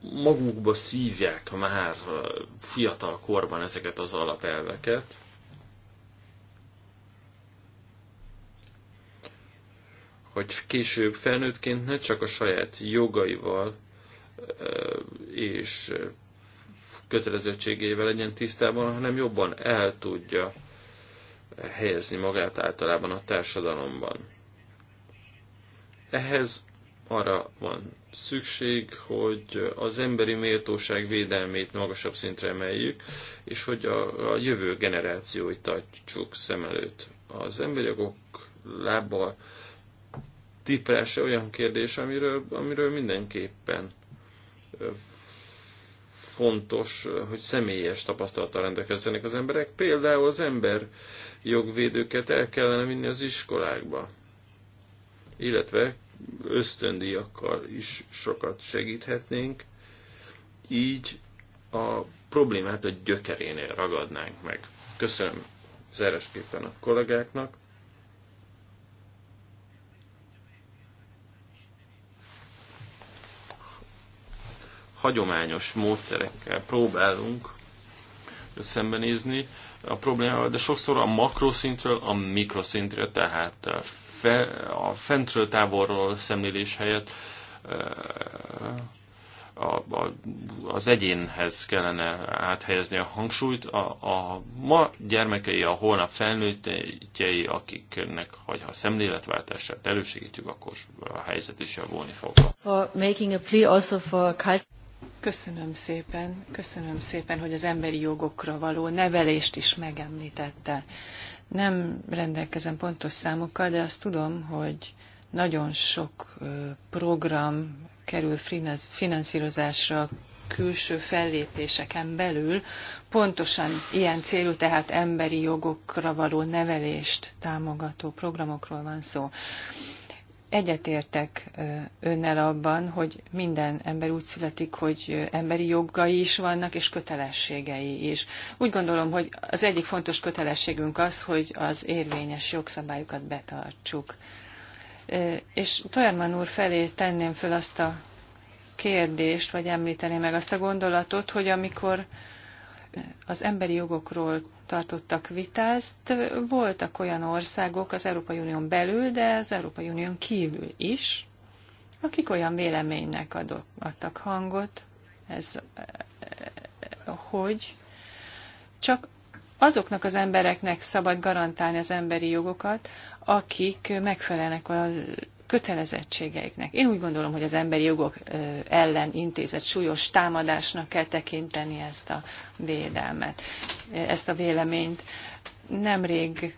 magukba szívják már fiatal korban ezeket az alapelveket. Hogy később felnőttként ne csak a saját jogaival és kötelezettségével legyen tisztában, hanem jobban el tudja helyezni magát általában a társadalomban. Ehhez arra van szükség, hogy az emberi méltóság védelmét magasabb szintre emeljük, és hogy a, a jövő generációit tartsuk szem előtt. Az emberi jogok lábbal tiprása olyan kérdés, amiről, amiről mindenképpen fontos, hogy személyes tapasztalattal rendelkezzenek az emberek. Például az ember jogvédőket el kellene vinni az iskolákba, illetve ösztöndíjakkal is sokat segíthetnénk, így a problémát a gyökerénél ragadnánk meg. Köszönöm zárásképpen a kollégáknak, hagyományos módszerekkel próbálunk szembenézni a problémával, de sokszor a makroszintről a mikroszintre, tehát a fentről távolról szemlélés helyett az egyénhez kellene áthelyezni a hangsúlyt. A, a ma gyermekei, a holnap felnőttjei, akiknek, hogyha a szemléletváltását elősegítjük, akkor a helyzet is javulni fog. For making a plea also for Köszönöm szépen, köszönöm szépen, hogy az emberi jogokra való nevelést is megemlítette. Nem rendelkezem pontos számokkal, de azt tudom, hogy nagyon sok program kerül finanszírozásra külső fellépéseken belül, pontosan ilyen célú, tehát emberi jogokra való nevelést támogató programokról van szó egyetértek önnel abban, hogy minden ember úgy születik, hogy emberi jogai is vannak, és kötelességei is. Úgy gondolom, hogy az egyik fontos kötelességünk az, hogy az érvényes jogszabályokat betartsuk. És Tojerman úr felé tenném föl azt a kérdést, vagy említeném meg azt a gondolatot, hogy amikor az emberi jogokról tartottak vitázt. Voltak olyan országok az Európai Unión belül, de az Európai Unión kívül is, akik olyan véleménynek adtak hangot, ez, hogy csak azoknak az embereknek szabad garantálni az emberi jogokat, akik megfelelnek az kötelezettségeiknek. Én úgy gondolom, hogy az emberi jogok ellen intézett súlyos támadásnak kell tekinteni ezt a védelmet, ezt a véleményt. Nemrég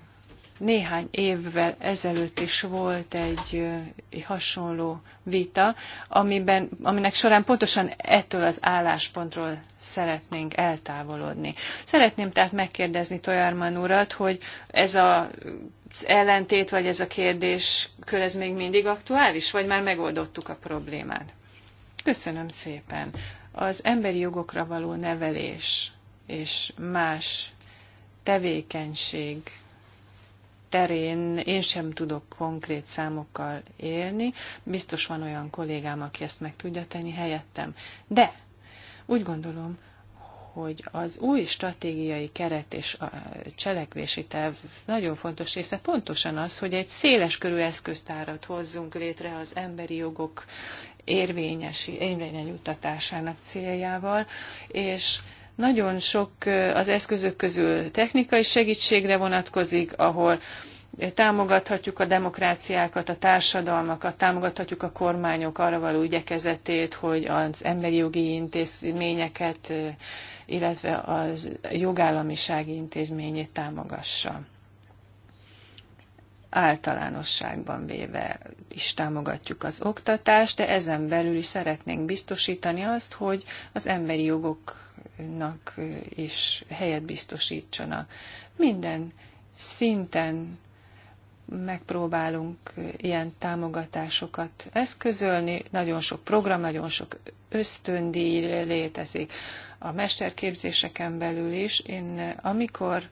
néhány évvel ezelőtt is volt egy, egy hasonló vita, amiben, aminek során pontosan ettől az álláspontról szeretnénk eltávolodni. Szeretném tehát megkérdezni Tojárman urat, hogy ez a ellentét, vagy ez a kérdés kör ez még mindig aktuális, vagy már megoldottuk a problémát? Köszönöm szépen. Az emberi jogokra való nevelés és más tevékenység terén én sem tudok konkrét számokkal élni. Biztos van olyan kollégám, aki ezt meg tudja tenni helyettem. De úgy gondolom, hogy az új stratégiai keret és a cselekvési terv nagyon fontos része pontosan az, hogy egy széles körű eszköztárat hozzunk létre az emberi jogok érvényesi, érvényenyújtatásának céljával, és nagyon sok az eszközök közül technikai segítségre vonatkozik, ahol támogathatjuk a demokráciákat, a társadalmakat, támogathatjuk a kormányok arra való igyekezetét, hogy az emberi jogi intézményeket illetve a jogállamisági intézményét támogassa. Általánosságban véve is támogatjuk az oktatást, de ezen belül is szeretnénk biztosítani azt, hogy az emberi jogoknak is helyet biztosítsanak. Minden szinten megpróbálunk ilyen támogatásokat eszközölni. Nagyon sok program, nagyon sok ösztöndíj létezik a mesterképzéseken belül is. Én amikor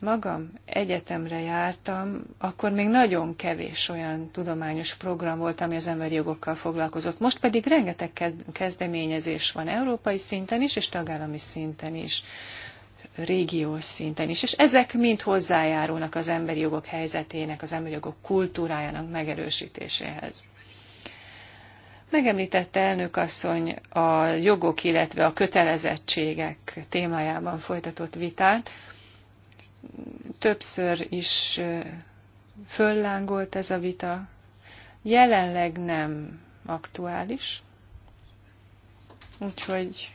magam egyetemre jártam, akkor még nagyon kevés olyan tudományos program volt, ami az emberi jogokkal foglalkozott. Most pedig rengeteg kezdeményezés van európai szinten is, és tagállami szinten is régiós szinten is. És ezek mind hozzájárulnak az emberi jogok helyzetének, az emberi jogok kultúrájának megerősítéséhez. Megemlítette elnök asszony a jogok, illetve a kötelezettségek témájában folytatott vitát. Többször is föllángolt ez a vita. Jelenleg nem aktuális, úgyhogy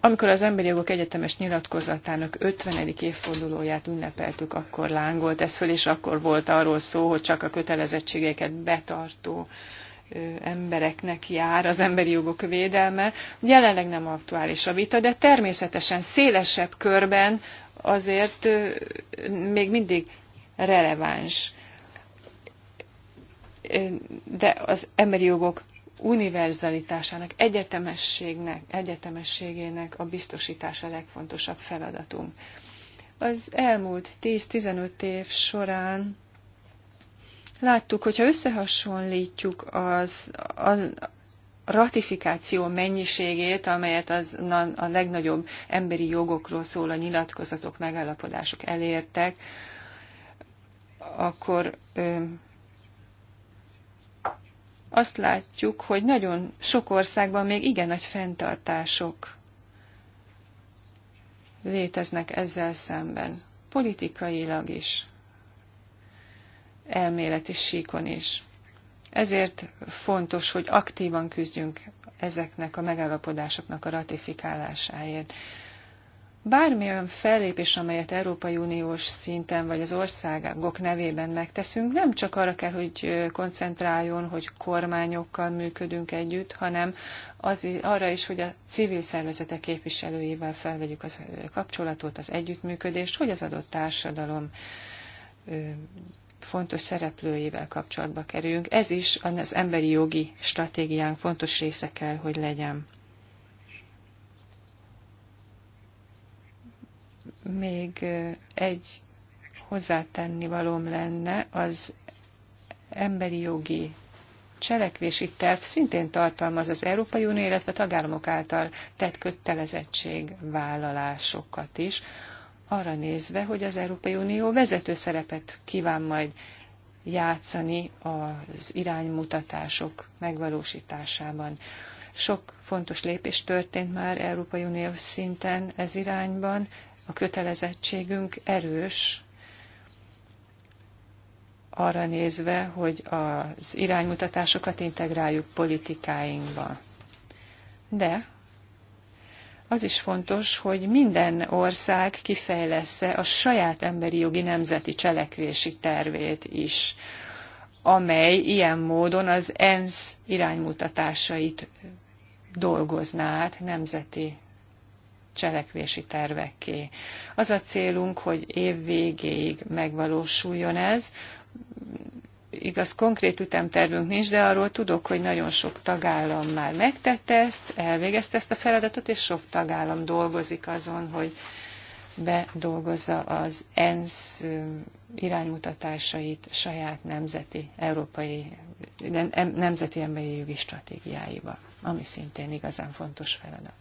Amikor az Emberi Jogok Egyetemes nyilatkozatának 50. évfordulóját ünnepeltük, akkor lángolt ez föl, és akkor volt arról szó, hogy csak a kötelezettségeket betartó embereknek jár az emberi jogok védelme. Jelenleg nem aktuális a vita, de természetesen szélesebb körben azért még mindig releváns. De az emberi jogok univerzalitásának, egyetemességnek, egyetemességének a biztosítása legfontosabb feladatunk. Az elmúlt 10-15 év során láttuk, hogyha összehasonlítjuk az, a, ratifikáció mennyiségét, amelyet az, a legnagyobb emberi jogokról szól a nyilatkozatok, megállapodások elértek, akkor azt látjuk, hogy nagyon sok országban még igen nagy fenntartások léteznek ezzel szemben, politikailag is, elméleti síkon is. Ezért fontos, hogy aktívan küzdjünk ezeknek a megállapodásoknak a ratifikálásáért. Bármi olyan fellépés, amelyet Európai Uniós szinten vagy az országok nevében megteszünk, nem csak arra kell, hogy koncentráljon, hogy kormányokkal működünk együtt, hanem az, arra is, hogy a civil szervezetek képviselőivel felvegyük a kapcsolatot, az együttműködést, hogy az adott társadalom fontos szereplőjével kapcsolatba kerüljünk. Ez is az emberi jogi stratégiánk fontos része kell, hogy legyen. még egy hozzátenni valóm lenne, az emberi jogi cselekvési terv szintén tartalmaz az Európai Unió, illetve tagállamok által tett kötelezettségvállalásokat is, arra nézve, hogy az Európai Unió vezető szerepet kíván majd játszani az iránymutatások megvalósításában. Sok fontos lépés történt már Európai Unió szinten ez irányban, a kötelezettségünk erős arra nézve, hogy az iránymutatásokat integráljuk politikáinkba. De az is fontos, hogy minden ország kifejlesz-e a saját emberi jogi nemzeti cselekvési tervét is, amely ilyen módon az ENSZ iránymutatásait dolgozná át nemzeti cselekvési tervekké. Az a célunk, hogy év végéig megvalósuljon ez. Igaz, konkrét ütemtervünk nincs, de arról tudok, hogy nagyon sok tagállam már megtette ezt, elvégezte ezt a feladatot, és sok tagállam dolgozik azon, hogy bedolgozza az ENSZ iránymutatásait saját nemzeti, európai, nemzeti emberi jogi stratégiáiba, ami szintén igazán fontos feladat.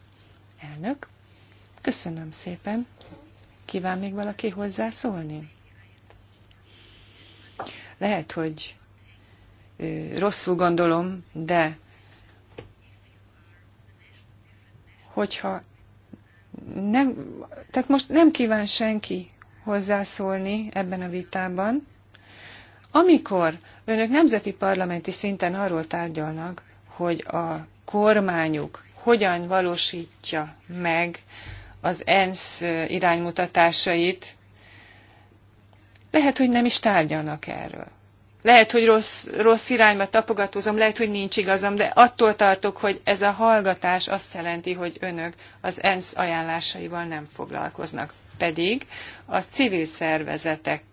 Elnök. Köszönöm szépen. Kíván még valaki hozzászólni? Lehet, hogy rosszul gondolom, de hogyha nem, tehát most nem kíván senki hozzászólni ebben a vitában, amikor önök nemzeti parlamenti szinten arról tárgyalnak, hogy a kormányuk hogyan valósítja meg az ENSZ iránymutatásait, lehet, hogy nem is tárgyalnak erről. Lehet, hogy rossz, rossz irányba tapogatózom, lehet, hogy nincs igazam, de attól tartok, hogy ez a hallgatás azt jelenti, hogy önök az ENSZ ajánlásaival nem foglalkoznak. Pedig a civil szervezetek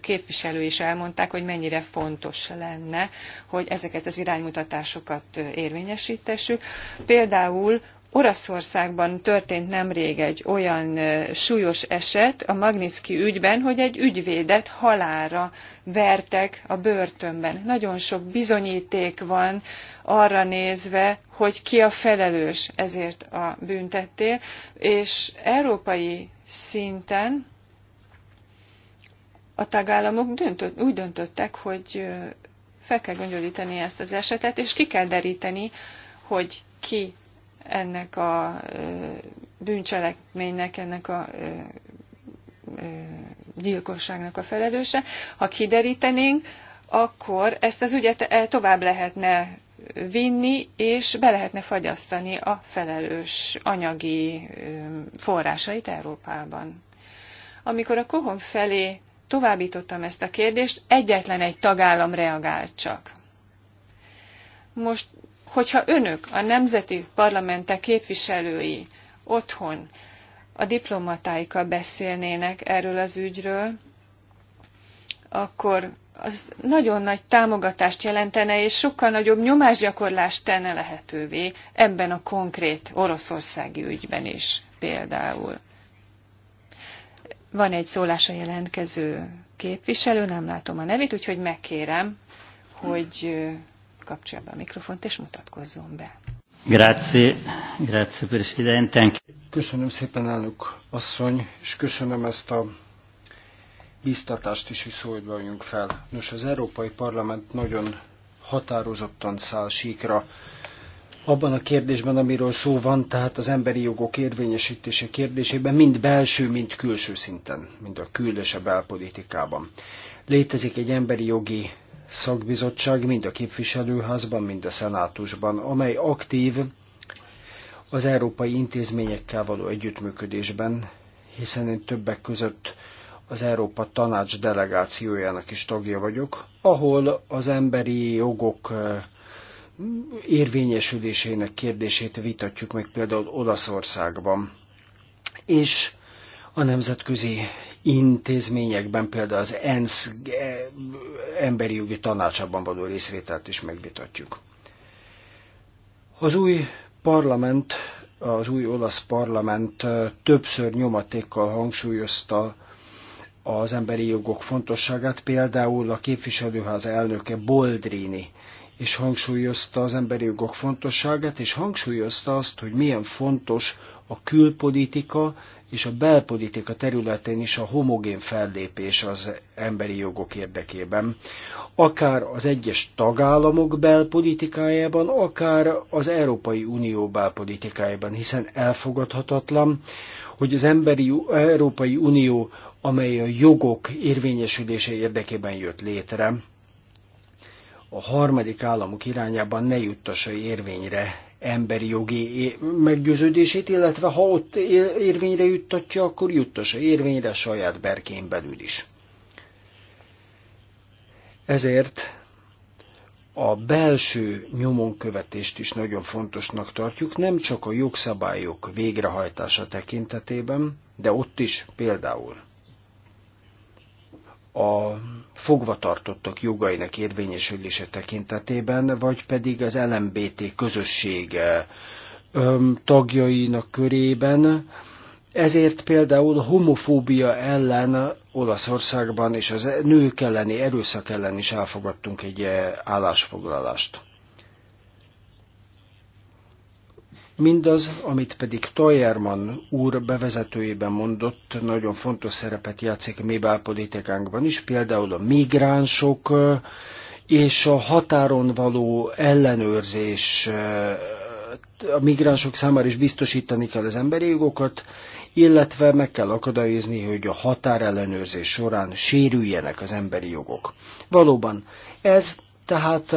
képviselői is elmondták, hogy mennyire fontos lenne, hogy ezeket az iránymutatásokat érvényesítessük. Például Oroszországban történt nemrég egy olyan súlyos eset a Magnitsky ügyben, hogy egy ügyvédet halálra vertek a börtönben. Nagyon sok bizonyíték van arra nézve, hogy ki a felelős ezért a büntettél, és európai szinten a tagállamok döntött, úgy döntöttek, hogy fel kell göngyölíteni ezt az esetet, és ki kell deríteni, hogy ki ennek a bűncselekménynek, ennek a gyilkosságnak a felelőse. Ha kiderítenénk, akkor ezt az ügyet e, tovább lehetne vinni, és be lehetne fagyasztani a felelős anyagi forrásait Európában. Amikor a Kohom felé továbbítottam ezt a kérdést, egyetlen egy tagállam reagált csak. Most hogyha önök, a nemzeti parlamentek képviselői otthon a diplomatáikkal beszélnének erről az ügyről, akkor az nagyon nagy támogatást jelentene, és sokkal nagyobb nyomásgyakorlást tenne lehetővé ebben a konkrét oroszországi ügyben is például. Van egy szólása jelentkező képviselő, nem látom a nevét, úgyhogy megkérem, hogy kapcsolja be a mikrofont és mutatkozzon be. Grazie, grazie Presidente. Köszönöm szépen, elnök asszony, és köszönöm ezt a biztatást is, hogy vagyunk fel. Nos, az Európai Parlament nagyon határozottan száll síkra abban a kérdésben, amiről szó van, tehát az emberi jogok érvényesítése kérdésében, mind belső, mind külső szinten, mind a különösebb belpolitikában. Létezik egy emberi jogi szakbizottság mind a képviselőházban, mind a szenátusban, amely aktív az európai intézményekkel való együttműködésben, hiszen én többek között az Európa Tanács delegációjának is tagja vagyok, ahol az emberi jogok érvényesülésének kérdését vitatjuk meg például Olaszországban. És a nemzetközi intézményekben, például az ENSZ eh, emberi jogi tanácsában való részvételt is megvitatjuk. Az új parlament, az új olasz parlament eh, többször nyomatékkal hangsúlyozta az emberi jogok fontosságát, például a képviselőház elnöke Boldrini és hangsúlyozta az emberi jogok fontosságát, és hangsúlyozta azt, hogy milyen fontos a külpolitika és a belpolitika területén is a homogén fellépés az emberi jogok érdekében. Akár az egyes tagállamok belpolitikájában, akár az Európai Unió belpolitikájában, hiszen elfogadhatatlan, hogy az emberi, Európai Unió, amely a jogok érvényesülése érdekében jött létre, a harmadik államok irányában ne juttassa érvényre emberi jogi meggyőződését, illetve ha ott érvényre juttatja, akkor juttassa érvényre a saját berkén belül is. Ezért a belső nyomonkövetést is nagyon fontosnak tartjuk, nem csak a jogszabályok végrehajtása tekintetében, de ott is például a fogvatartottak jogainak érvényesülése tekintetében, vagy pedig az LMBT közösség tagjainak körében. Ezért például homofóbia ellen Olaszországban és az nők elleni erőszak ellen is elfogadtunk egy eh, állásfoglalást. Mindaz, amit pedig Toyerman úr bevezetőjében mondott, nagyon fontos szerepet játszik a mi belpolitikánkban is, például a migránsok és a határon való ellenőrzés, a migránsok számára is biztosítani kell az emberi jogokat, illetve meg kell akadályozni, hogy a határellenőrzés során sérüljenek az emberi jogok. Valóban, ez tehát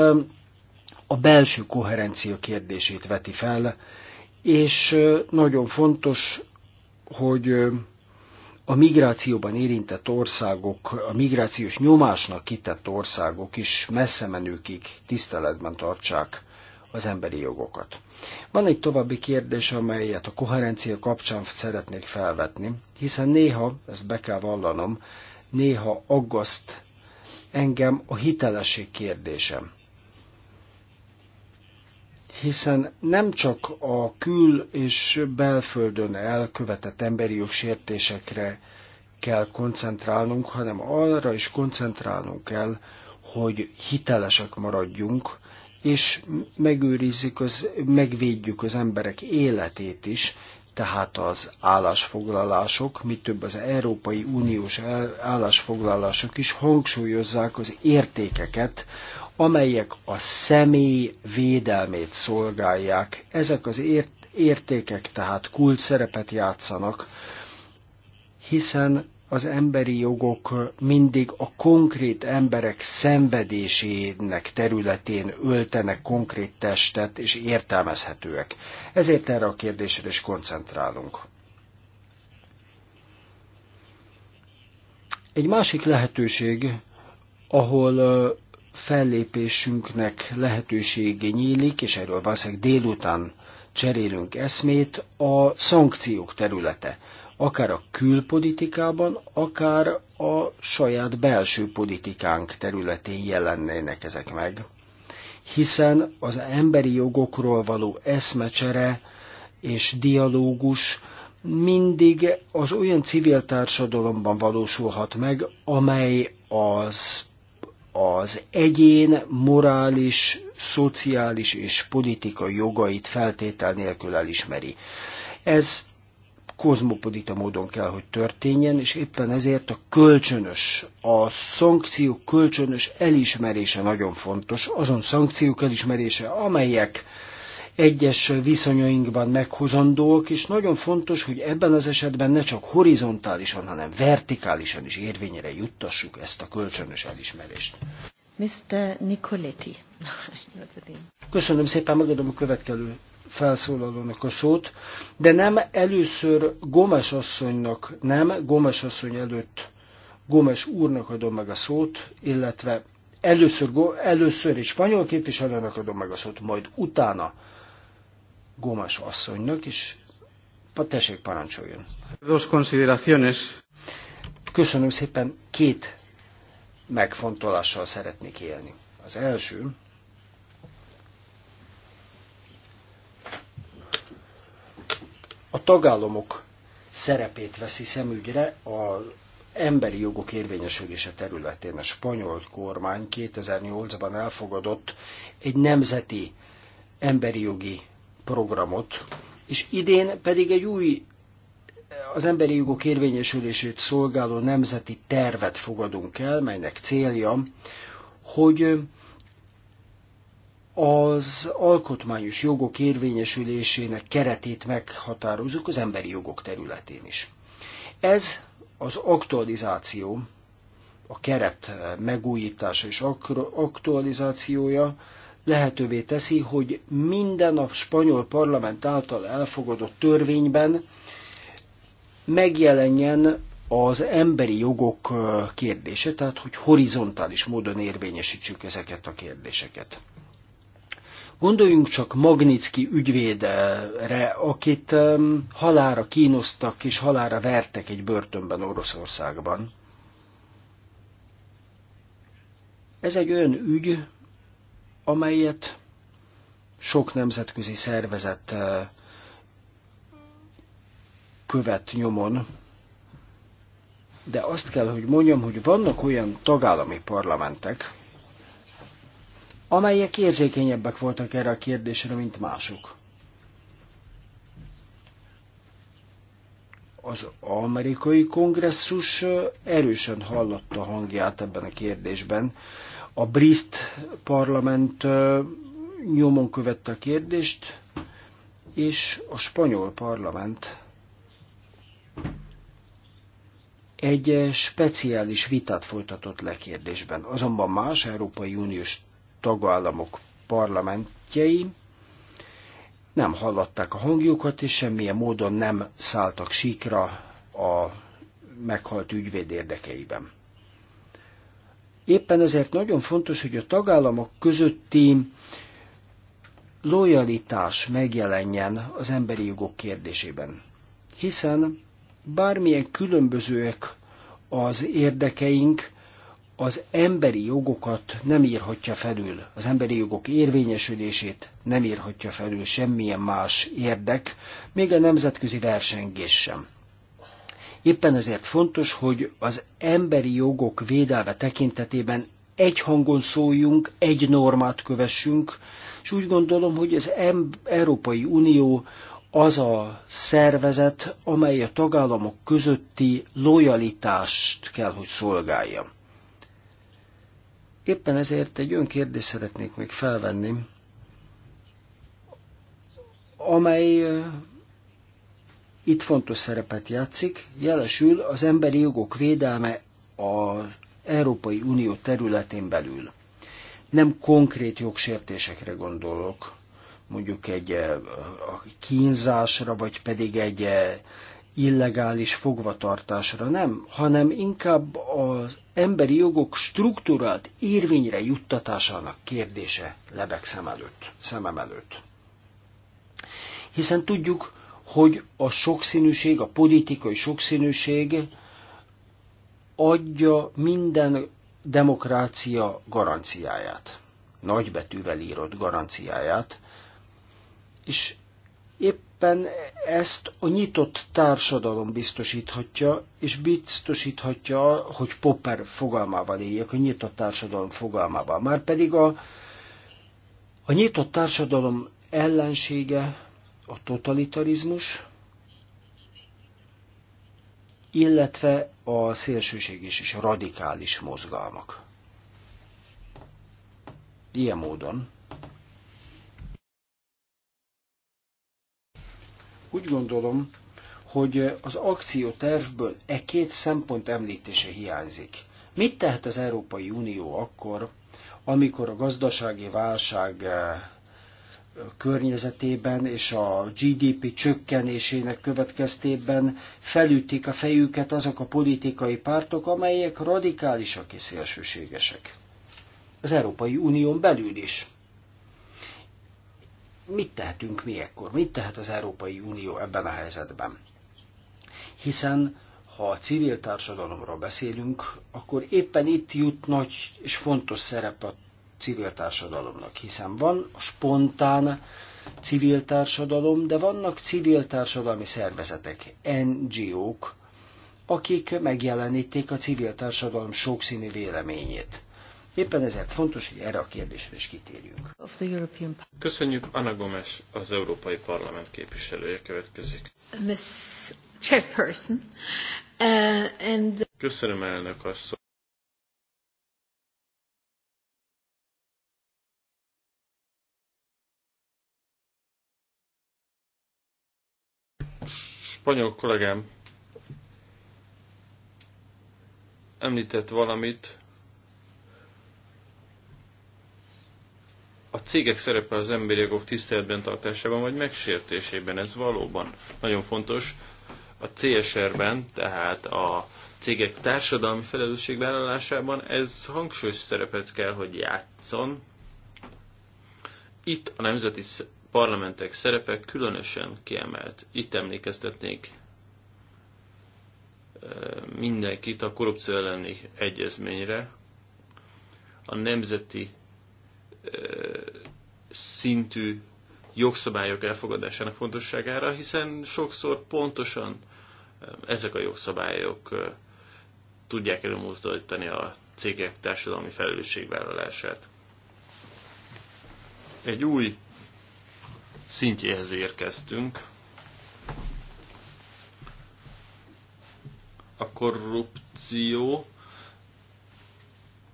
a belső koherencia kérdését veti fel, és nagyon fontos, hogy a migrációban érintett országok, a migrációs nyomásnak kitett országok is messze menőkig tiszteletben tartsák az emberi jogokat. Van egy további kérdés, amelyet a koherencia kapcsán szeretnék felvetni, hiszen néha, ezt be kell vallanom, néha aggaszt engem a hitelesség kérdésem hiszen nem csak a kül- és belföldön elkövetett emberi jogsértésekre kell koncentrálnunk, hanem arra is koncentrálnunk kell, hogy hitelesek maradjunk, és megőrizzük, az, megvédjük az emberek életét is, tehát az állásfoglalások, mi több az Európai Uniós állásfoglalások is hangsúlyozzák az értékeket, amelyek a személy védelmét szolgálják. Ezek az értékek tehát kult szerepet játszanak, hiszen az emberi jogok mindig a konkrét emberek szenvedésének területén öltenek konkrét testet és értelmezhetőek. Ezért erre a kérdésre is koncentrálunk. Egy másik lehetőség, ahol fellépésünknek lehetősége nyílik, és erről valószínűleg délután cserélünk eszmét, a szankciók területe. Akár a külpolitikában, akár a saját belső politikánk területén jelennének ezek meg. Hiszen az emberi jogokról való eszmecsere és dialógus mindig az olyan civil társadalomban valósulhat meg, amely az az egyén morális, szociális és politikai jogait feltétel nélkül elismeri. Ez kozmopolita módon kell, hogy történjen, és éppen ezért a kölcsönös, a szankciók kölcsönös elismerése nagyon fontos, azon szankciók elismerése, amelyek egyes viszonyainkban meghozandóak, és nagyon fontos, hogy ebben az esetben ne csak horizontálisan, hanem vertikálisan is érvényre juttassuk ezt a kölcsönös elismerést. Mr. Nicoletti. Köszönöm szépen, megadom a következő felszólalónak a szót, de nem először Gomes asszonynak, nem Gomes asszony előtt Gomes úrnak adom meg a szót, illetve először, először egy spanyol képviselőnek adom meg a szót, majd utána Gómas asszonynak, és tessék parancsoljon. Dos consideraciones. Köszönöm szépen, két megfontolással szeretnék élni. Az első, a tagállamok szerepét veszi szemügyre az emberi jogok érvényesülése területén. A spanyol kormány 2008-ban elfogadott egy nemzeti emberi jogi programot, és idén pedig egy új az emberi jogok érvényesülését szolgáló nemzeti tervet fogadunk el, melynek célja, hogy az alkotmányos jogok érvényesülésének keretét meghatározunk az emberi jogok területén is. Ez az aktualizáció, a keret megújítása és aktualizációja lehetővé teszi, hogy minden a spanyol parlament által elfogadott törvényben megjelenjen az emberi jogok kérdése, tehát hogy horizontális módon érvényesítsük ezeket a kérdéseket. Gondoljunk csak Magnitsky ügyvédre, akit halára kínoztak és halára vertek egy börtönben Oroszországban. Ez egy olyan ügy, amelyet sok nemzetközi szervezet eh, követ nyomon, de azt kell, hogy mondjam, hogy vannak olyan tagállami parlamentek, amelyek érzékenyebbek voltak erre a kérdésre, mint mások. Az amerikai kongresszus eh, erősen hallotta hangját ebben a kérdésben, a briszt parlament nyomon követte a kérdést, és a spanyol parlament egy speciális vitát folytatott le kérdésben. Azonban más Európai Uniós tagállamok parlamentjei nem hallották a hangjukat, és semmilyen módon nem szálltak síkra a meghalt ügyvéd érdekeiben. Éppen ezért nagyon fontos, hogy a tagállamok közötti lojalitás megjelenjen az emberi jogok kérdésében. Hiszen bármilyen különbözőek az érdekeink, az emberi jogokat nem írhatja felül, az emberi jogok érvényesülését nem írhatja felül semmilyen más érdek, még a nemzetközi versengés sem. Éppen ezért fontos, hogy az emberi jogok védelme tekintetében egy hangon szóljunk, egy normát kövessünk, és úgy gondolom, hogy az Európai Unió az a szervezet, amely a tagállamok közötti lojalitást kell, hogy szolgálja. Éppen ezért egy olyan kérdést szeretnék még felvenni, amely itt fontos szerepet játszik, jelesül az emberi jogok védelme az Európai Unió területén belül. Nem konkrét jogsértésekre gondolok, mondjuk egy eh, a kínzásra, vagy pedig egy eh, illegális fogvatartásra, nem, hanem inkább az emberi jogok struktúrált érvényre juttatásának kérdése lebeg szem előtt, szemem előtt. Hiszen tudjuk, hogy a sokszínűség, a politikai sokszínűség adja minden demokrácia garanciáját, nagybetűvel írott garanciáját, és éppen ezt a nyitott társadalom biztosíthatja, és biztosíthatja, hogy Popper fogalmával éljek, a nyitott társadalom fogalmával. Márpedig a, a nyitott társadalom ellensége a totalitarizmus, illetve a szélsőséges és a radikális mozgalmak. Ilyen módon úgy gondolom, hogy az akciótervből e két szempont említése hiányzik. Mit tehet az Európai Unió akkor, amikor a gazdasági válság eh, környezetében és a GDP csökkenésének következtében felütik a fejüket azok a politikai pártok, amelyek radikálisak és szélsőségesek. Az Európai Unión belül is. Mit tehetünk mi ekkor? Mit tehet az Európai Unió ebben a helyzetben? Hiszen ha a civil társadalomról beszélünk, akkor éppen itt jut nagy és fontos szerep a civil társadalomnak, hiszen van a spontán civil társadalom, de vannak civil társadalmi szervezetek, NGO-k, akik megjelenítik a civil társadalom sokszínű véleményét. Éppen ezért fontos, hogy erre a kérdésre is kitérjünk. Köszönjük, Anna Gomes, az Európai Parlament képviselője következik. Miss Chairperson. Uh, and... Köszönöm, elnök asszony. spanyol kollégám említett valamit. A cégek szerepe az emberi jogok tiszteletben tartásában vagy megsértésében, ez valóban nagyon fontos. A CSR-ben, tehát a cégek társadalmi felelősségvállalásában ez hangsúlyos szerepet kell, hogy játszon. Itt a nemzeti parlamentek szerepe különösen kiemelt. Itt emlékeztetnék mindenkit a korrupció elleni egyezményre, a nemzeti szintű jogszabályok elfogadásának fontosságára, hiszen sokszor pontosan ezek a jogszabályok tudják előmozdítani a cégek társadalmi felelősségvállalását. Egy új szintjéhez érkeztünk. A korrupció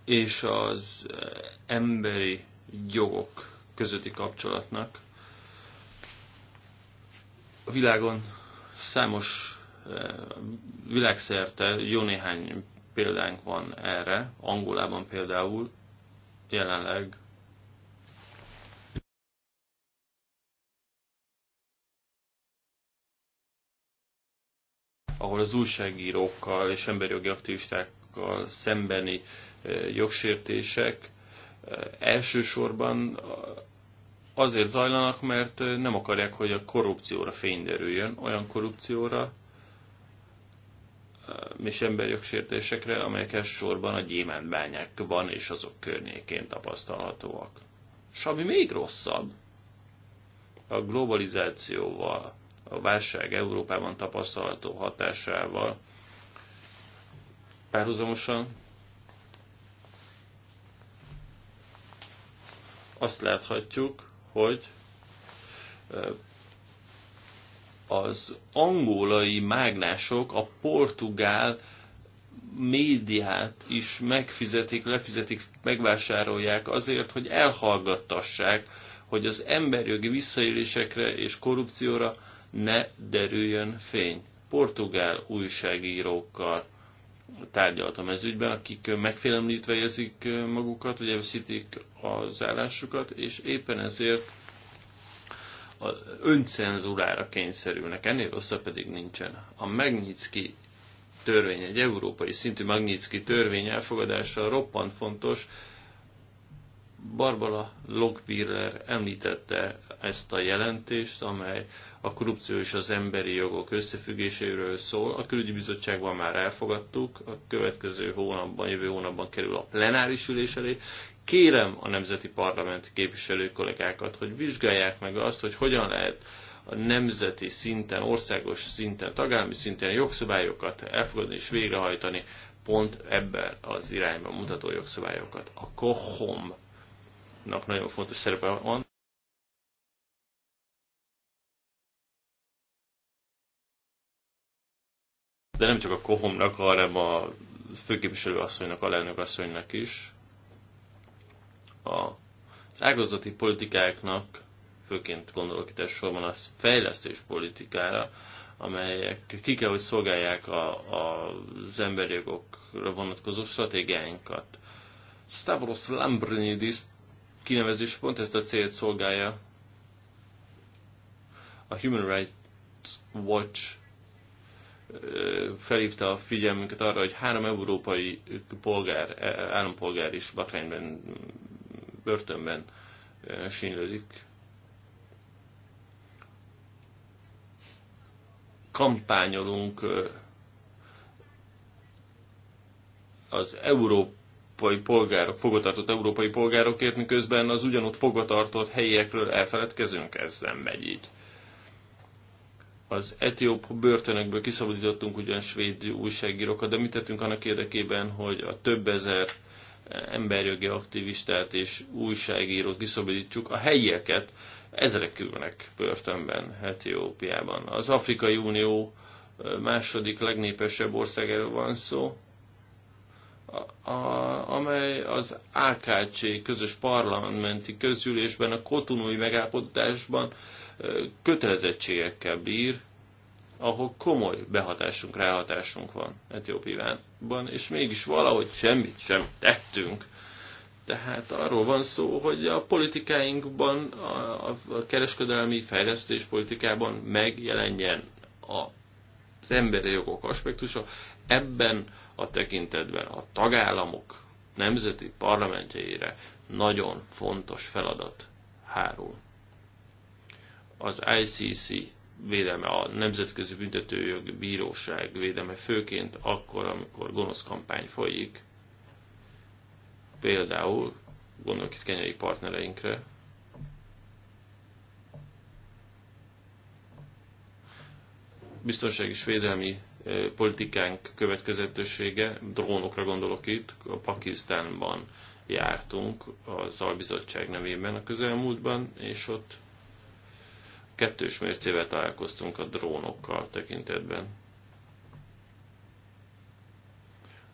és az eh, emberi jogok közötti kapcsolatnak. A világon számos eh, világszerte jó néhány példánk van erre. Angolában például jelenleg ahol az újságírókkal és emberjogi aktivistákkal szembeni eh, jogsértések eh, elsősorban azért zajlanak, mert eh, nem akarják, hogy a korrupcióra fény derüljön, olyan korrupcióra és emberjogsértésekre, amelyek elsősorban a gyémántbányákban és azok környékén tapasztalhatóak. És ami még rosszabb, a globalizációval a válság Európában tapasztalható hatásával párhuzamosan azt láthatjuk, hogy az angolai mágnások a portugál médiát is megfizetik, lefizetik, megvásárolják azért, hogy elhallgattassák, hogy az emberjogi visszaélésekre és korrupcióra ne derüljön fény. Portugál újságírókkal tárgyaltam ez ügyben, akik megfélemlítve érzik magukat, vagy elveszítik az állásukat, és éppen ezért a öncenzúrára kényszerülnek, ennél rosszabb pedig nincsen. A Magnitsky törvény, egy európai szintű Magnitsky törvény elfogadása roppant fontos, Barbara Logbiller említette ezt a jelentést, amely a korrupció és az emberi jogok összefüggéséről szól. A külügyi bizottságban már elfogadtuk, a következő hónapban, jövő hónapban kerül a plenáris ülés elé. Kérem a nemzeti parlamenti képviselő kollégákat, hogy vizsgálják meg azt, hogy hogyan lehet a nemzeti szinten, országos szinten, tagállami szinten jogszabályokat elfogadni és végrehajtani pont ebben az irányban mutató jogszabályokat. A KOHOM nagyon fontos szerepe van. De nem csak a kohomnak, hanem a főképviselő asszonynak, lelnök asszonynak is. az ágazati politikáknak, főként gondolok itt elsősorban az fejlesztés politikára, amelyek ki kell, hogy szolgálják a, a, az jogokra vonatkozó stratégiáinkat. Stavros Lambrinidis kinevezés pont ezt a célt szolgálja. A Human Rights Watch felhívta a figyelmünket arra, hogy három európai polgár, e, állampolgár is Bahreinben, börtönben sínylődik. Kampányolunk az Európa európai polgárok, fogotartott európai polgárokért, miközben az ugyanott fogotartott helyiekről elfeledkezünk, ez nem megy így. Az etióp börtönökből kiszabadítottunk ugyan svéd újságírókat, de mit tettünk annak érdekében, hogy a több ezer eh, emberjogi aktivistát és újságírót kiszabadítsuk, a helyieket ezerek ülnek börtönben Etiópiában. Az Afrikai Unió eh, második legnépesebb országáról van szó, a, amely az AKC közös parlamenti közgyűlésben, a kotonói megállapodásban kötelezettségekkel bír, ahol komoly behatásunk, ráhatásunk van Etiópiában, és mégis valahogy semmit sem tettünk. Tehát arról van szó, hogy a politikáinkban, a, a kereskedelmi fejlesztés politikában megjelenjen az emberi jogok aspektusa. Ebben a tekintetben a tagállamok nemzeti parlamentjeire nagyon fontos feladat hárul. Az ICC védelme, a Nemzetközi Büntetőjog Bíróság védelme, főként akkor, amikor gonosz kampány folyik, például gondolok itt kenyai partnereinkre, biztonsági és védelmi politikánk következetősége drónokra gondolok itt, a Pakisztánban jártunk az albizottság nevében a közelmúltban, és ott kettős mércével találkoztunk a drónokkal tekintetben.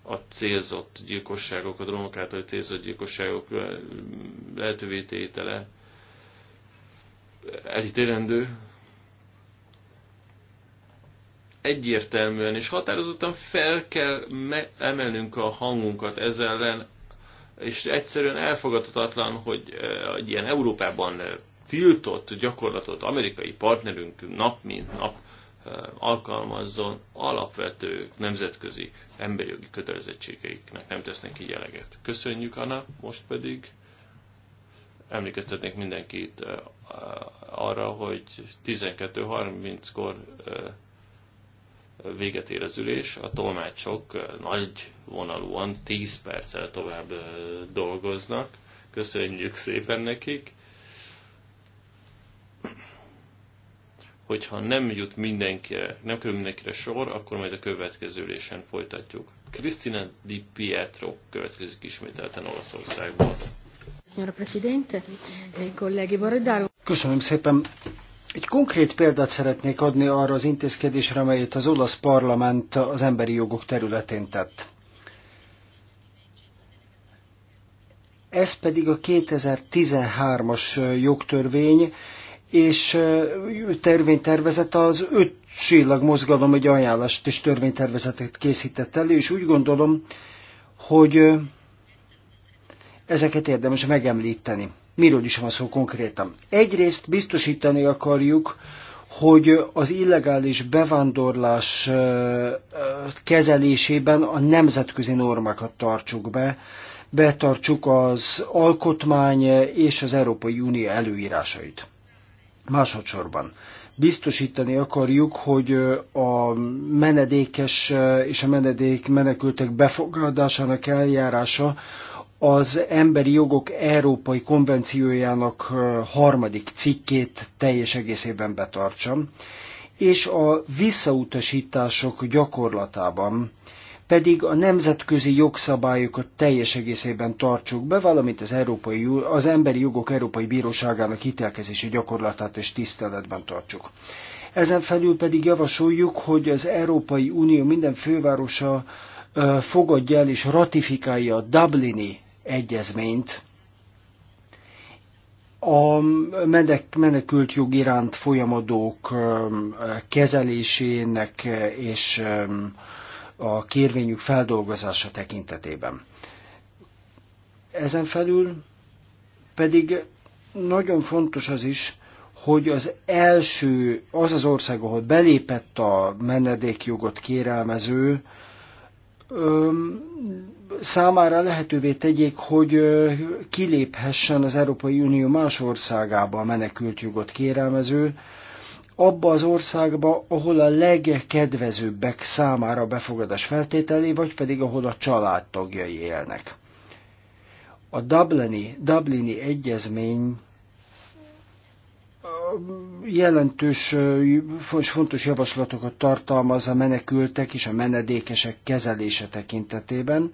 A célzott gyilkosságok, a drónok által célzott gyilkosságok lehetővé tétele elítélendő, egyértelműen és határozottan fel kell emelnünk a hangunkat ez ellen, és egyszerűen elfogadhatatlan, hogy eh, egy ilyen Európában eh, tiltott gyakorlatot amerikai partnerünk nap mint nap eh, alkalmazzon alapvető nemzetközi emberi jogi kötelezettségeiknek nem tesznek így eleget. Köszönjük, Anna, most pedig emlékeztetnék mindenkit arra, hogy 12.30-kor véget ér az ülés, a tolmácsok nagy vonalúan 10 perccel tovább dolgoznak. Köszönjük szépen nekik. Hogyha nem jut mindenkire, nem kerül mindenkire sor, akkor majd a következő ülésen folytatjuk. Kristina Di Pietro következik ismételten Olaszországból. Eh, Köszönöm szépen, egy konkrét példát szeretnék adni arra az intézkedésre, amelyet az olasz parlament az emberi jogok területén tett. Ez pedig a 2013-as jogtörvény, és törvénytervezet az öt csillag mozgalom egy ajánlást és törvénytervezetet készített elő, és úgy gondolom, hogy ezeket érdemes megemlíteni. Miről is van szó konkrétan? Egyrészt biztosítani akarjuk, hogy az illegális bevándorlás kezelésében a nemzetközi normákat tartsuk be, betartsuk az alkotmány és az Európai Unió előírásait. Másodszorban biztosítani akarjuk, hogy a menedékes és a menedék menekültek befogadásának eljárása az Emberi Jogok Európai Konvenciójának harmadik cikkét teljes egészében betartsam, és a visszautasítások gyakorlatában pedig a nemzetközi jogszabályokat teljes egészében tartsuk be, valamint az, Európai, az Emberi Jogok Európai Bíróságának ítélkezési gyakorlatát és tiszteletben tartsuk. Ezen felül pedig javasoljuk, hogy az Európai Unió minden fővárosa fogadja el és ratifikálja a Dublini egyezményt, a menekült jog iránt folyamadók kezelésének és a kérvényük feldolgozása tekintetében. Ezen felül pedig nagyon fontos az is, hogy az első, az az ország, ahol belépett a menedékjogot kérelmező, számára lehetővé tegyék, hogy kiléphessen az Európai Unió más országába a menekültjogot kérelmező, abba az országba, ahol a legkedvezőbbek számára befogadás feltételé, vagy pedig ahol a családtagjai élnek. A Dublini, Dublini egyezmény jelentős és fontos javaslatokat tartalmaz a menekültek és a menedékesek kezelése tekintetében.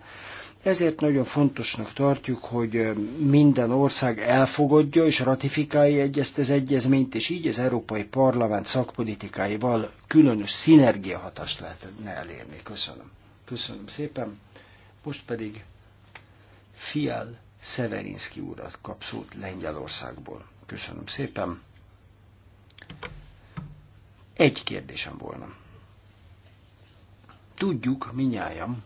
Ezért nagyon fontosnak tartjuk, hogy minden ország elfogadja és ratifikálja egyezt az egyezményt, és így az Európai Parlament szakpolitikáival különös szinergiahatást lehetne elérni. Köszönöm. Köszönöm szépen. Most pedig Fial Szeverinszki úrat kap szót Lengyelországból. Köszönöm szépen. Egy kérdésem volna. Tudjuk minnyájam,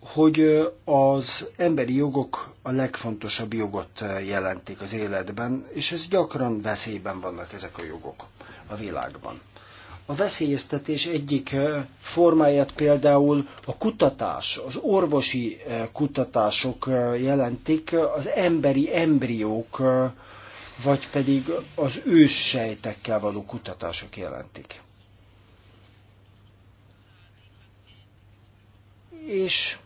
hogy az emberi jogok a legfontosabb jogot jelentik az életben, és ez gyakran veszélyben vannak ezek a jogok a világban. A veszélyeztetés egyik eh, formáját például a kutatás, az orvosi eh, kutatások eh, jelentik, az emberi embriók, vagy pedig az őssejtekkel való kutatások jelentik. És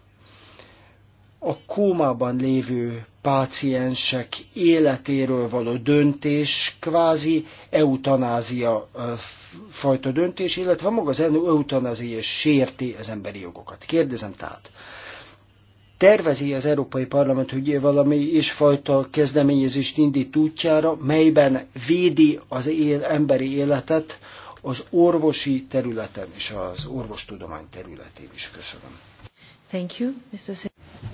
a kómában lévő páciensek életéről való döntés kvázi eutanázia fajta döntés, illetve maga az eutanázia sérti az emberi jogokat. Kérdezem tehát, tervezi az Európai Parlament, hogy valami fajta kezdeményezést indít útjára, melyben védi az él, emberi életet az orvosi területen és az orvostudomány területén is. Köszönöm. Thank you, Mr.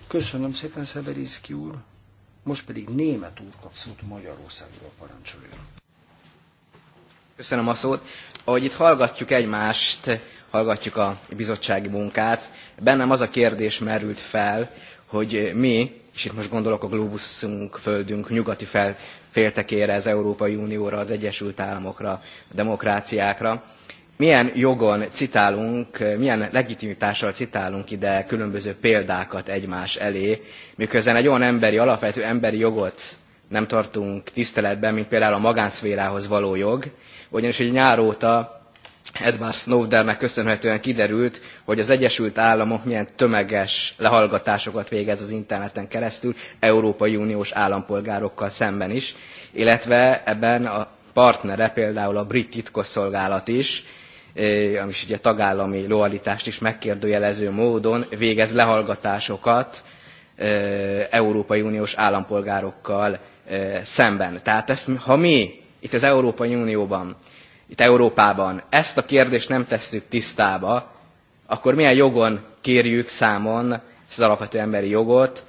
Köszönöm szépen, Szeverinszki úr. Most pedig német úr kap szót Magyarországról parancsoljon. Köszönöm a szót. Ahogy itt hallgatjuk egymást, hallgatjuk a bizottsági munkát, bennem az a kérdés merült fel, hogy mi, és itt most gondolok a globuszunk, földünk nyugati fel, féltekére, az Európai Unióra, az Egyesült Államokra, a demokráciákra, milyen jogon citálunk, milyen legitimitással citálunk ide különböző példákat egymás elé, miközben egy olyan emberi, alapvető emberi jogot nem tartunk tiszteletben, mint például a magánszférához való jog, ugyanis egy nyár óta Edward Snowdennek köszönhetően kiderült, hogy az Egyesült Államok milyen tömeges lehallgatásokat végez az interneten keresztül Európai Uniós állampolgárokkal szemben is, illetve ebben a partnere például a brit titkosszolgálat is, eh, ami is ugye tagállami loalitást is megkérdőjelező módon végez lehallgatásokat eh, Európai Uniós állampolgárokkal eh, szemben. Tehát ezt, ha mi itt az Európai Unióban, itt Európában ezt a kérdést nem tesszük tisztába, akkor milyen jogon kérjük számon ezt az alapvető emberi jogot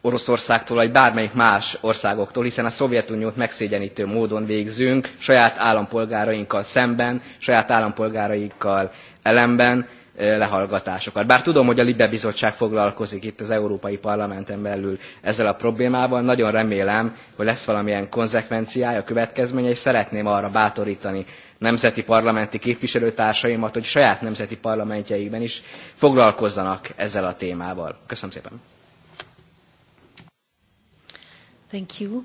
Oroszországtól vagy bármelyik más országoktól, hiszen a Szovjetuniót megszégyenítő módon végzünk saját állampolgárainkkal szemben, saját állampolgárainkkal ellenben, lehallgatásokat. Bár tudom, hogy a Libe Bizottság foglalkozik itt az Európai Parlamenten belül ezzel a problémával, nagyon remélem, hogy lesz valamilyen konzekvenciája, következménye, és szeretném arra bátorítani nemzeti parlamenti képviselőtársaimat, hogy saját nemzeti parlamentjeikben is foglalkozzanak ezzel a témával. Köszönöm szépen. Thank you.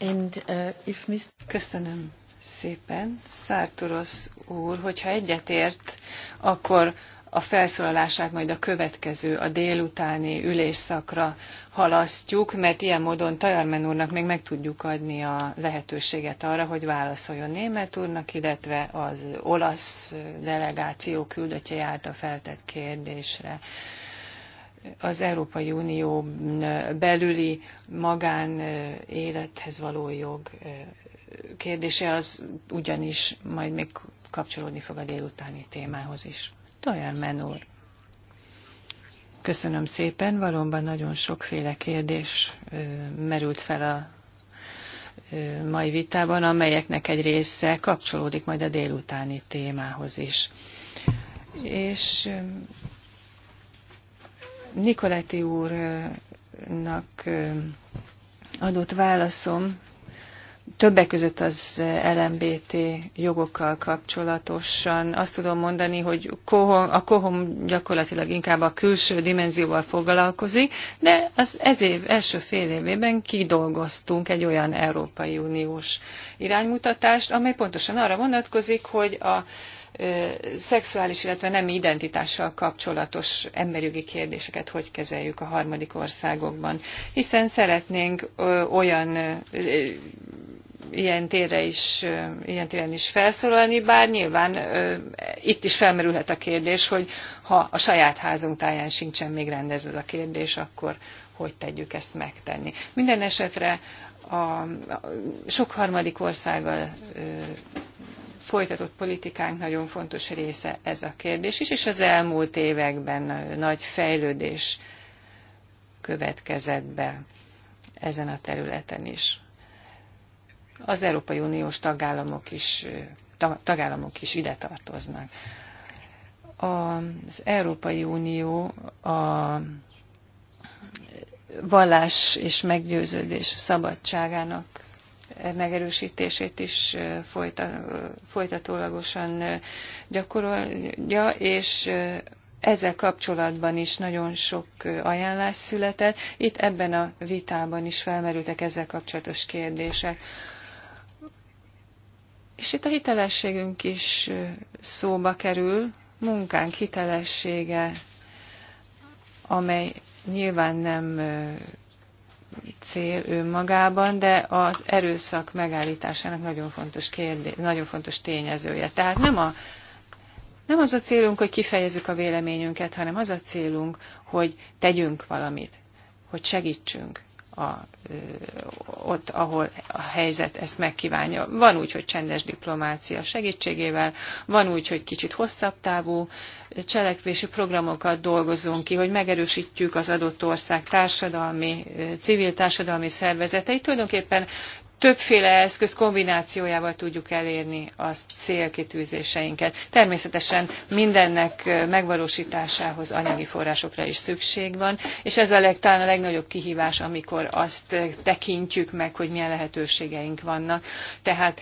And, uh, if Mr. Köszönöm szépen. Szárturosz úr, hogyha egyetért, akkor a felszólalását majd a következő, a délutáni ülésszakra halasztjuk, mert ilyen módon Tajarmen úrnak még meg tudjuk adni a lehetőséget arra, hogy válaszoljon német úrnak, illetve az olasz delegáció küldöttje a feltett kérdésre az Európai Unió belüli magánélethez való jog kérdése az ugyanis majd még kapcsolódni fog a délutáni témához is. Tajermen úr. Köszönöm szépen, valóban nagyon sokféle kérdés merült fel a mai vitában, amelyeknek egy része kapcsolódik majd a délutáni témához is. És Nikoleti úrnak adott válaszom többek között az LMBT jogokkal kapcsolatosan azt tudom mondani, hogy a kohom gyakorlatilag inkább a külső dimenzióval foglalkozik, de az ez év első fél évében kidolgoztunk egy olyan Európai Uniós iránymutatást, amely pontosan arra vonatkozik, hogy a szexuális, illetve nem identitással kapcsolatos emberjogi kérdéseket hogy kezeljük a harmadik országokban. Hiszen szeretnénk olyan ilyen, térre is, ilyen téren is felszólalni, bár nyilván itt is felmerülhet a kérdés, hogy ha a saját házunk táján sincsen még rendezve a kérdés, akkor hogy tegyük ezt megtenni. Minden esetre a, a sok harmadik országgal folytatott politikánk nagyon fontos része ez a kérdés is, és az elmúlt években nagy fejlődés következett be ezen a területen is az Európai Uniós tagállamok is, tagállamok is ide tartoznak. Az Európai Unió a vallás és meggyőződés szabadságának megerősítését is folytatólagosan gyakorolja, és ezzel kapcsolatban is nagyon sok ajánlás született. Itt ebben a vitában is felmerültek ezzel kapcsolatos kérdések. És itt a hitelességünk is szóba kerül, munkánk hitelessége, amely nyilván nem cél önmagában, de az erőszak megállításának nagyon fontos, kérdé, nagyon fontos tényezője. Tehát nem, a, nem az a célunk, hogy kifejezzük a véleményünket, hanem az a célunk, hogy tegyünk valamit, hogy segítsünk a, ott, ahol a helyzet ezt megkívánja. Van úgy, hogy csendes diplomácia segítségével, van úgy, hogy kicsit hosszabb távú cselekvési programokat dolgozunk ki, hogy megerősítjük az adott ország társadalmi, civil társadalmi szervezeteit. Tulajdonképpen többféle eszköz kombinációjával tudjuk elérni a célkitűzéseinket. Természetesen mindennek megvalósításához anyagi forrásokra is szükség van, és ez a leg, talán a legnagyobb kihívás, amikor azt tekintjük meg, hogy milyen lehetőségeink vannak. Tehát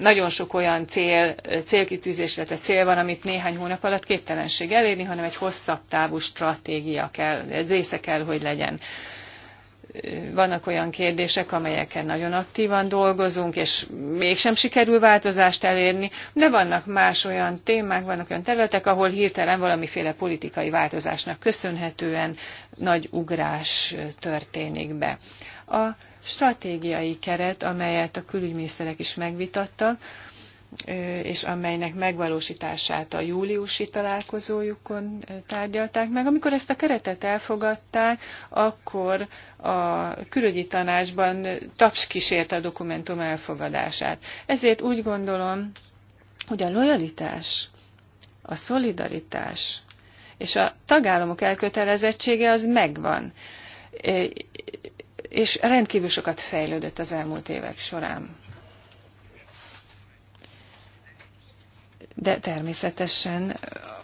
nagyon sok olyan cél, célkitűzés, illetve cél van, amit néhány hónap alatt képtelenség elérni, hanem egy hosszabb távú stratégia kell, része kell, hogy legyen vannak olyan kérdések, amelyeken nagyon aktívan dolgozunk, és mégsem sikerül változást elérni, de vannak más olyan témák, vannak olyan területek, ahol hirtelen valamiféle politikai változásnak köszönhetően nagy ugrás történik be. A stratégiai keret, amelyet a külügyminiszterek is megvitattak, és amelynek megvalósítását a júliusi találkozójukon tárgyalták meg. Amikor ezt a keretet elfogadták, akkor a külügyi tanácsban taps kísérte a dokumentum elfogadását. Ezért úgy gondolom, hogy a lojalitás, a szolidaritás és a tagállamok elkötelezettsége az megvan, és rendkívül sokat fejlődött az elmúlt évek során. de természetesen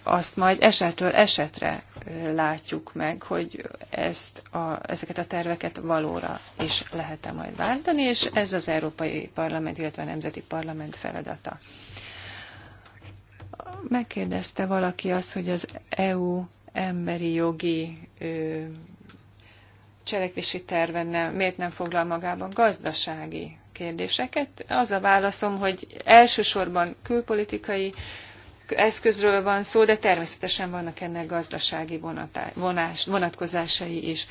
azt majd esetről esetre látjuk meg, hogy ezt a, ezeket a terveket valóra is lehet-e majd váltani, és ez az Európai Parlament, illetve a Nemzeti Parlament feladata. Megkérdezte valaki azt, hogy az EU emberi jogi ö, cselekvési terve nem, miért nem foglal magában gazdasági kérdéseket. Az a válaszom, hogy elsősorban külpolitikai eszközről van szó, de természetesen vannak ennek gazdasági vonatkozásai is.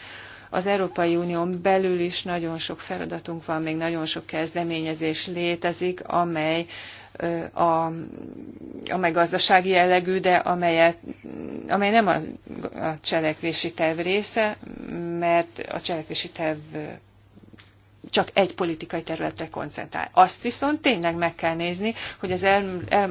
Az Európai Unión belül is nagyon sok feladatunk van, még nagyon sok kezdeményezés létezik, amely a, amely gazdasági jellegű, de amelyet, amely nem a, a cselekvési terv része, mert a cselekvési terv csak egy politikai területre koncentrál. Azt viszont tényleg meg kell nézni, hogy az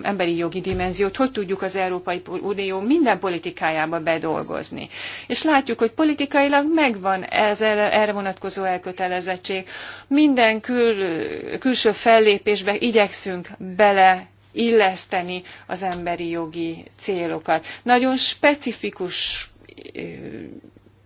emberi jogi dimenziót hogy tudjuk az Európai Unió minden politikájába bedolgozni. És látjuk, hogy politikailag megvan ez erre vonatkozó elkötelezettség. Minden kül, külső fellépésbe igyekszünk bele illeszteni az emberi jogi célokat. Nagyon specifikus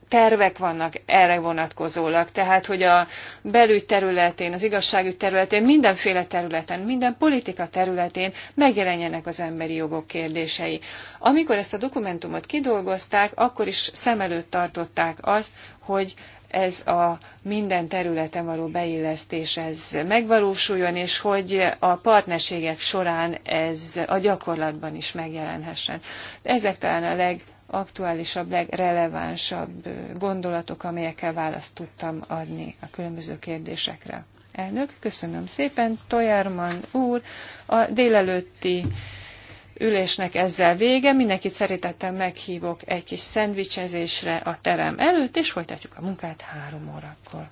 tervek vannak erre vonatkozólag, tehát hogy a belügy területén, az igazságügy területén, mindenféle területen, minden politika területén megjelenjenek az emberi jogok kérdései. Amikor ezt a dokumentumot kidolgozták, akkor is szem előtt tartották azt, hogy ez a minden területen való beillesztés ez megvalósuljon, és hogy a partnerségek során ez a gyakorlatban is megjelenhessen. Ezek talán a leg legaktuálisabb, legrelevánsabb gondolatok, amelyekkel választ tudtam adni a különböző kérdésekre. Elnök, köszönöm szépen, Tojárman úr, a délelőtti ülésnek ezzel vége. Mindenkit szeretettel meghívok egy kis szendvicsezésre a terem előtt, és folytatjuk a munkát három órakor.